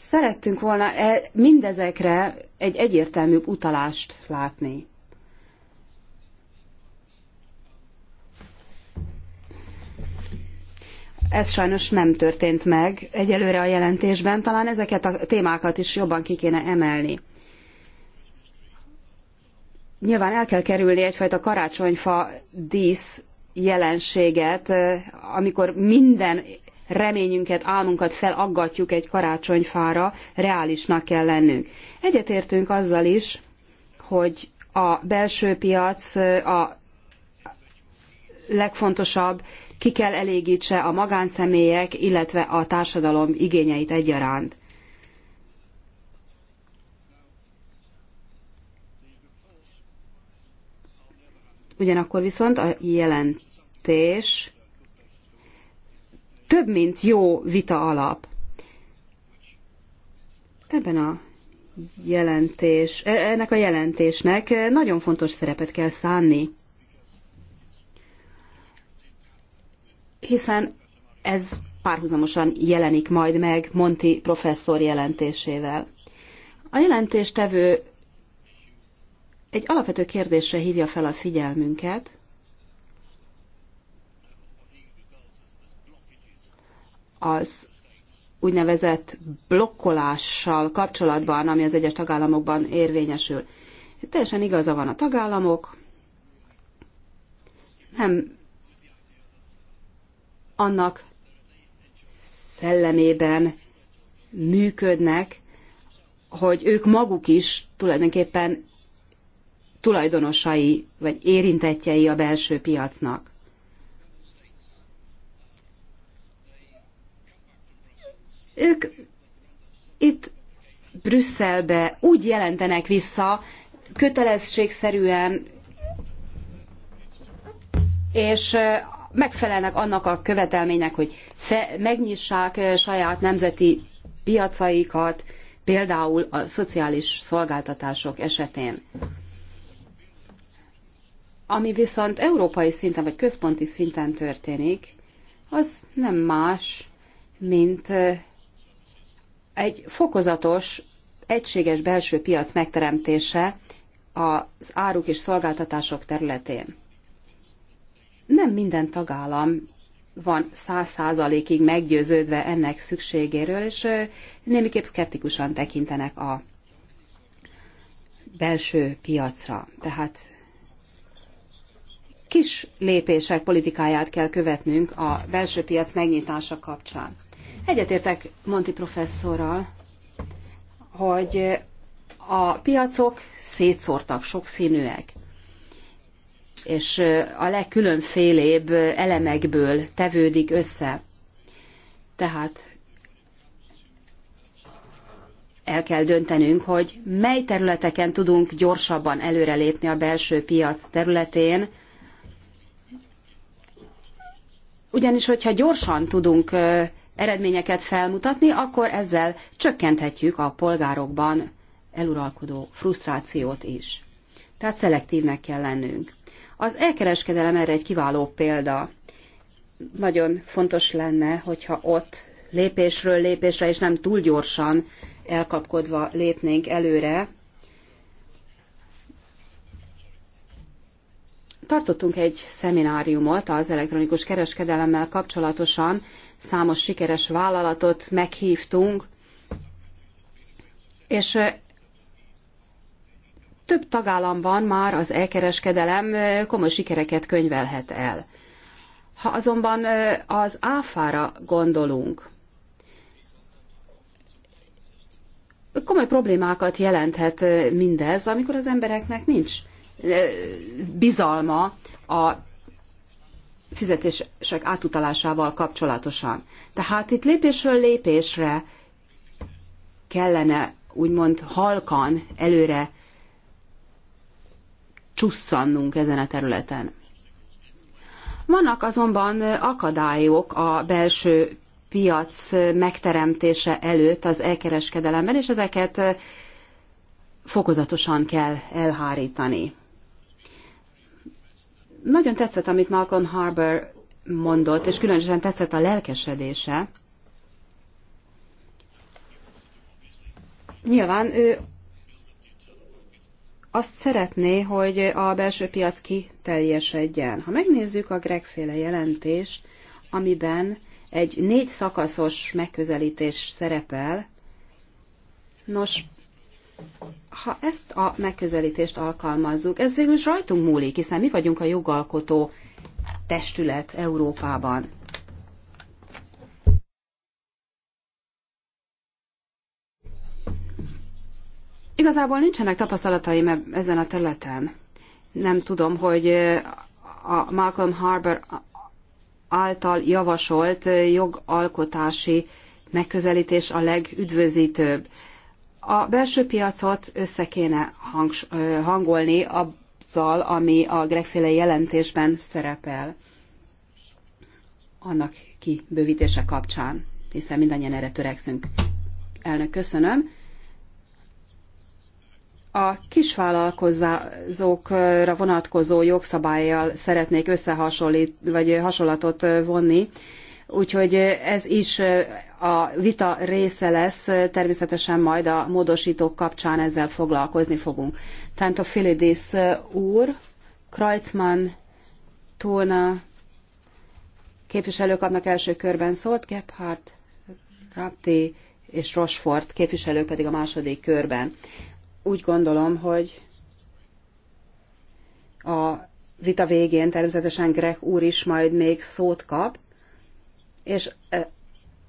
szerettünk volna e, mindezekre egy egyértelműbb utalást látni. Ez sajnos nem történt meg egyelőre a jelentésben, talán ezeket a témákat is jobban ki kéne emelni nyilván el kell kerülni egyfajta karácsonyfa dísz jelenséget, eh, amikor minden reményünket, álmunkat felaggatjuk egy karácsonyfára, reálisnak kell lennünk. Egyetértünk azzal is, hogy a belső piac eh, a legfontosabb, ki kell elégítse a magánszemélyek, illetve a társadalom igényeit egyaránt. Ugyanakkor viszont a jelentés több, mint jó vita alap. Ebben a jelentés, e, ennek a jelentésnek nagyon fontos szerepet kell szánni. Hiszen ez párhuzamosan jelenik majd meg Monti professzor jelentésével. A jelentéstevő egy alapvető kérdésre hívja fel a figyelmünket, az úgynevezett blokkolással kapcsolatban, ami az egyes tagállamokban érvényesül. Teljesen igaza van a tagállamok, nem annak szellemében működnek, hogy ők maguk is tulajdonképpen tulajdonosai vagy érintettjei a belső piacnak. Ők itt Brüsszelbe úgy jelentenek vissza, kötelezségszerűen és megfelelnek annak a követelménynek, hogy megnyissák saját nemzeti piacaikat, például a szociális szolgáltatások esetén. Ami viszont európai szinten vagy központi szinten történik, az nem más, mint egy fokozatos, egységes belső piac megteremtése az áruk és szolgáltatások területén. Nem minden tagállam van száz százalékig meggyőződve ennek szükségéről, és némiképp szkeptikusan tekintenek a belső piacra. Tehát kis lépések politikáját kell követnünk a belső piac megnyitása kapcsán. Egyetértek Monti professzorral, hogy a piacok szétszórtak, sokszínűek, és a legkülönfélébb elemekből tevődik össze. Tehát el kell döntenünk, hogy mely területeken tudunk gyorsabban előrelépni a belső piac területén, Ugyanis, hogyha gyorsan tudunk eredményeket felmutatni, akkor ezzel csökkenthetjük a polgárokban eluralkodó frusztrációt is. Tehát szelektívnek kell lennünk. Az elkereskedelem erre egy kiváló példa. Nagyon fontos lenne, hogyha ott lépésről lépésre, és nem túl gyorsan elkapkodva lépnénk előre, Tartottunk egy szemináriumot az elektronikus kereskedelemmel kapcsolatosan, számos sikeres vállalatot meghívtunk, és több tagállamban már az elkereskedelem komoly sikereket könyvelhet el. Ha azonban az áfára gondolunk, komoly problémákat jelenthet mindez, amikor az embereknek nincs bizalma a fizetések átutalásával kapcsolatosan. Tehát itt lépésről lépésre kellene úgymond halkan előre csusszannunk ezen a területen. Vannak azonban akadályok a belső piac megteremtése előtt az elkereskedelemben, és ezeket fokozatosan kell elhárítani. Nagyon tetszett, amit Malcolm Harbour mondott, és különösen tetszett a lelkesedése. Nyilván ő azt szeretné, hogy a belső piac kiteljesedjen. Ha megnézzük a Gregféle jelentés, amiben egy négy szakaszos megközelítés szerepel, nos, ha ezt a megközelítést alkalmazzuk, ez végül is rajtunk múlik, hiszen mi vagyunk a jogalkotó testület Európában. Igazából nincsenek tapasztalataim ezen a területen. Nem tudom, hogy a Malcolm Harbour által javasolt jogalkotási megközelítés a legüdvözítőbb. A belső piacot össze kéne hangolni azzal, ami a Gregféle jelentésben szerepel annak kibővítése kapcsán, hiszen mindannyian erre törekszünk. Elnök, köszönöm. A kisvállalkozókra vonatkozó jogszabályjal szeretnék összehasonlít, vagy hasonlatot vonni. Úgyhogy ez is a vita része lesz, természetesen majd a módosítók kapcsán ezzel foglalkozni fogunk. Tanto Filidis úr, Kreutzmann, Tolna képviselők kapnak első körben szót, Gebhardt, Rapti és Rochefort képviselők pedig a második körben. Úgy gondolom, hogy a vita végén természetesen Greg úr is majd még szót kap, és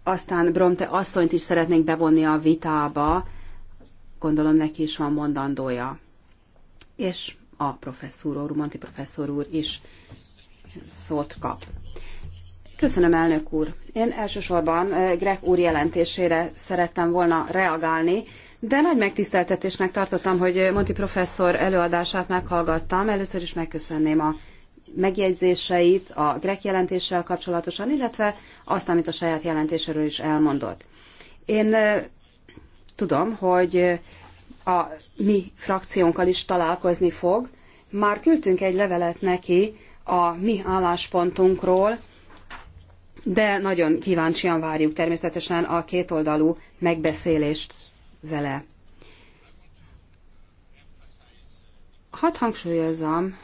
aztán Bromte asszonyt is szeretnénk bevonni a vitába, gondolom neki is van mondandója. És a professzor úr, Monti professzor úr is szót kap. Köszönöm, elnök úr. Én elsősorban Greg úr jelentésére szerettem volna reagálni, de nagy megtiszteltetésnek tartottam, hogy Monti professzor előadását meghallgattam. Először is megköszönném a megjegyzéseit a grek jelentéssel kapcsolatosan, illetve azt, amit a saját jelentéséről is elmondott. Én tudom, hogy a mi frakciónkkal is találkozni fog. Már küldtünk egy levelet neki a mi álláspontunkról, de nagyon kíváncsian várjuk természetesen a kétoldalú megbeszélést vele. Hadd hangsúlyozzam,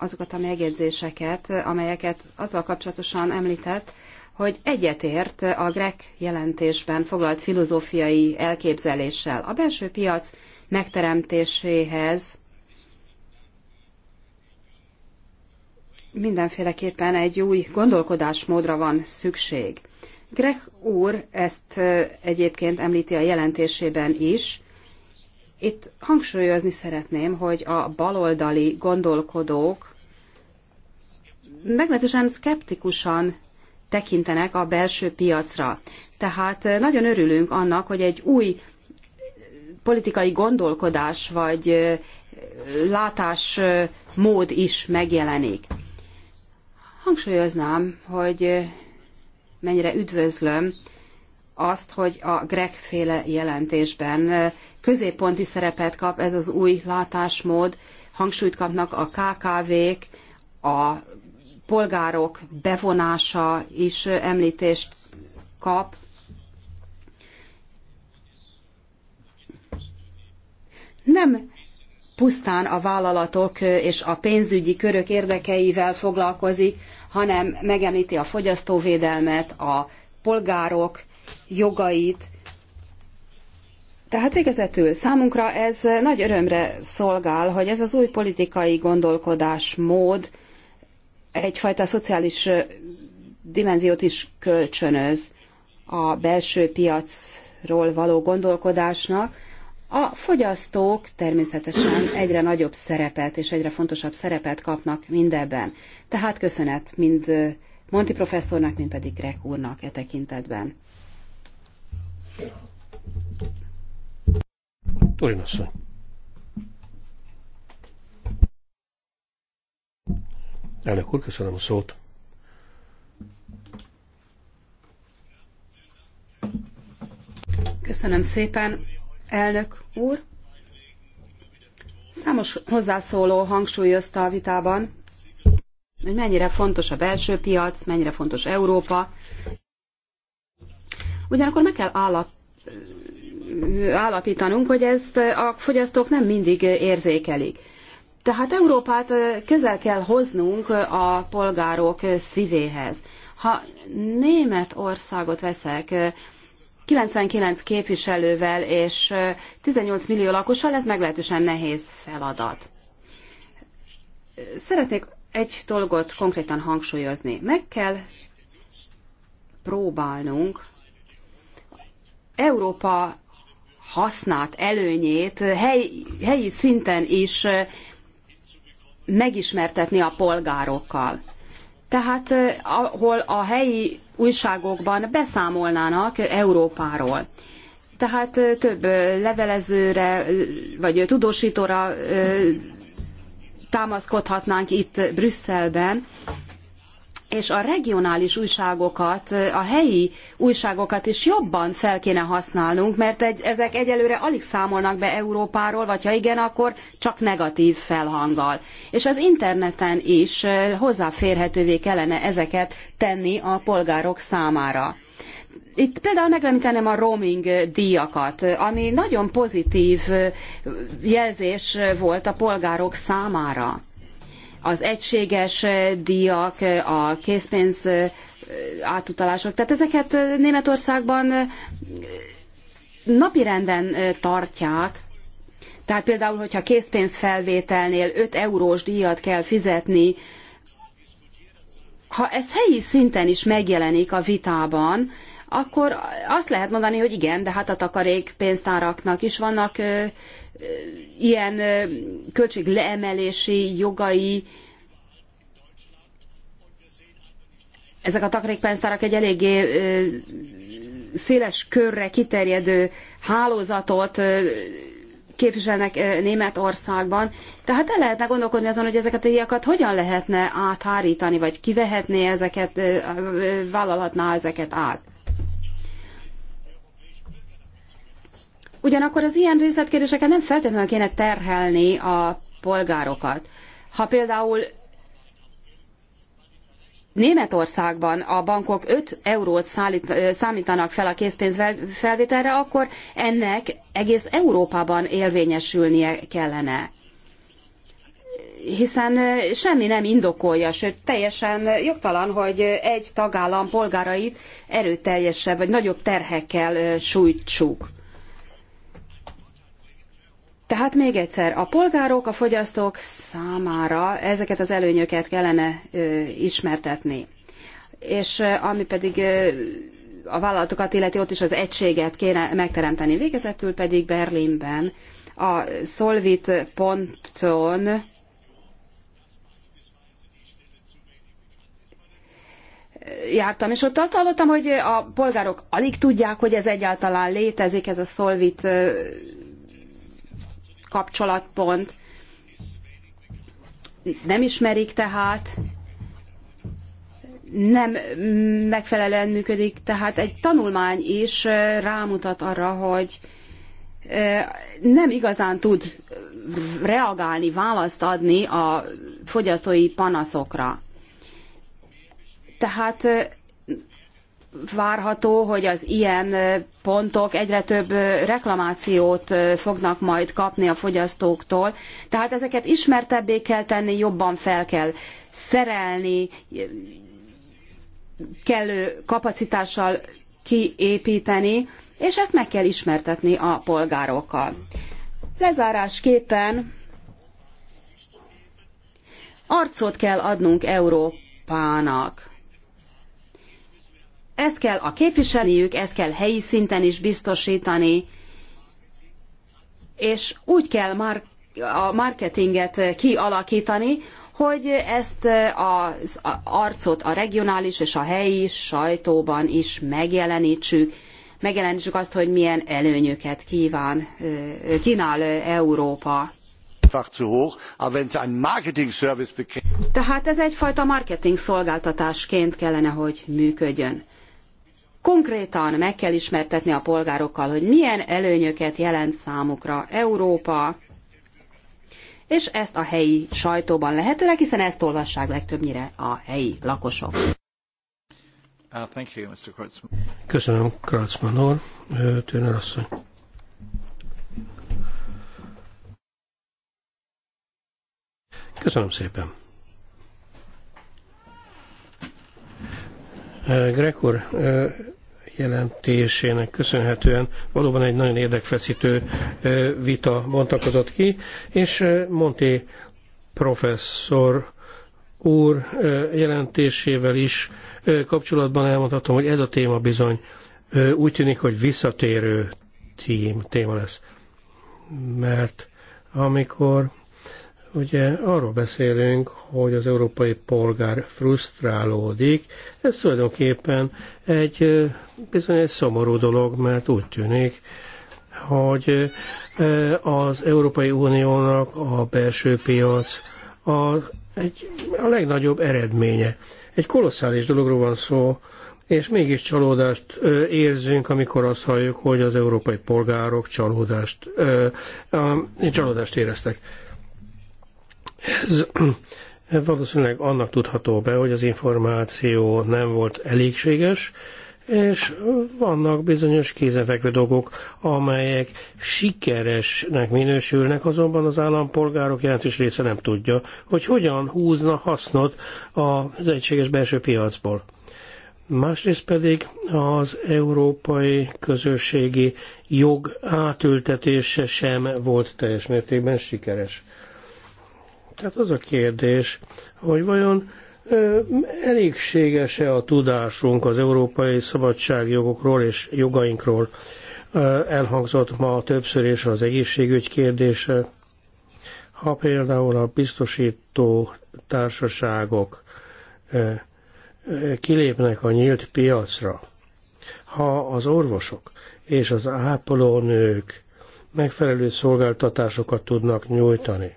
azokat a megjegyzéseket, amelyeket azzal kapcsolatosan említett, hogy egyetért a Grek jelentésben foglalt filozófiai elképzeléssel. A belső piac megteremtéséhez mindenféleképpen egy új gondolkodásmódra van szükség. Greg úr ezt egyébként említi a jelentésében is, itt hangsúlyozni szeretném, hogy a baloldali gondolkodók meglehetősen szkeptikusan tekintenek a belső piacra. Tehát eh, nagyon örülünk annak, hogy egy új politikai gondolkodás vagy eh, látásmód eh, is megjelenik. Hangsúlyoznám, hogy mennyire üdvözlöm azt, hogy a Greg féle jelentésben középponti szerepet kap ez az új látásmód, hangsúlyt kapnak a KKV-k, a polgárok bevonása is említést kap. Nem pusztán a vállalatok és a pénzügyi körök érdekeivel foglalkozik, hanem megemlíti a fogyasztóvédelmet, a polgárok jogait. Tehát végezetül számunkra ez nagy örömre szolgál, hogy ez az új politikai gondolkodásmód egyfajta szociális dimenziót is kölcsönöz a belső piacról való gondolkodásnak. A fogyasztók természetesen egyre nagyobb szerepet és egyre fontosabb szerepet kapnak mindebben. Tehát köszönet mind Monti professzornak, mind pedig Greg úrnak e tekintetben. Torin asszony. Elnök úr, köszönöm a szót. Köszönöm szépen, elnök úr. Számos hozzászóló hangsúlyozta a vitában, hogy mennyire fontos a belső piac, mennyire fontos Európa, Ugyanakkor meg kell állap, állapítanunk, hogy ezt a fogyasztók nem mindig érzékelik. Tehát Európát közel kell hoznunk a polgárok szívéhez. Ha Németországot veszek, 99 képviselővel és 18 millió lakossal, ez meglehetősen nehéz feladat. Szeretnék egy dolgot konkrétan hangsúlyozni. Meg kell próbálnunk Európa hasznát, előnyét hely, helyi szinten is megismertetni a polgárokkal. Tehát ahol a helyi újságokban beszámolnának Európáról. Tehát több levelezőre vagy tudósítóra támaszkodhatnánk itt Brüsszelben, és a regionális újságokat, a helyi újságokat is jobban fel kéne használnunk, mert egy, ezek egyelőre alig számolnak be Európáról, vagy ha igen, akkor csak negatív felhanggal. És az interneten is hozzáférhetővé kellene ezeket tenni a polgárok számára. Itt például megemlíteném a roaming díjakat, ami nagyon pozitív jelzés volt a polgárok számára az egységes díjak, a készpénz átutalások. Tehát ezeket Németországban napirenden tartják. Tehát például, hogyha készpénzfelvételnél 5 eurós díjat kell fizetni, ha ez helyi szinten is megjelenik a vitában, akkor azt lehet mondani, hogy igen, de hát a takarék pénztáraknak is vannak ilyen költségleemelési jogai, ezek a takarékpénztárak egy eléggé széles körre kiterjedő hálózatot képviselnek Németországban. Tehát el lehetne gondolkodni azon, hogy ezeket a díjakat hogyan lehetne áthárítani, vagy kivehetné ezeket, vállalhatná ezeket át. Ugyanakkor az ilyen részletkérdésekkel nem feltétlenül kéne terhelni a polgárokat. Ha például Németországban a bankok 5 eurót szállít, számítanak fel a készpénzfelvételre, akkor ennek egész Európában érvényesülnie kellene. Hiszen semmi nem indokolja, sőt teljesen jogtalan, hogy egy tagállam polgárait erőteljesebb vagy nagyobb terhekkel sújtsuk. Tehát még egyszer, a polgárok, a fogyasztók számára ezeket az előnyöket kellene ismertetni. És ami pedig a vállalatokat illeti, ott is az egységet kéne megteremteni. Végezetül pedig Berlinben a Solvit ponton jártam, és ott azt hallottam, hogy a polgárok alig tudják, hogy ez egyáltalán létezik, ez a Solvit kapcsolatpont. Nem ismerik tehát, nem megfelelően működik, tehát egy tanulmány is rámutat arra, hogy nem igazán tud reagálni, választ adni a fogyasztói panaszokra. Tehát várható, hogy az ilyen pontok egyre több reklamációt fognak majd kapni a fogyasztóktól. Tehát ezeket ismertebbé kell tenni, jobban fel kell szerelni, kellő kapacitással kiépíteni, és ezt meg kell ismertetni a polgárokkal. Lezárásképpen arcot kell adnunk Európának. Ezt kell a képviselniük, ezt kell helyi szinten is biztosítani, és úgy kell már a marketinget kialakítani, hogy ezt az arcot a regionális és a helyi sajtóban is megjelenítsük, megjelenítsük azt, hogy milyen előnyöket kíván, kínál Európa. Tehát ez egyfajta marketing szolgáltatásként kellene, hogy működjön konkrétan meg kell ismertetni a polgárokkal, hogy milyen előnyöket jelent számukra Európa, és ezt a helyi sajtóban lehetőleg, hiszen ezt olvassák legtöbbnyire a helyi lakosok. Uh, Köszönöm, Kracman úr, Tőner asszony. Köszönöm szépen. Greg úr jelentésének köszönhetően valóban egy nagyon érdekfeszítő vita bontakozott ki, és Monté professzor úr jelentésével is kapcsolatban elmondhatom, hogy ez a téma bizony úgy tűnik, hogy visszatérő cím, téma lesz. Mert amikor Ugye arról beszélünk, hogy az európai polgár frusztrálódik. Ez tulajdonképpen egy bizony egy szomorú dolog, mert úgy tűnik, hogy az Európai Uniónak a belső piac a, egy, a legnagyobb eredménye. Egy kolosszális dologról van szó, és mégis csalódást érzünk, amikor azt halljuk, hogy az európai polgárok csalódást, csalódást éreztek. Ez *clears throat* valószínűleg annak tudható be, hogy az információ nem volt elégséges, és vannak bizonyos kézefekvő dolgok, amelyek sikeresnek minősülnek, azonban az állampolgárok jelentős része nem tudja, hogy hogyan húzna hasznot az egységes belső piacból. Másrészt pedig az európai közösségi jog átültetése sem volt teljes mértékben sikeres. Tehát az a kérdés, hogy vajon elégséges-e a tudásunk az európai szabadságjogokról és jogainkról? Elhangzott ma többször is az egészségügy kérdése. Ha például a biztosító társaságok kilépnek a nyílt piacra, ha az orvosok és az ápolónők megfelelő szolgáltatásokat tudnak nyújtani,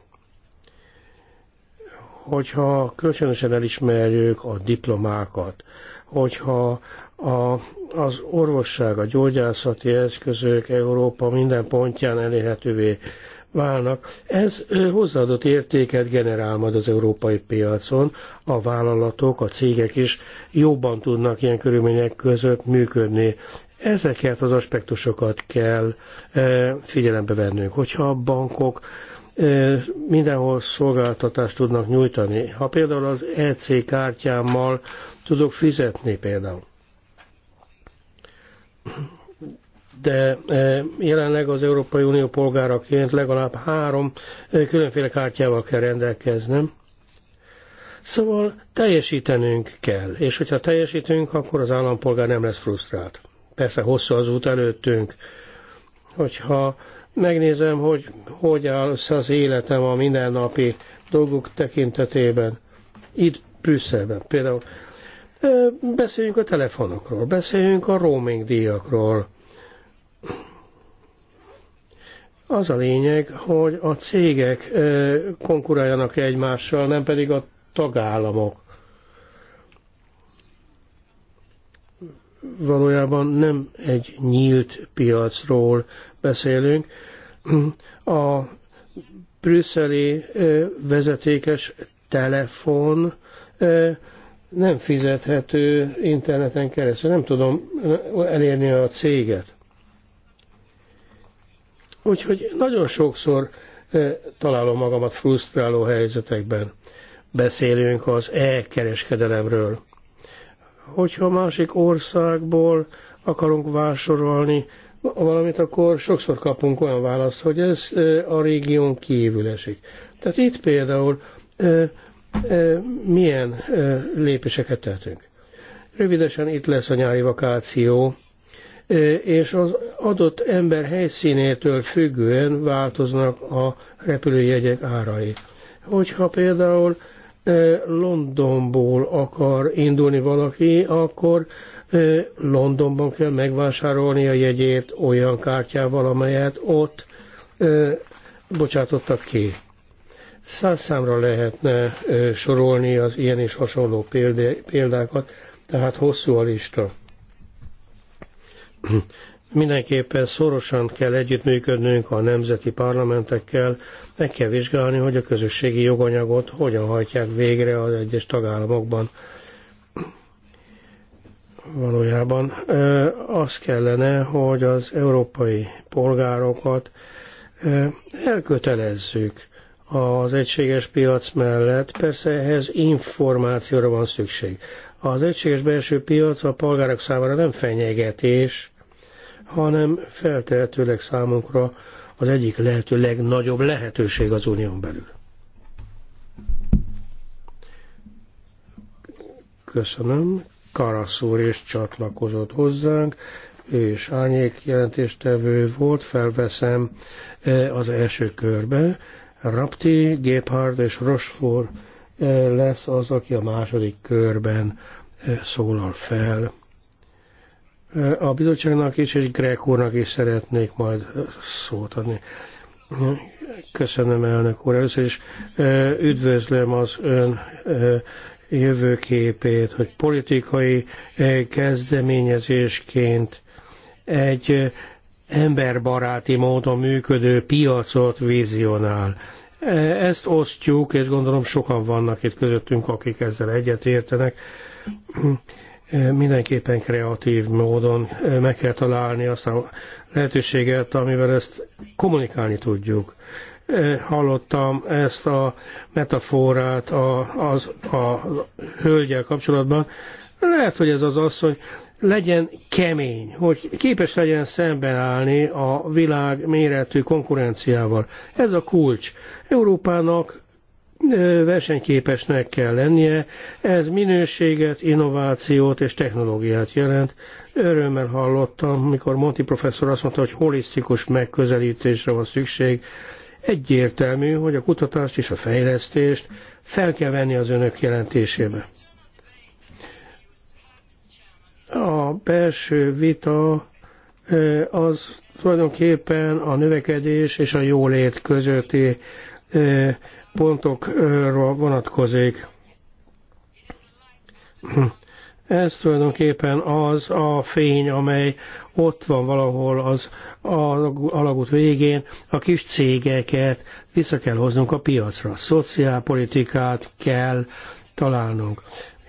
hogyha kölcsönösen elismerjük a diplomákat, hogyha a, az orvosság, a gyógyászati eszközök Európa minden pontján elérhetővé válnak. Ez hozzáadott értéket generál majd az európai piacon, a vállalatok, a cégek is jobban tudnak ilyen körülmények között működni. Ezeket az aspektusokat kell figyelembe vennünk. Hogyha a bankok mindenhol szolgáltatást tudnak nyújtani. Ha például az EC kártyámmal tudok fizetni például. De jelenleg az Európai Unió polgáraként legalább három különféle kártyával kell rendelkeznem. Szóval teljesítenünk kell, és hogyha teljesítünk, akkor az állampolgár nem lesz frusztrált. Persze hosszú az út előttünk, hogyha Megnézem, hogy hogy áll össze az életem a mindennapi dolgok tekintetében. Itt Brüsszelben például. Beszéljünk a telefonokról, beszéljünk a roaming díjakról. Az a lényeg, hogy a cégek konkuráljanak egymással, nem pedig a tagállamok. Valójában nem egy nyílt piacról beszélünk. A brüsszeli vezetékes telefon nem fizethető interneten keresztül. Nem tudom elérni a céget. Úgyhogy nagyon sokszor találom magamat frusztráló helyzetekben. Beszélünk az e-kereskedelemről. Hogyha másik országból akarunk vásárolni valamint akkor sokszor kapunk olyan választ, hogy ez a régión kívül esik. Tehát itt például milyen lépéseket tettünk. Rövidesen itt lesz a nyári vakáció, és az adott ember helyszínétől függően változnak a repülőjegyek árai. Hogyha például Londonból akar indulni valaki, akkor Londonban kell megvásárolni a jegyét olyan kártyával, amelyet ott bocsátottak ki. Száz számra lehetne sorolni az ilyen és hasonló példákat, tehát hosszú a lista. Mindenképpen szorosan kell együttműködnünk a nemzeti parlamentekkel, meg kell vizsgálni, hogy a közösségi joganyagot hogyan hajtják végre az egyes tagállamokban valójában az kellene, hogy az európai polgárokat elkötelezzük az egységes piac mellett. Persze ehhez információra van szükség. Az egységes belső piac a polgárok számára nem fenyegetés, hanem feltehetőleg számunkra az egyik lehető legnagyobb lehetőség az unión belül. Köszönöm, Karaszúr is csatlakozott hozzánk, ő is árnyék jelentéstevő volt, felveszem e, az első körbe. Rapti, Géphardt és Rochefort e, lesz az, aki a második körben e, szólal fel. A bizottságnak is, és Greg úrnak is szeretnék majd szót adni. Köszönöm, elnök úr. Először is üdvözlöm az ön jövőképét, hogy politikai eh, kezdeményezésként egy eh, emberbaráti módon működő piacot vizionál. Eh, ezt osztjuk, és gondolom sokan vannak itt közöttünk, akik ezzel egyet értenek. Mindenképpen kreatív módon meg kell találni azt a lehetőséget, amivel ezt kommunikálni tudjuk hallottam ezt a metaforát a, az, a hölgyel kapcsolatban. Lehet, hogy ez az asszony legyen kemény, hogy képes legyen szembenállni a világ méretű konkurenciával. Ez a kulcs. Európának versenyképesnek kell lennie, ez minőséget, innovációt és technológiát jelent. Örömmel hallottam, mikor Monti professzor azt mondta, hogy holisztikus megközelítésre van szükség Egyértelmű, hogy a kutatást és a fejlesztést fel kell venni az önök jelentésébe. A belső vita az tulajdonképpen a növekedés és a jólét közötti pontokra vonatkozik. Ez tulajdonképpen az a fény, amely ott van valahol az alagút végén, a kis cégeket vissza kell hoznunk a piacra. Szociálpolitikát kell találnunk.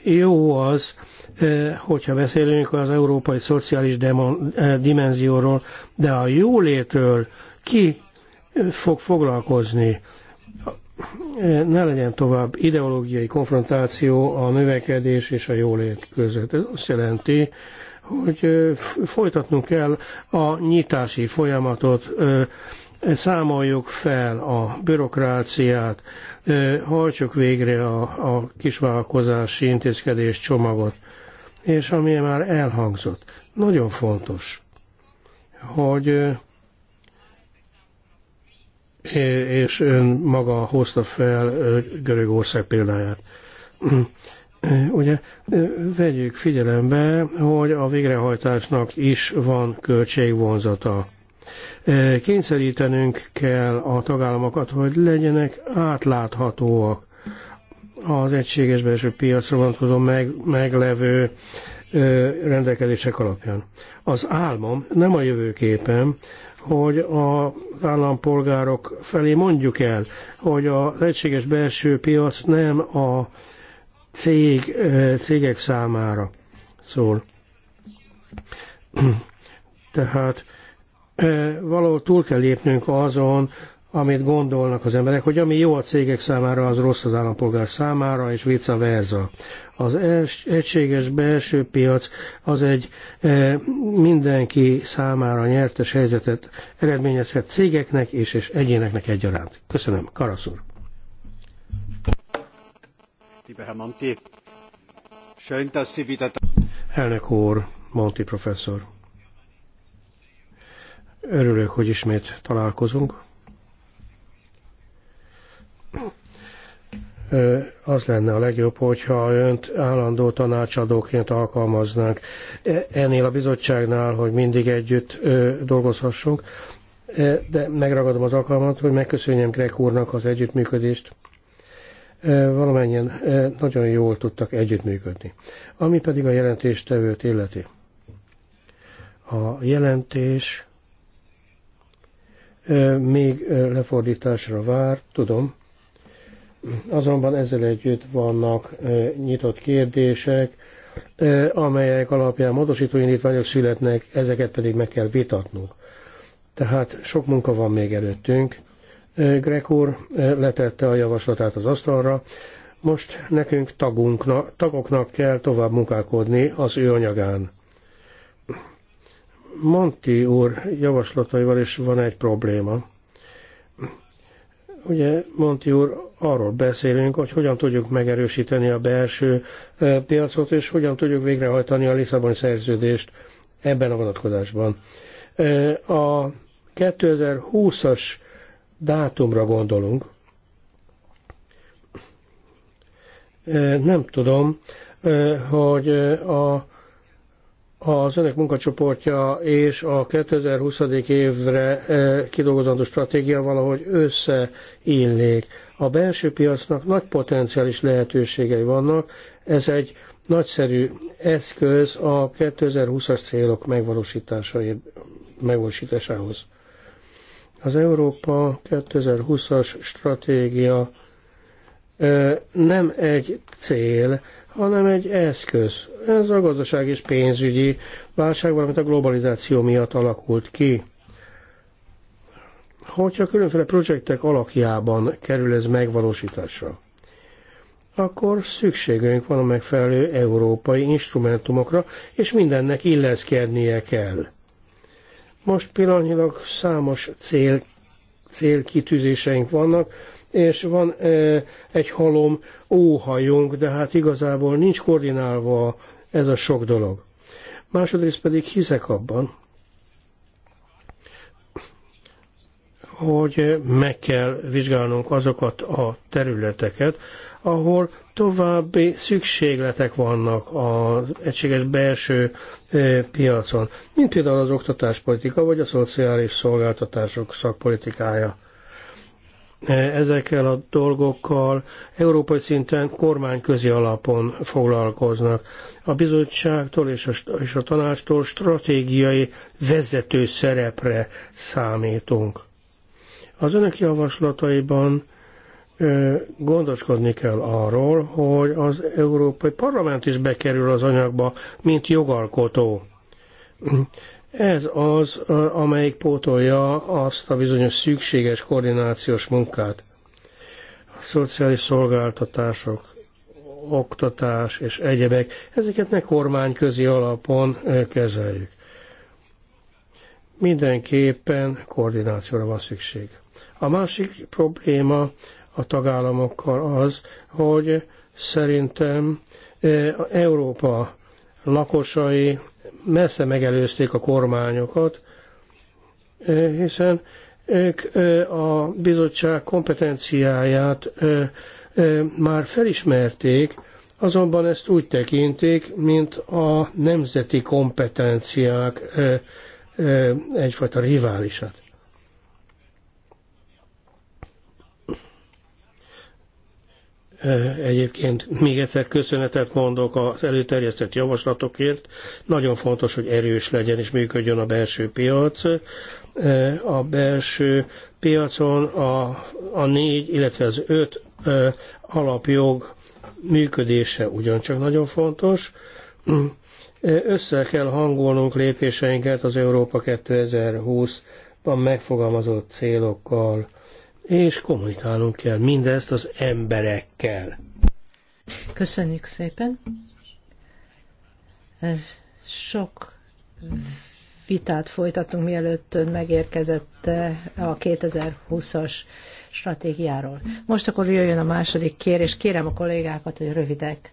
Jó az, eh, hogyha beszélünk az európai szociális demon, eh, dimenzióról, de a jólétől ki fog foglalkozni? E, ne legyen tovább ideológiai konfrontáció a növekedés és a jólét között. Ez azt jelenti, hogy e, folytatnunk kell a nyitási folyamatot, e, számoljuk fel a bürokráciát, hajtsuk végre a, a kisvállalkozási intézkedés csomagot. És ami már elhangzott, nagyon fontos, hogy és ön maga hozta fel Görögország példáját. *clears throat* Ugye vegyük figyelembe, hogy a végrehajtásnak is van költségvonzata. Kényszerítenünk kell a tagállamokat, hogy legyenek átláthatóak az egységes belső piacra vonatkozó meg, meglevő rendelkezések alapján. Az álmom, nem a jövőképem, hogy az állampolgárok felé mondjuk el, hogy az egységes belső piac nem a cég, cégek számára szól. Tehát valahol túl kell lépnünk azon, amit gondolnak az emberek, hogy ami jó a cégek számára, az rossz az állampolgár számára, és vice versa. Az egységes belső piac az egy e, mindenki számára nyertes helyzetet eredményezhet cégeknek és, és egyéneknek egyaránt. Köszönöm. Karasz úr. Elnök úr, Monti professzor. Örülök, hogy ismét találkozunk az lenne a legjobb, hogyha önt állandó tanácsadóként alkalmaznánk e, ennél a bizottságnál, hogy mindig együtt dolgozhassunk, e, de megragadom az alkalmat, hogy megköszönjem Greg úrnak az együttműködést. E, valamennyien nagyon jól tudtak együttműködni. Ami pedig a jelentéstevőt illeti. A jelentés még lefordításra vár, tudom, Azonban ezzel együtt vannak nyitott kérdések, amelyek alapján módosító indítványok születnek, ezeket pedig meg kell vitatnunk. Tehát sok munka van még előttünk. Greg úr letette a javaslatát az asztalra, most nekünk tagunknak, tagoknak kell tovább munkálkodni az ő anyagán. Monti úr javaslataival is van egy probléma. Ugye Monti úr arról beszélünk, hogy hogyan tudjuk megerősíteni a belső e, piacot, és hogyan tudjuk végrehajtani a Lisszabon szerződést ebben a vonatkozásban. E, a 2020-as dátumra gondolunk. E, nem tudom, hogy a, az önök munkacsoportja és a 2020. évre kidolgozandó stratégia valahogy összeillék. A belső piacnak nagy potenciális lehetőségei vannak, ez egy nagyszerű eszköz a 2020-as célok megvalósításához. Az Európa 2020-as stratégia nem egy cél, hanem egy eszköz. Ez a gazdaság és pénzügyi válság, valamint a globalizáció miatt alakult ki hogyha különféle projektek alakjában kerül ez megvalósításra, akkor szükségünk van a megfelelő európai instrumentumokra, és mindennek illeszkednie kell. Most pillanatnyilag számos cél, célkitűzéseink vannak, és van e, egy halom óhajunk, de hát igazából nincs koordinálva ez a sok dolog. Másodrészt pedig hiszek abban, hogy meg kell vizsgálnunk azokat a területeket, ahol további szükségletek vannak az egységes belső piacon, mint például az oktatáspolitika vagy a szociális szolgáltatások szakpolitikája. Ezekkel a dolgokkal európai szinten kormányközi alapon foglalkoznak. A bizottságtól és a, és a stratégiai vezető szerepre számítunk az önök javaslataiban gondoskodni kell arról, hogy az Európai Parlament is bekerül az anyagba, mint jogalkotó. Ez az, amelyik pótolja azt a bizonyos szükséges koordinációs munkát. A szociális szolgáltatások, oktatás és egyebek, ezeket ne kormányközi alapon kezeljük. Mindenképpen koordinációra van szükség. A másik probléma a tagállamokkal az, hogy szerintem e, Európa lakosai messze megelőzték a kormányokat, e, hiszen ők e, a bizottság kompetenciáját már felismerték, azonban ezt úgy tekintik, mint a nemzeti kompetenciák egyfajta riválisát. Egyébként még egyszer köszönetet mondok az előterjesztett javaslatokért. Nagyon fontos, hogy erős legyen és működjön a belső piac. A belső piacon a, a négy, illetve az öt alapjog működése ugyancsak nagyon fontos. Össze kell hangolnunk lépéseinket az Európa 2020-ban megfogalmazott célokkal és kommunikálnunk kell mindezt az emberekkel. Köszönjük szépen. Sok vitát folytatunk, mielőtt ön megérkezett eh, a 2020-as stratégiáról. Most akkor jöjjön a második kérés. kérem a kollégákat, hogy rövidek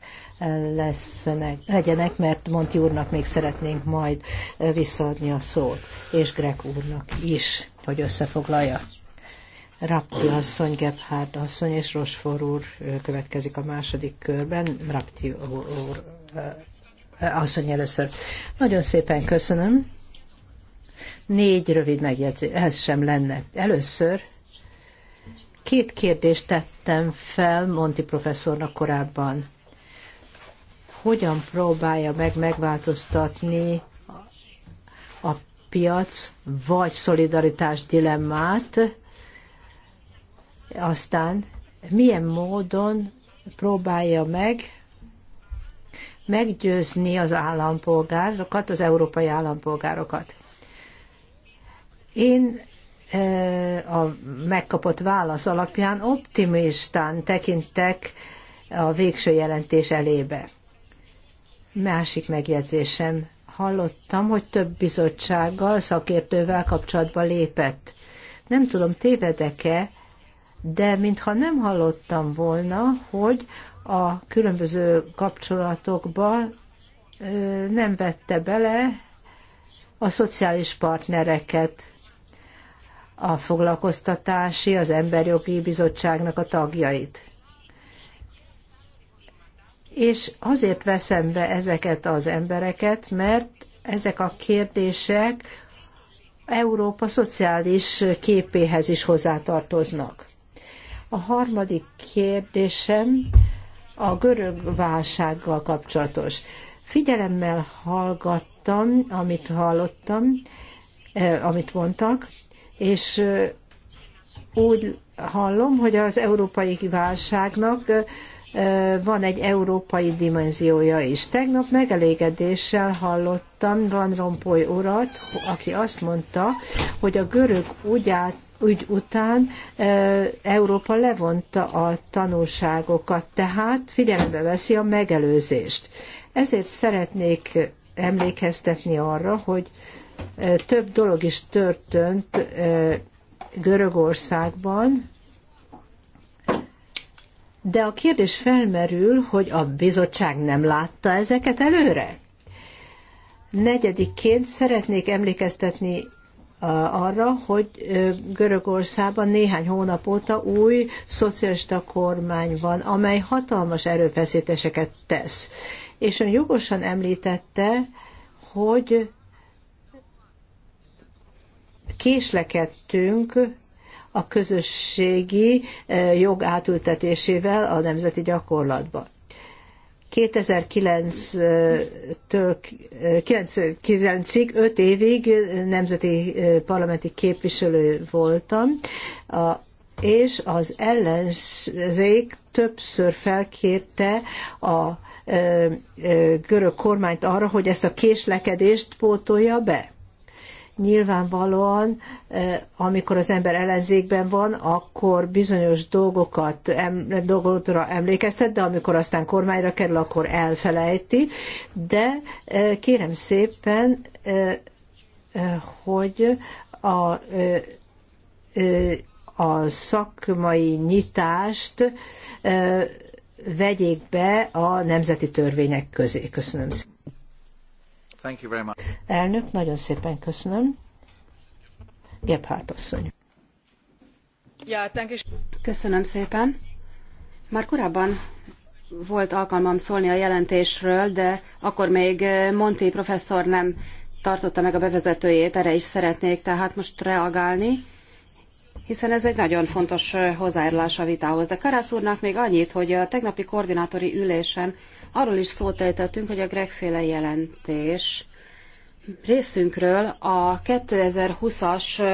lesznek, legyenek, mert Monti úrnak még szeretnénk majd eh, visszaadni a szót, és Greg úrnak is, hogy összefoglalja. Rapti asszony, Gebhard asszony és Rosfor úr következik a második körben. Rapti úr asszony először. Nagyon szépen köszönöm. Négy rövid megjegyzés, ez sem lenne. Először két kérdést tettem fel Monti professzornak korábban. Hogyan próbálja meg megváltoztatni a piac vagy szolidaritás dilemmát, aztán milyen módon próbálja meg meggyőzni az állampolgárokat, az európai állampolgárokat. Én a megkapott válasz alapján optimistán tekintek a végső jelentés elébe. Másik megjegyzésem. Hallottam, hogy több bizottsággal, szakértővel kapcsolatba lépett. Nem tudom, tévedek-e, de mintha nem hallottam volna, hogy a különböző kapcsolatokba nem vette bele a szociális partnereket, a foglalkoztatási, az emberjogi bizottságnak a tagjait. És azért veszem be ezeket az embereket, mert ezek a kérdések Európa szociális képéhez is hozzátartoznak. A harmadik kérdésem a görög válsággal kapcsolatos. Figyelemmel hallgattam, amit hallottam, eh, amit mondtak, és eh, úgy hallom, hogy az európai válságnak eh, van egy európai dimenziója is. Tegnap megelégedéssel hallottam Van Rompuy urat, aki azt mondta, hogy a görög úgy állt ügy után Európa levonta a tanulságokat, tehát figyelembe veszi a megelőzést. Ezért szeretnék emlékeztetni arra, hogy több dolog is történt Görögországban, de a kérdés felmerül, hogy a bizottság nem látta ezeket előre. Negyedikként szeretnék emlékeztetni Eh, arra, hogy eh, Görögországban néhány hónap óta új szocialista kormány van, amely hatalmas erőfeszítéseket tesz. És ön jogosan említette, hogy késlekedtünk a közösségi eh, jog átültetésével a nemzeti gyakorlatban. 2009-től 99-ig 5 évig nemzeti eh, parlamenti képviselő voltam, és az ellenzék többször felkérte a eh, eh, görög kormányt arra, hogy ezt a késlekedést pótolja be nyilvánvalóan, eh, amikor az ember ellenzékben van, akkor bizonyos dolgokat, em, dolgokra emlékeztet, de amikor aztán kormányra kerül, akkor elfelejti. De eh, kérem szépen, eh, hogy a, a szakmai nyitást vegyék be a nemzeti törvények közé. Köszönöm szépen. Thank you very much. Elnök, nagyon szépen köszönöm. Gebhardt asszony. Yeah, thank you. Köszönöm szépen. Már korábban volt alkalmam szólni a jelentésről, de akkor még eh, Monti professzor nem tartotta meg a bevezetőjét, erre is szeretnék tehát most reagálni hiszen ez egy nagyon fontos hozzájárulás a vitához. De Karász úrnak még annyit, hogy a tegnapi koordinátori ülésen arról is szót ejtettünk, hogy a Gregféle jelentés részünkről a 2020-as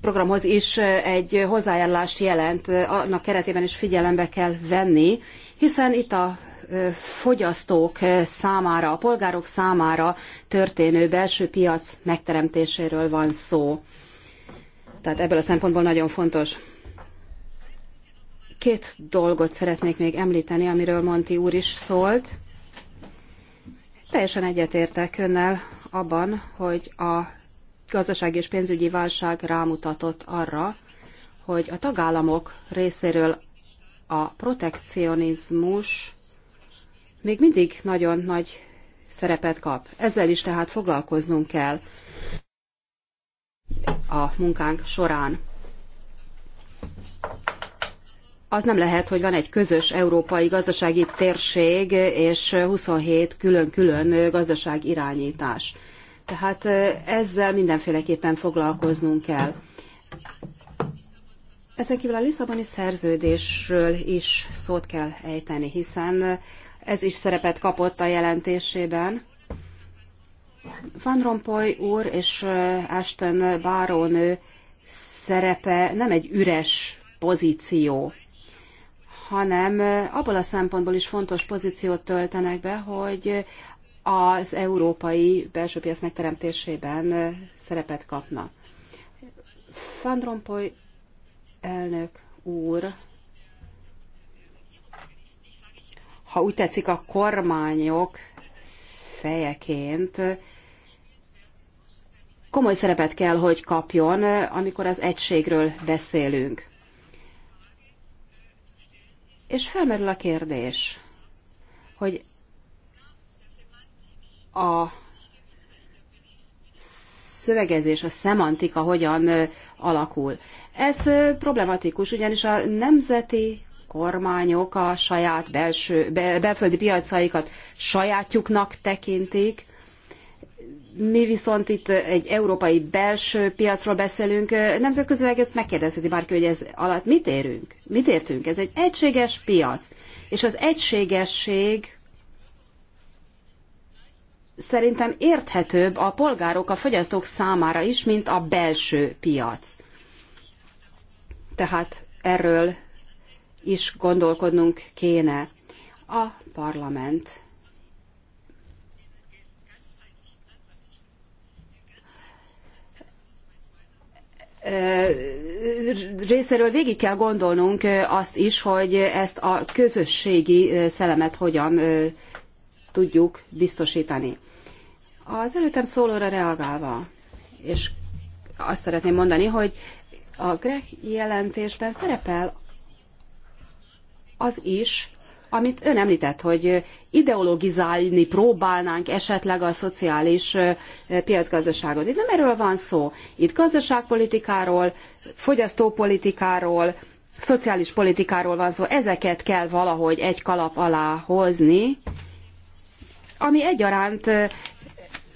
programhoz is egy hozzájárulást jelent, annak keretében is figyelembe kell venni, hiszen itt a fogyasztók számára, a polgárok számára történő belső piac megteremtéséről van szó. Tehát ebből a szempontból nagyon fontos. Két dolgot szeretnék még említeni, amiről Monti úr is szólt. Teljesen egyetértek önnel abban, hogy a gazdasági és pénzügyi válság rámutatott arra, hogy a tagállamok részéről a protekcionizmus még mindig nagyon nagy szerepet kap. Ezzel is tehát foglalkoznunk kell a munkánk során. Az nem lehet, hogy van egy közös európai gazdasági térség és 27 külön-külön gazdaság irányítás. Tehát ezzel mindenféleképpen foglalkoznunk kell. Ezen kívül a Lisszaboni szerződésről is szót kell ejteni, hiszen ez is szerepet kapott a jelentésében. Van Rompuy úr és Ashton Barónő szerepe nem egy üres pozíció, hanem abból a szempontból is fontos pozíciót töltenek be, hogy az európai belső piac megteremtésében szerepet kapna. Van Rompuy elnök úr, ha úgy tetszik, a kormányok fejeként komoly szerepet kell, hogy kapjon, amikor az egységről beszélünk. És felmerül a kérdés, hogy a szövegezés, a szemantika hogyan alakul. Ez problematikus, ugyanis a nemzeti kormányok a saját belső, belföldi piacaikat sajátjuknak tekintik, mi viszont itt egy európai belső piacról beszélünk, nemzetközileg ezt megkérdezheti bárki, hogy ez alatt mit érünk, mit értünk. Ez egy egységes piac, és az egységesség szerintem érthetőbb a polgárok, a fogyasztók számára is, mint a belső piac. Tehát erről is gondolkodnunk kéne. A parlament részéről végig kell gondolnunk azt is, hogy ezt a közösségi szellemet hogyan tudjuk biztosítani. Az előttem szólóra reagálva, és azt szeretném mondani, hogy a Greg jelentésben szerepel az is, amit ön említett, hogy ideologizálni próbálnánk esetleg a szociális piacgazdaságot. Itt nem erről van szó. Itt gazdaságpolitikáról, fogyasztópolitikáról, szociális politikáról van szó. Ezeket kell valahogy egy kalap alá hozni, ami egyaránt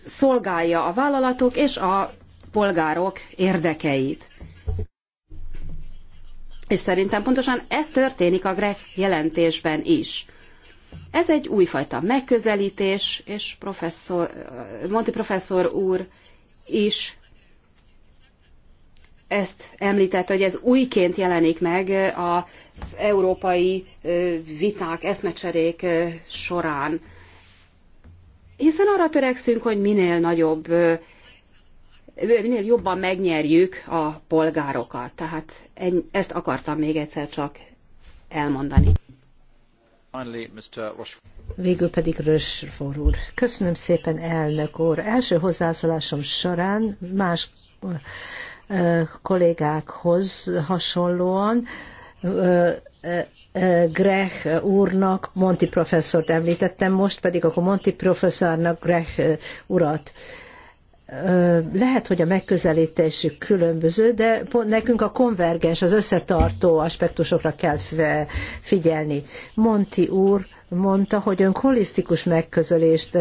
szolgálja a vállalatok és a polgárok érdekeit. És szerintem pontosan ez történik a Greg jelentésben is. Ez egy újfajta megközelítés, és professzor, Monti professzor úr is ezt említette, hogy ez újként jelenik meg az európai viták, eszmecserék során. Hiszen arra törekszünk, hogy minél nagyobb minél jobban megnyerjük a polgárokat. Tehát ezt akartam még egyszer csak elmondani. Végül pedig Rösfor úr. Köszönöm szépen, elnök úr. Első hozzászólásom során más kollégákhoz hasonlóan Grech úrnak Monti professzort említettem, most pedig akkor Monti professzornak Grech urat lehet, hogy a megközelítésük különböző, de pont nekünk a konvergens, az összetartó aspektusokra kell figyelni. Monti úr mondta, hogy ön holisztikus megközölést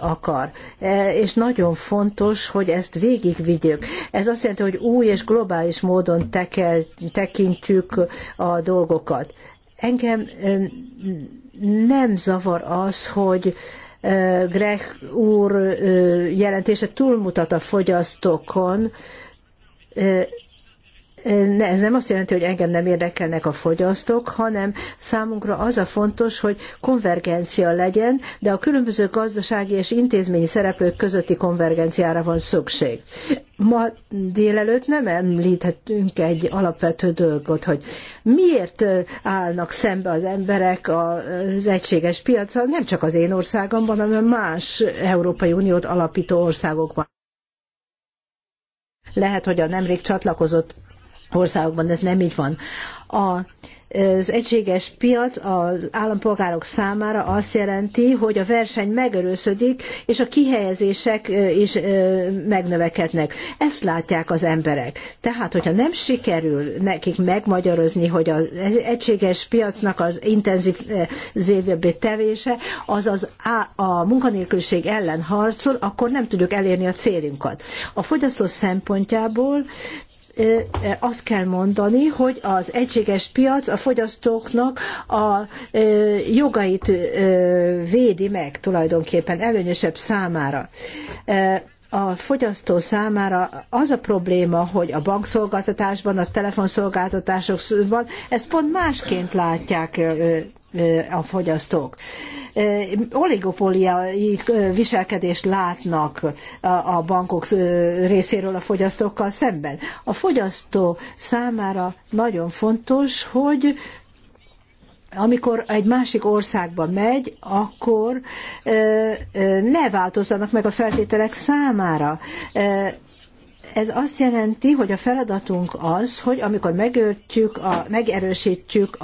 akar. E, és nagyon fontos, hogy ezt végigvigyük. Ez azt jelenti, hogy új és globális módon tekel, tekintjük a dolgokat. Engem nem zavar az, hogy Greg úr jelentése túlmutat a fogyasztókon, ez nem azt jelenti, hogy engem nem érdekelnek a fogyasztók, hanem számunkra az a fontos, hogy konvergencia legyen, de a különböző gazdasági és intézményi szereplők közötti konvergenciára van szükség. Ma délelőtt nem említettünk egy alapvető dolgot, hogy miért állnak szembe az emberek az egységes piacon, nem csak az én országomban, hanem más Európai Uniót alapító országokban lehet, hogy a nemrég csatlakozott országokban ez nem így van. A, az egységes piac az állampolgárok számára azt jelenti, hogy a verseny megerősödik, és a kihelyezések is megnövekednek. Ezt látják az emberek. Tehát, hogyha nem sikerül nekik megmagyarozni, hogy az egységes piacnak az intenzív zévjebbé tevése, az a, a munkanélküliség ellen harcol, akkor nem tudjuk elérni a célunkat. A fogyasztó szempontjából azt kell mondani, hogy az egységes piac a fogyasztóknak a jogait védi meg tulajdonképpen előnyösebb számára a fogyasztó számára az a probléma, hogy a bankszolgáltatásban, a telefonszolgáltatásokban ezt pont másként látják a fogyasztók. Oligopóliai viselkedést látnak a bankok részéről a fogyasztókkal szemben. A fogyasztó számára nagyon fontos, hogy amikor egy másik országba megy, akkor ne változzanak meg a feltételek számára. Ez azt jelenti, hogy a feladatunk az, hogy amikor megörtjük a, megerősítjük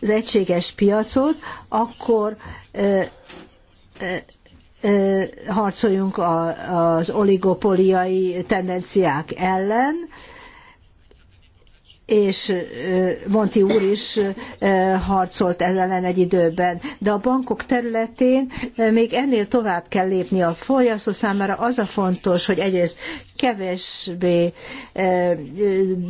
az egységes piacot, akkor harcoljunk a, az oligopoliai tendenciák ellen, és Monti úr is harcolt ellen egy időben. De a bankok területén még ennél tovább kell lépni a fogyasztó számára. Az a fontos, hogy egyrészt kevésbé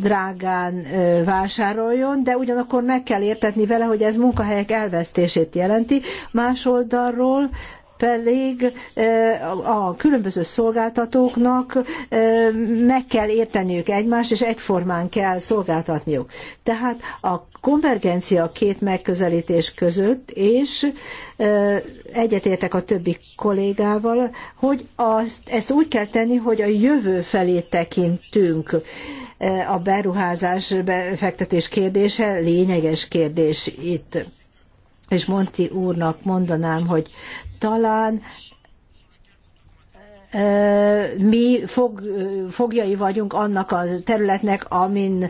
drágán vásároljon, de ugyanakkor meg kell értetni vele, hogy ez munkahelyek elvesztését jelenti. Más oldalról pedig eh, a különböző szolgáltatóknak eh, meg kell érteniük egymást, és egyformán kell szolgáltatniuk. Tehát a konvergencia a két megközelítés között, és eh, egyetértek a többi kollégával, hogy azt, ezt úgy kell tenni, hogy a jövő felé tekintünk a beruházás, befektetés kérdése lényeges kérdés itt és Monti úrnak mondanám, hogy talán mi fog, fogjai vagyunk annak a területnek, amin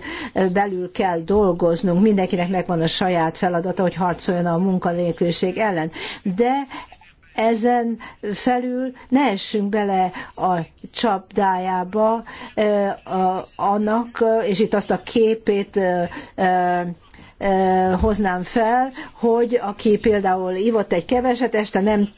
belül kell dolgoznunk. Mindenkinek megvan a saját feladata, hogy harcoljon a munkanélküliség ellen. De ezen felül ne essünk bele a csapdájába annak, és itt azt a képét hoznám fel, hogy aki például ivott egy keveset, este nem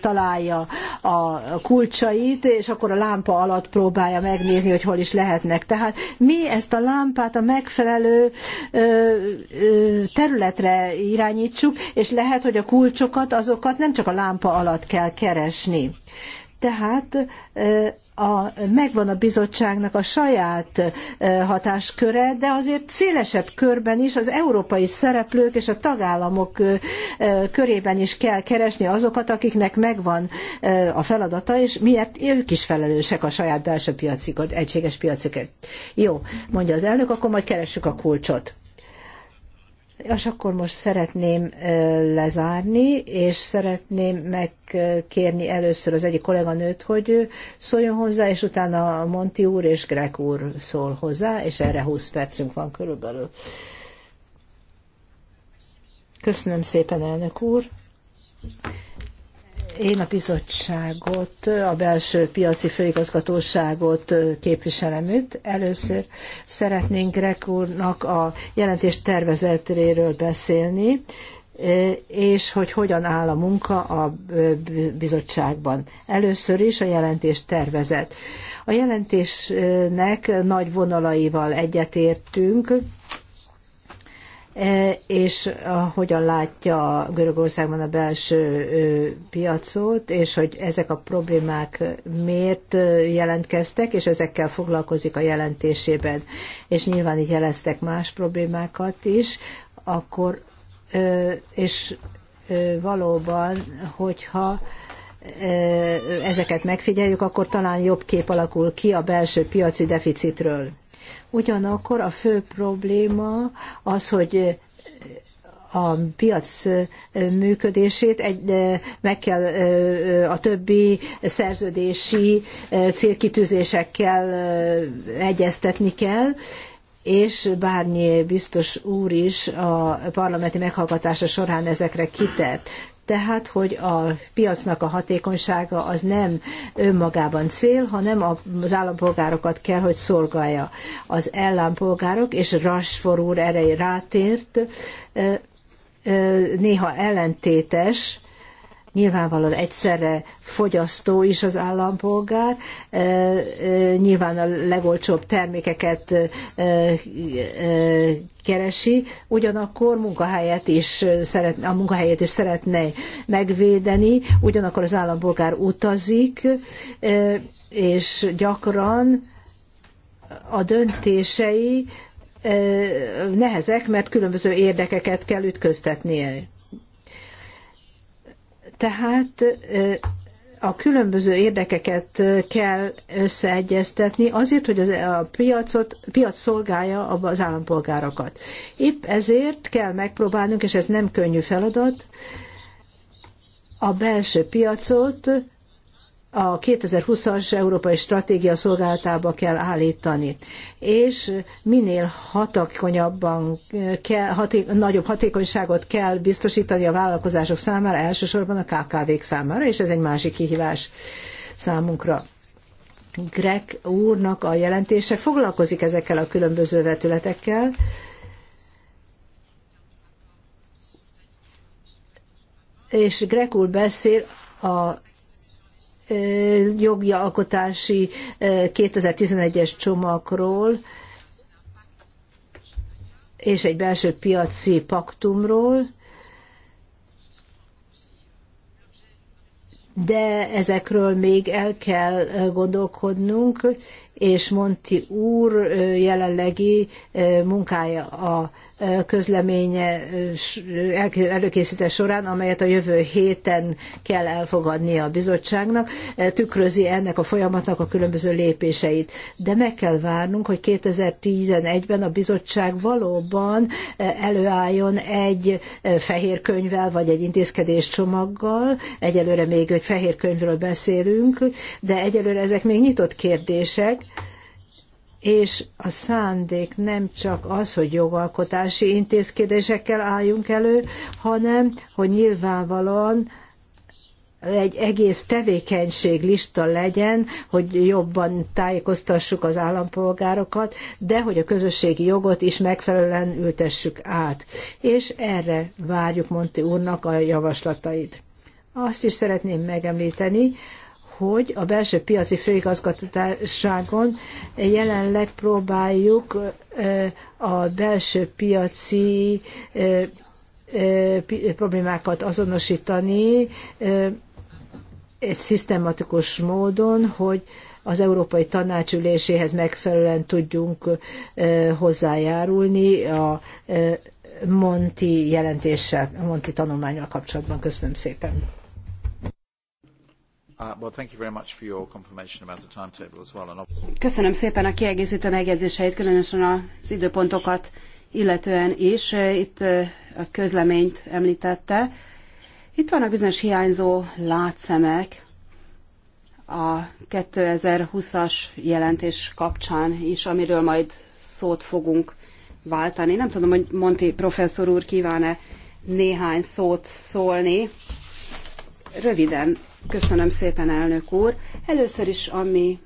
találja a kulcsait, és akkor a lámpa alatt próbálja megnézni, hogy hol is lehetnek. Tehát mi ezt a lámpát a megfelelő területre irányítsuk, és lehet, hogy a kulcsokat, azokat nem csak a lámpa alatt kell keresni tehát a, megvan a bizottságnak a saját hatásköre, de azért szélesebb körben is az európai szereplők és a tagállamok körében is kell keresni azokat, akiknek megvan a feladata, és miért ők is felelősek a saját belső piacikon, egységes piacikat. Jó, mondja az elnök, akkor majd keressük a kulcsot. És akkor most szeretném lezárni, és szeretném megkérni először az egyik kolléganőt, hogy szóljon hozzá, és utána Monti úr és Greg úr szól hozzá, és erre 20 percünk van körülbelül. Köszönöm szépen, elnök úr. Én a bizottságot, a belső piaci főigazgatóságot képviselem őt. Először szeretnénk Grek úrnak a jelentés tervezetéről beszélni, és hogy hogyan áll a munka a bizottságban. Először is a jelentés tervezet. A jelentésnek nagy vonalaival egyetértünk, E, és hogyan látja Görögországban a belső piacot, és hogy ezek a problémák miért jelentkeztek, és ezekkel foglalkozik a jelentésében. És nyilván itt jeleztek más problémákat is, akkor, és valóban, hogyha ezeket megfigyeljük, akkor talán jobb kép alakul ki a belső piaci deficitről. Ugyanakkor a fő probléma az, hogy a piac működését egy, meg kell a többi szerződési célkitűzésekkel egyeztetni kell, és Bárnyi biztos úr is a parlamenti meghallgatása során ezekre kitett tehát, hogy a piacnak a hatékonysága az nem önmagában cél, hanem az állampolgárokat kell, hogy szolgálja. Az ellenpolgárok, és Rashford úr erre rátért, néha ellentétes, Nyilvánvalóan egyszerre fogyasztó is az állampolgár, nyilván a legolcsóbb termékeket keresi, ugyanakkor munkahelyet is szeret a munkahelyet is szeretne megvédeni, ugyanakkor az állampolgár utazik, és gyakran a döntései nehezek, mert különböző érdekeket kell ütköztetnie. Tehát a különböző érdekeket kell összeegyeztetni azért, hogy a piacot, piac szolgálja az állampolgárokat. Épp ezért kell megpróbálnunk, és ez nem könnyű feladat, a belső piacot a 2020-as európai stratégia szolgálatába kell állítani. És minél hatékonyabban kell, haték, nagyobb hatékonyságot kell biztosítani a vállalkozások számára, elsősorban a KKV-k számára, és ez egy másik kihívás számunkra. Greg úrnak a jelentése foglalkozik ezekkel a különböző vetületekkel, és Greg úr beszél a jogi alkotási 2011-es csomagról és egy belső piaci paktumról, de ezekről még el kell gondolkodnunk, és Monti úr jelenlegi munkája a közleménye előkészítés során, amelyet a jövő héten kell elfogadnia a bizottságnak, tükrözi ennek a folyamatnak a különböző lépéseit. De meg kell várnunk, hogy 2011-ben a bizottság valóban előálljon egy fehér könyvvel, vagy egy intézkedéscsomaggal. Egyelőre még egy fehér könyvről beszélünk, de egyelőre ezek még nyitott kérdések, és a szándék nem csak az, hogy jogalkotási intézkedésekkel álljunk elő, hanem hogy nyilvánvalóan egy egész tevékenység lista legyen, hogy jobban tájékoztassuk az állampolgárokat, de hogy a közösségi jogot is megfelelően ültessük át. És erre várjuk Monti úrnak a javaslatait. Azt is szeretném megemlíteni, hogy a belső piaci főigazgatóságon jelenleg próbáljuk a belső piaci problémákat azonosítani egy szisztematikus módon, hogy az Európai Tanács üléséhez megfelelően tudjunk hozzájárulni a Monti jelentéssel, a Monti tanulmányal kapcsolatban. Köszönöm szépen. Köszönöm szépen a kiegészítő megjegyzéseit, különösen az időpontokat illetően is. Uh, itt uh, a közleményt említette. Itt vannak bizonyos hiányzó látszemek a 2020-as jelentés kapcsán is, amiről majd szót fogunk váltani. Nem tudom, hogy Monti professzor úr kíván-e néhány szót szólni. Röviden, Köszönöm szépen, elnök úr. Először is, ami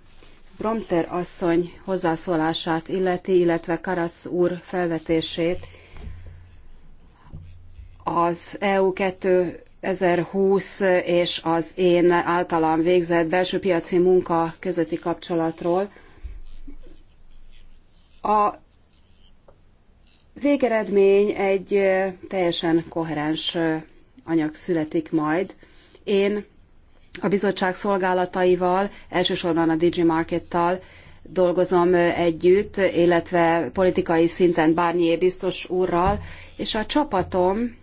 Bromter asszony hozzászólását illeti, illetve Karasz úr felvetését, az EU 2020 és az én általam végzett belső piaci munka közötti kapcsolatról. A végeredmény egy teljesen koherens anyag születik majd. Én a bizottság szolgálataival, elsősorban a DG Markettal dolgozom együtt, illetve politikai szinten Barnier biztos úrral, és a csapatom,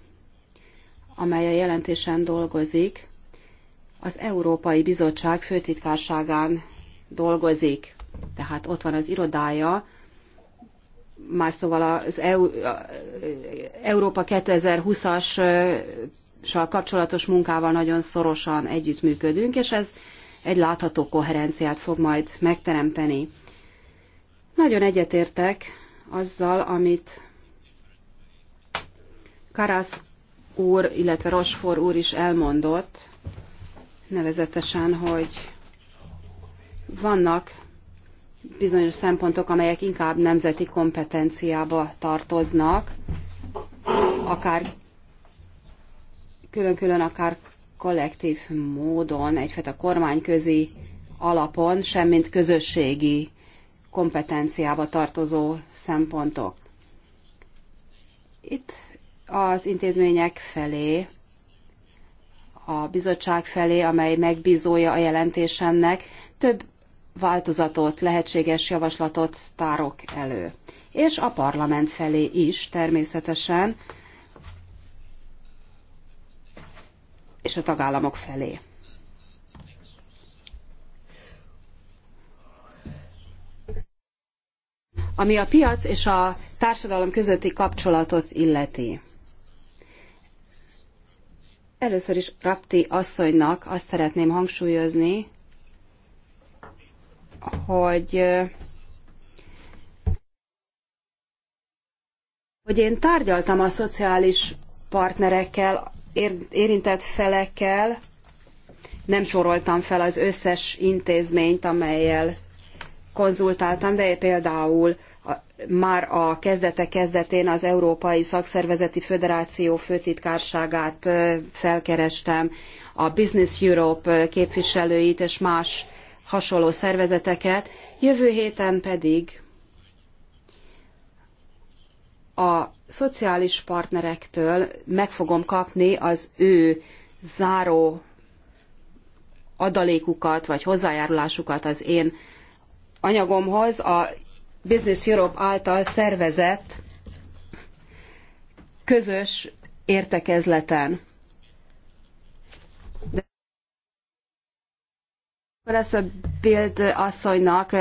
amely a jelentésen dolgozik, az Európai Bizottság főtitkárságán dolgozik. Tehát ott van az irodája, más szóval az EU, Európa 2020-as kapcsolatos munkával nagyon szorosan együttműködünk, és ez egy látható koherenciát fog majd megteremteni. Nagyon egyetértek azzal, amit Karasz úr, illetve Rosfor úr is elmondott, nevezetesen, hogy vannak bizonyos szempontok, amelyek inkább nemzeti kompetenciába tartoznak, akár külön-külön, akár kollektív módon, egyfajta kormányközi alapon, semmint közösségi kompetenciába tartozó szempontok. Itt az intézmények felé, a bizottság felé, amely megbízója a jelentésemnek, több változatot, lehetséges javaslatot tárok elő. És a parlament felé is természetesen, és a tagállamok felé. Ami a piac és a társadalom közötti kapcsolatot illeti. Először is Rapti asszonynak azt szeretném hangsúlyozni, hogy hogy én tárgyaltam a szociális partnerekkel érintett felekkel. Nem soroltam fel az összes intézményt, amelyel konzultáltam, de például már a kezdete kezdetén az Európai Szakszervezeti Föderáció főtitkárságát felkerestem, a Business Europe képviselőit és más hasonló szervezeteket. Jövő héten pedig a szociális partnerektől meg fogom kapni az ő záró adalékukat vagy hozzájárulásukat az én anyagomhoz a Business Europe által szervezett közös értekezleten. Persze Bild asszonynak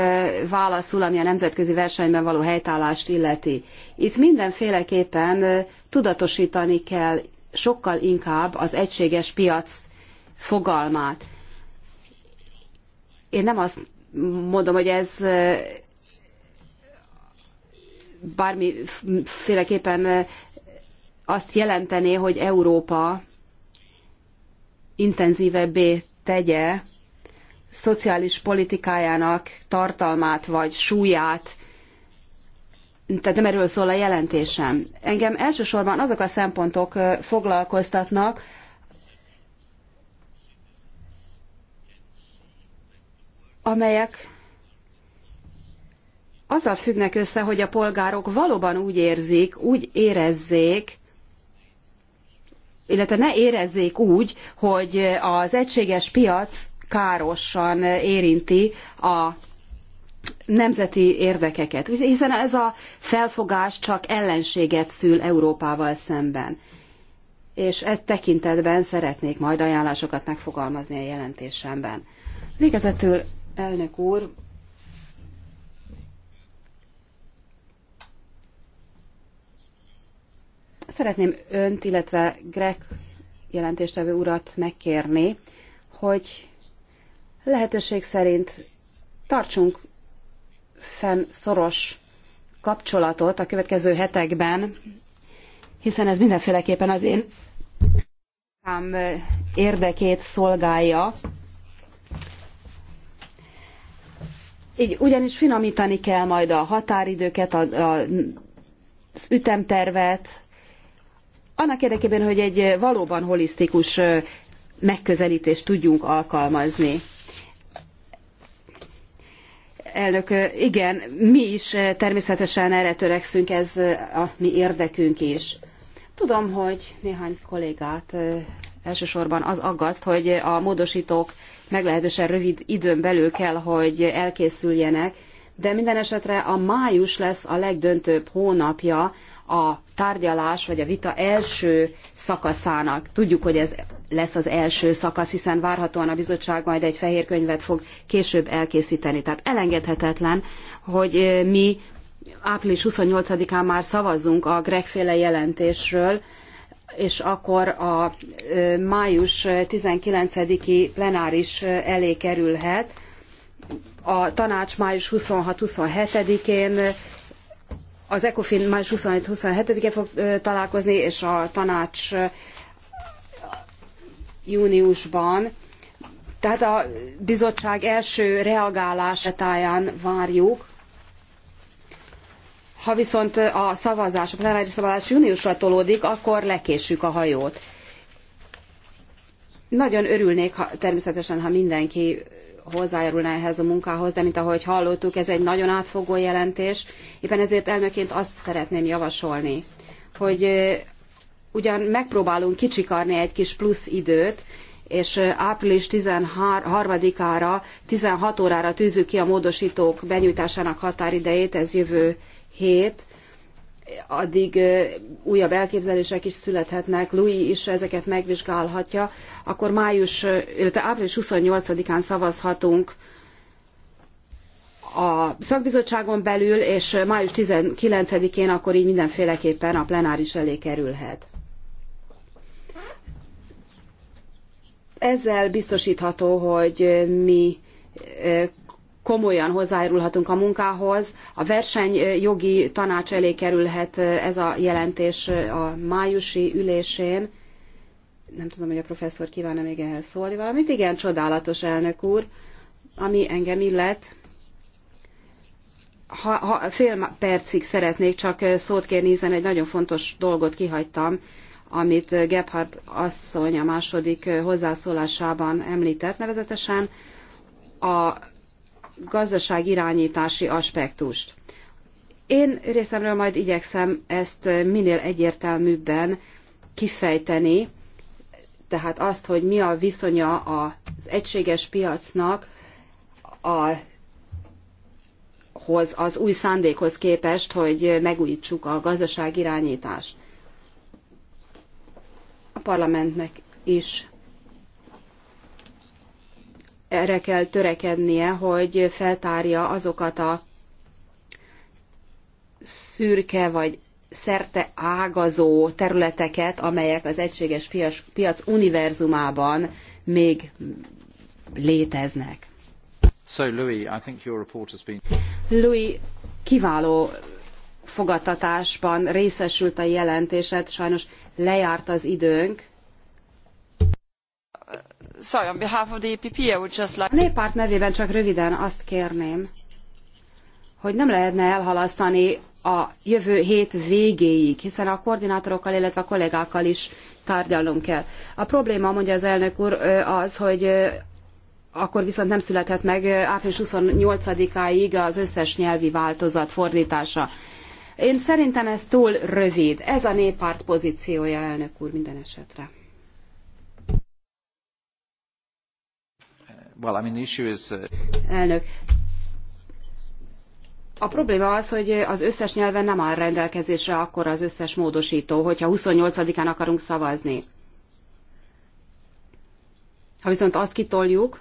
válaszul, ami a nemzetközi versenyben való helytállást illeti. Itt mindenféleképpen tudatosítani kell sokkal inkább az egységes piac fogalmát. Én nem azt mondom, hogy ez bármiféleképpen azt jelentené, hogy Európa intenzívebbé tegye szociális politikájának tartalmát vagy súlyát, tehát nem erről szól a jelentésem. Engem elsősorban azok a szempontok foglalkoztatnak, amelyek azzal függnek össze, hogy a polgárok valóban úgy érzik, úgy érezzék, illetve ne érezzék úgy, hogy az egységes piac károsan érinti a nemzeti érdekeket. Hiszen ez a felfogás csak ellenséget szül Európával szemben. És e tekintetben szeretnék majd ajánlásokat megfogalmazni a jelentésemben. Végezetül, elnök úr, szeretném önt, illetve Greg jelentéstevő urat megkérni, hogy lehetőség szerint tartsunk fenn szoros kapcsolatot a következő hetekben, hiszen ez mindenféleképpen az én ám érdekét szolgálja. Így ugyanis finomítani kell majd a határidőket, a, a, az ütemtervet, annak érdekében, hogy egy valóban holisztikus megközelítést tudjunk alkalmazni. Elnök, igen, mi is eh, természetesen erre törekszünk, ez eh, a mi érdekünk is. Tudom, hogy néhány kollégát eh, elsősorban az aggaszt, hogy a módosítók meglehetősen rövid időn belül kell, hogy elkészüljenek, de minden esetre a május lesz a legdöntőbb hónapja a tárgyalás vagy a vita első szakaszának. Tudjuk, hogy ez lesz az első szakasz, hiszen várhatóan a bizottság majd egy fehér könyvet fog később elkészíteni. Tehát elengedhetetlen, hogy mi április 28-án már szavazzunk a Gregféle jelentésről, és akkor a május 19-i plenáris elé kerülhet. A tanács május 26-27-én az ECOFIN május 27-27-e fog találkozni, és a tanács júniusban. Tehát a bizottság első reagálásátáján várjuk. Ha viszont a szavazás, a plenáris szavazás júniusra tolódik, akkor lekéssük a hajót. Nagyon örülnék ha, természetesen, ha mindenki hozzájárulna ehhez a munkához, de mint ahogy hallottuk, ez egy nagyon átfogó jelentés. Éppen ezért elnöként azt szeretném javasolni, hogy ugyan megpróbálunk kicsikarni egy kis plusz időt, és április 13-ára, 16 órára tűzzük ki a módosítók benyújtásának határidejét, ez jövő hét, addig újabb elképzelések is születhetnek, Louis is ezeket megvizsgálhatja, akkor május, illetve április 28-án szavazhatunk a szakbizottságon belül, és május 19-én akkor így mindenféleképpen a plenáris elé kerülhet. Ezzel biztosítható, hogy mi komolyan hozzájárulhatunk a munkához. A versenyjogi tanács elé kerülhet ez a jelentés a májusi ülésén. Nem tudom, hogy a professzor kívánna még ehhez szólni valamit. Igen, csodálatos elnök úr, ami engem illet. Ha, ha fél percig szeretnék csak szót kérni, hiszen egy nagyon fontos dolgot kihagytam, amit Gebhardt asszony a második hozzászólásában említett, nevezetesen a gazdaságirányítási aspektust. Én részemről majd igyekszem ezt minél egyértelműbben kifejteni, tehát azt, hogy mi a viszonya az egységes piacnak a hoz, az új szándékhoz képest, hogy megújítsuk a gazdaság irányítást. A parlamentnek is erre kell törekednie, hogy feltárja azokat a szürke vagy szerte ágazó területeket, amelyek az egységes piac, piac univerzumában még léteznek. So Louis, I think your report has been... Louis, kiváló fogadtatásban részesült a jelentésed, sajnos lejárt az időnk, sorry, on behalf of the EPP, I would just like... A néppárt nevében csak röviden azt kérném, hogy nem lehetne elhalasztani a jövő hét végéig, hiszen a koordinátorokkal, illetve a kollégákkal is tárgyalnunk kell. A probléma, mondja az elnök úr, az, hogy akkor viszont nem születhet meg április 28-áig az összes nyelvi változat fordítása. Én szerintem ez túl rövid. Ez a néppárt pozíciója, elnök úr, minden esetre. Elnök, a probléma az, hogy az összes nyelven nem áll rendelkezésre akkor az összes módosító, hogyha 28-án akarunk szavazni. Ha viszont azt kitoljuk,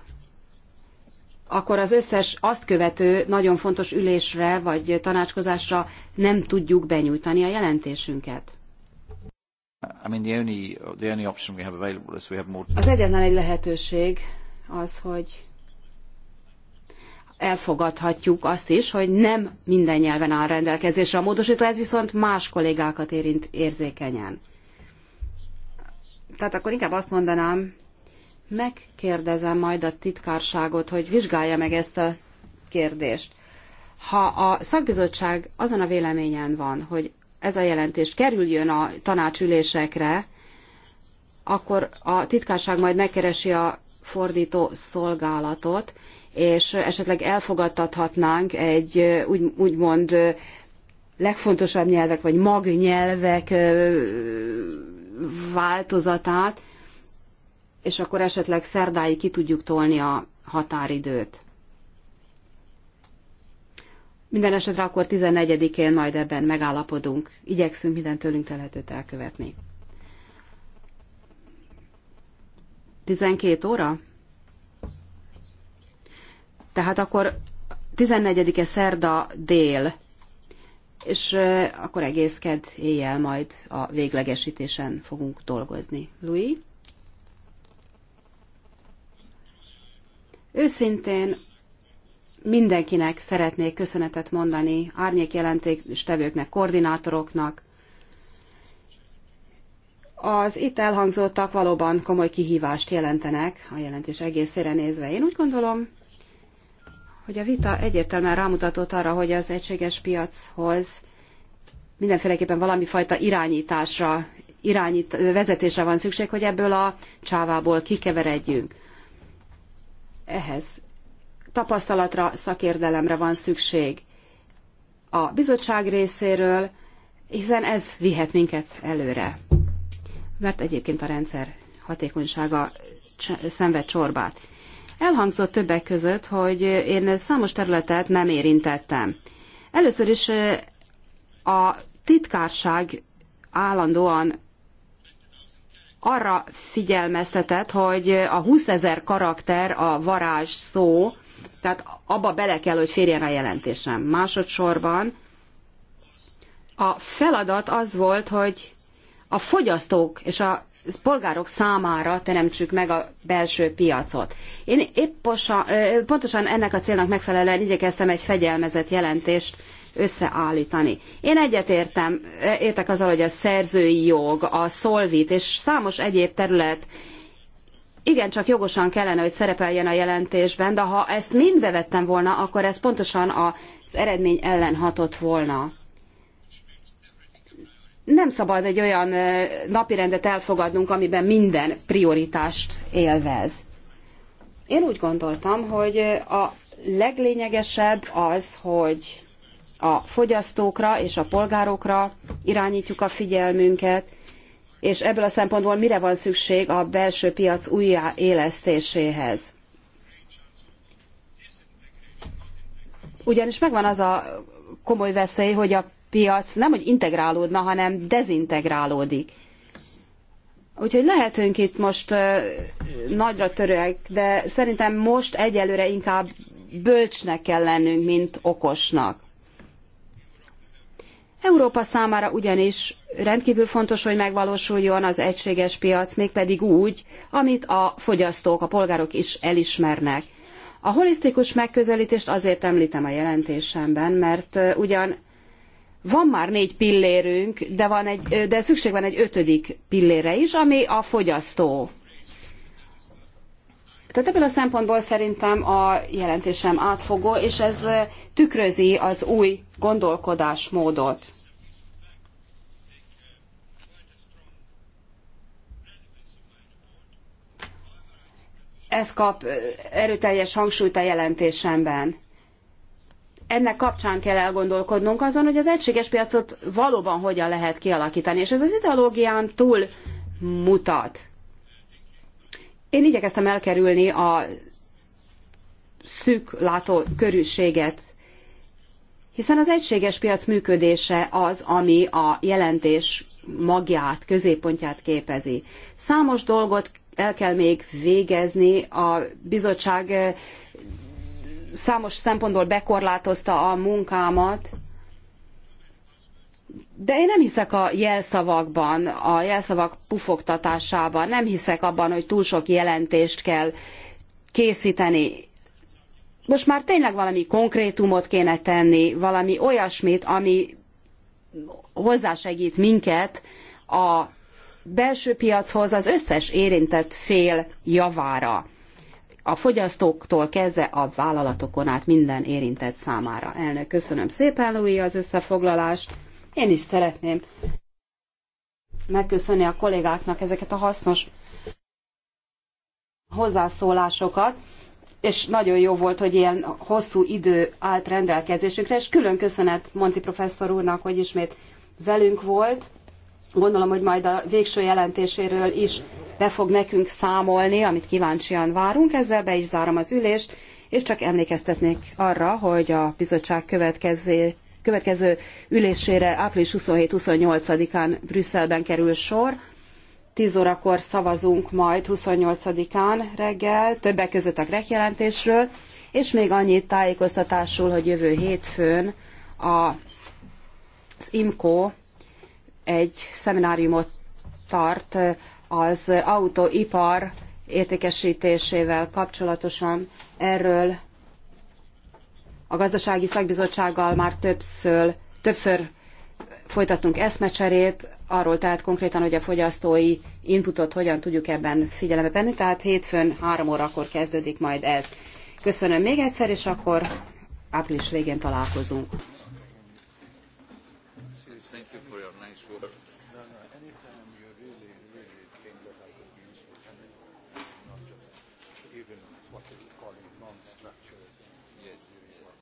akkor az összes azt követő nagyon fontos ülésre vagy tanácskozásra nem tudjuk benyújtani a jelentésünket. Az egyetlen egy lehetőség, az, hogy elfogadhatjuk azt is, hogy nem minden nyelven áll rendelkezésre a módosító, ez viszont más kollégákat érint érzékenyen. Tehát akkor inkább azt mondanám, megkérdezem majd a titkárságot, hogy vizsgálja meg ezt a kérdést. Ha a szakbizottság azon a véleményen van, hogy ez a jelentés kerüljön a tanácsülésekre, akkor a titkárság majd megkeresi a fordító szolgálatot, és esetleg elfogadtathatnánk egy úgy, úgymond legfontosabb nyelvek, vagy magnyelvek változatát, és akkor esetleg szerdáig ki tudjuk tolni a határidőt. Minden esetre akkor 14-én majd ebben megállapodunk. Igyekszünk minden tőlünk telhetőt elkövetni. 12 óra? Tehát akkor 14-e szerda dél, és akkor egész kedd éjjel majd a véglegesítésen fogunk dolgozni. Louis? Őszintén mindenkinek szeretnék köszönetet mondani, Árnyék árnyékjelentéstevőknek, koordinátoroknak, az itt elhangzottak valóban komoly kihívást jelentenek a jelentés egészére nézve. Én úgy gondolom, hogy a vita egyértelműen rámutatott arra, hogy az egységes piachoz mindenféleképpen valami fajta irányításra, irányít, vezetésre van szükség, hogy ebből a csávából kikeveredjünk. Ehhez tapasztalatra, szakérdelemre van szükség a bizottság részéről, hiszen ez vihet minket előre mert egyébként a rendszer hatékonysága szenved csorbát. Elhangzott többek között, hogy én számos területet nem érintettem. Először is eh, a titkárság állandóan arra figyelmeztetett, hogy a 20 ezer karakter a varázs szó, tehát abba bele kell, hogy férjen a jelentésem. Másodszorban a feladat az volt, hogy a fogyasztók és a polgárok számára teremtsük meg a belső piacot. Én pontosan ennek a célnak megfelelően igyekeztem egy fegyelmezett jelentést összeállítani. Én egyetértem, értek azzal, hogy a szerzői jog, a szolvit és számos egyéb terület igencsak jogosan kellene, hogy szerepeljen a jelentésben, de ha ezt mind bevettem volna, akkor ez pontosan az eredmény ellen hatott volna nem szabad egy olyan napirendet elfogadnunk, amiben minden prioritást élvez. Én úgy gondoltam, hogy a leglényegesebb az, hogy a fogyasztókra és a polgárokra irányítjuk a figyelmünket, és ebből a szempontból mire van szükség a belső piac újjáélesztéséhez. Ugyanis megvan az a komoly veszély, hogy a piac nem, hogy integrálódna, hanem dezintegrálódik. Úgyhogy lehetünk itt most nagyra törőek, de szerintem most egyelőre inkább bölcsnek kell lennünk, mint okosnak. Európa számára ugyanis rendkívül fontos, hogy megvalósuljon az egységes piac, mégpedig úgy, amit a fogyasztók, a polgárok is elismernek. A holisztikus megközelítést azért említem a jelentésemben, mert ugyan van már négy pillérünk, de, van egy, de szükség van egy ötödik pillére is, ami a fogyasztó. Tehát ebből a szempontból szerintem a jelentésem átfogó, és ez tükrözi az új gondolkodásmódot. Ez kap erőteljes hangsúlyt a jelentésemben ennek kapcsán kell elgondolkodnunk azon, hogy az egységes piacot valóban hogyan lehet kialakítani, és ez az ideológián túl mutat. Én igyekeztem elkerülni a szűk látó körülséget, hiszen az egységes piac működése az, ami a jelentés magját, középpontját képezi. Számos dolgot el kell még végezni, a bizottság számos szempontból bekorlátozta a munkámat, de én nem hiszek a jelszavakban, a jelszavak pufogtatásában, nem hiszek abban, hogy túl sok jelentést kell készíteni. Most már tényleg valami konkrétumot kéne tenni, valami olyasmit, ami hozzásegít minket a belső piachoz az összes érintett fél javára a fogyasztóktól kezdve a vállalatokon át minden érintett számára. Elnök, köszönöm szépen, Louis, az összefoglalást. Én is szeretném megköszönni a kollégáknak ezeket a hasznos hozzászólásokat, és nagyon jó volt, hogy ilyen hosszú idő állt rendelkezésünkre, és külön köszönet Monti professzor úrnak, hogy ismét velünk volt. Gondolom, hogy majd a végső jelentéséről is be fog nekünk számolni, amit kíváncsian várunk. Ezzel be is zárom az ülést, és csak emlékeztetnék arra, hogy a bizottság következő, következő ülésére április 27-28-án Brüsszelben kerül sor. 10 órakor szavazunk majd 28-án reggel, többek között a GREK jelentésről, és még annyit tájékoztatásul, hogy jövő hétfőn a, az IMCO egy szemináriumot tart az autóipar értékesítésével kapcsolatosan erről a gazdasági szakbizottsággal már többször, többször folytattunk eszmecserét, arról tehát konkrétan, hogy a fogyasztói inputot hogyan tudjuk ebben figyelembe venni, tehát hétfőn három órakor kezdődik majd ez. Köszönöm még egyszer, és akkor április végén találkozunk.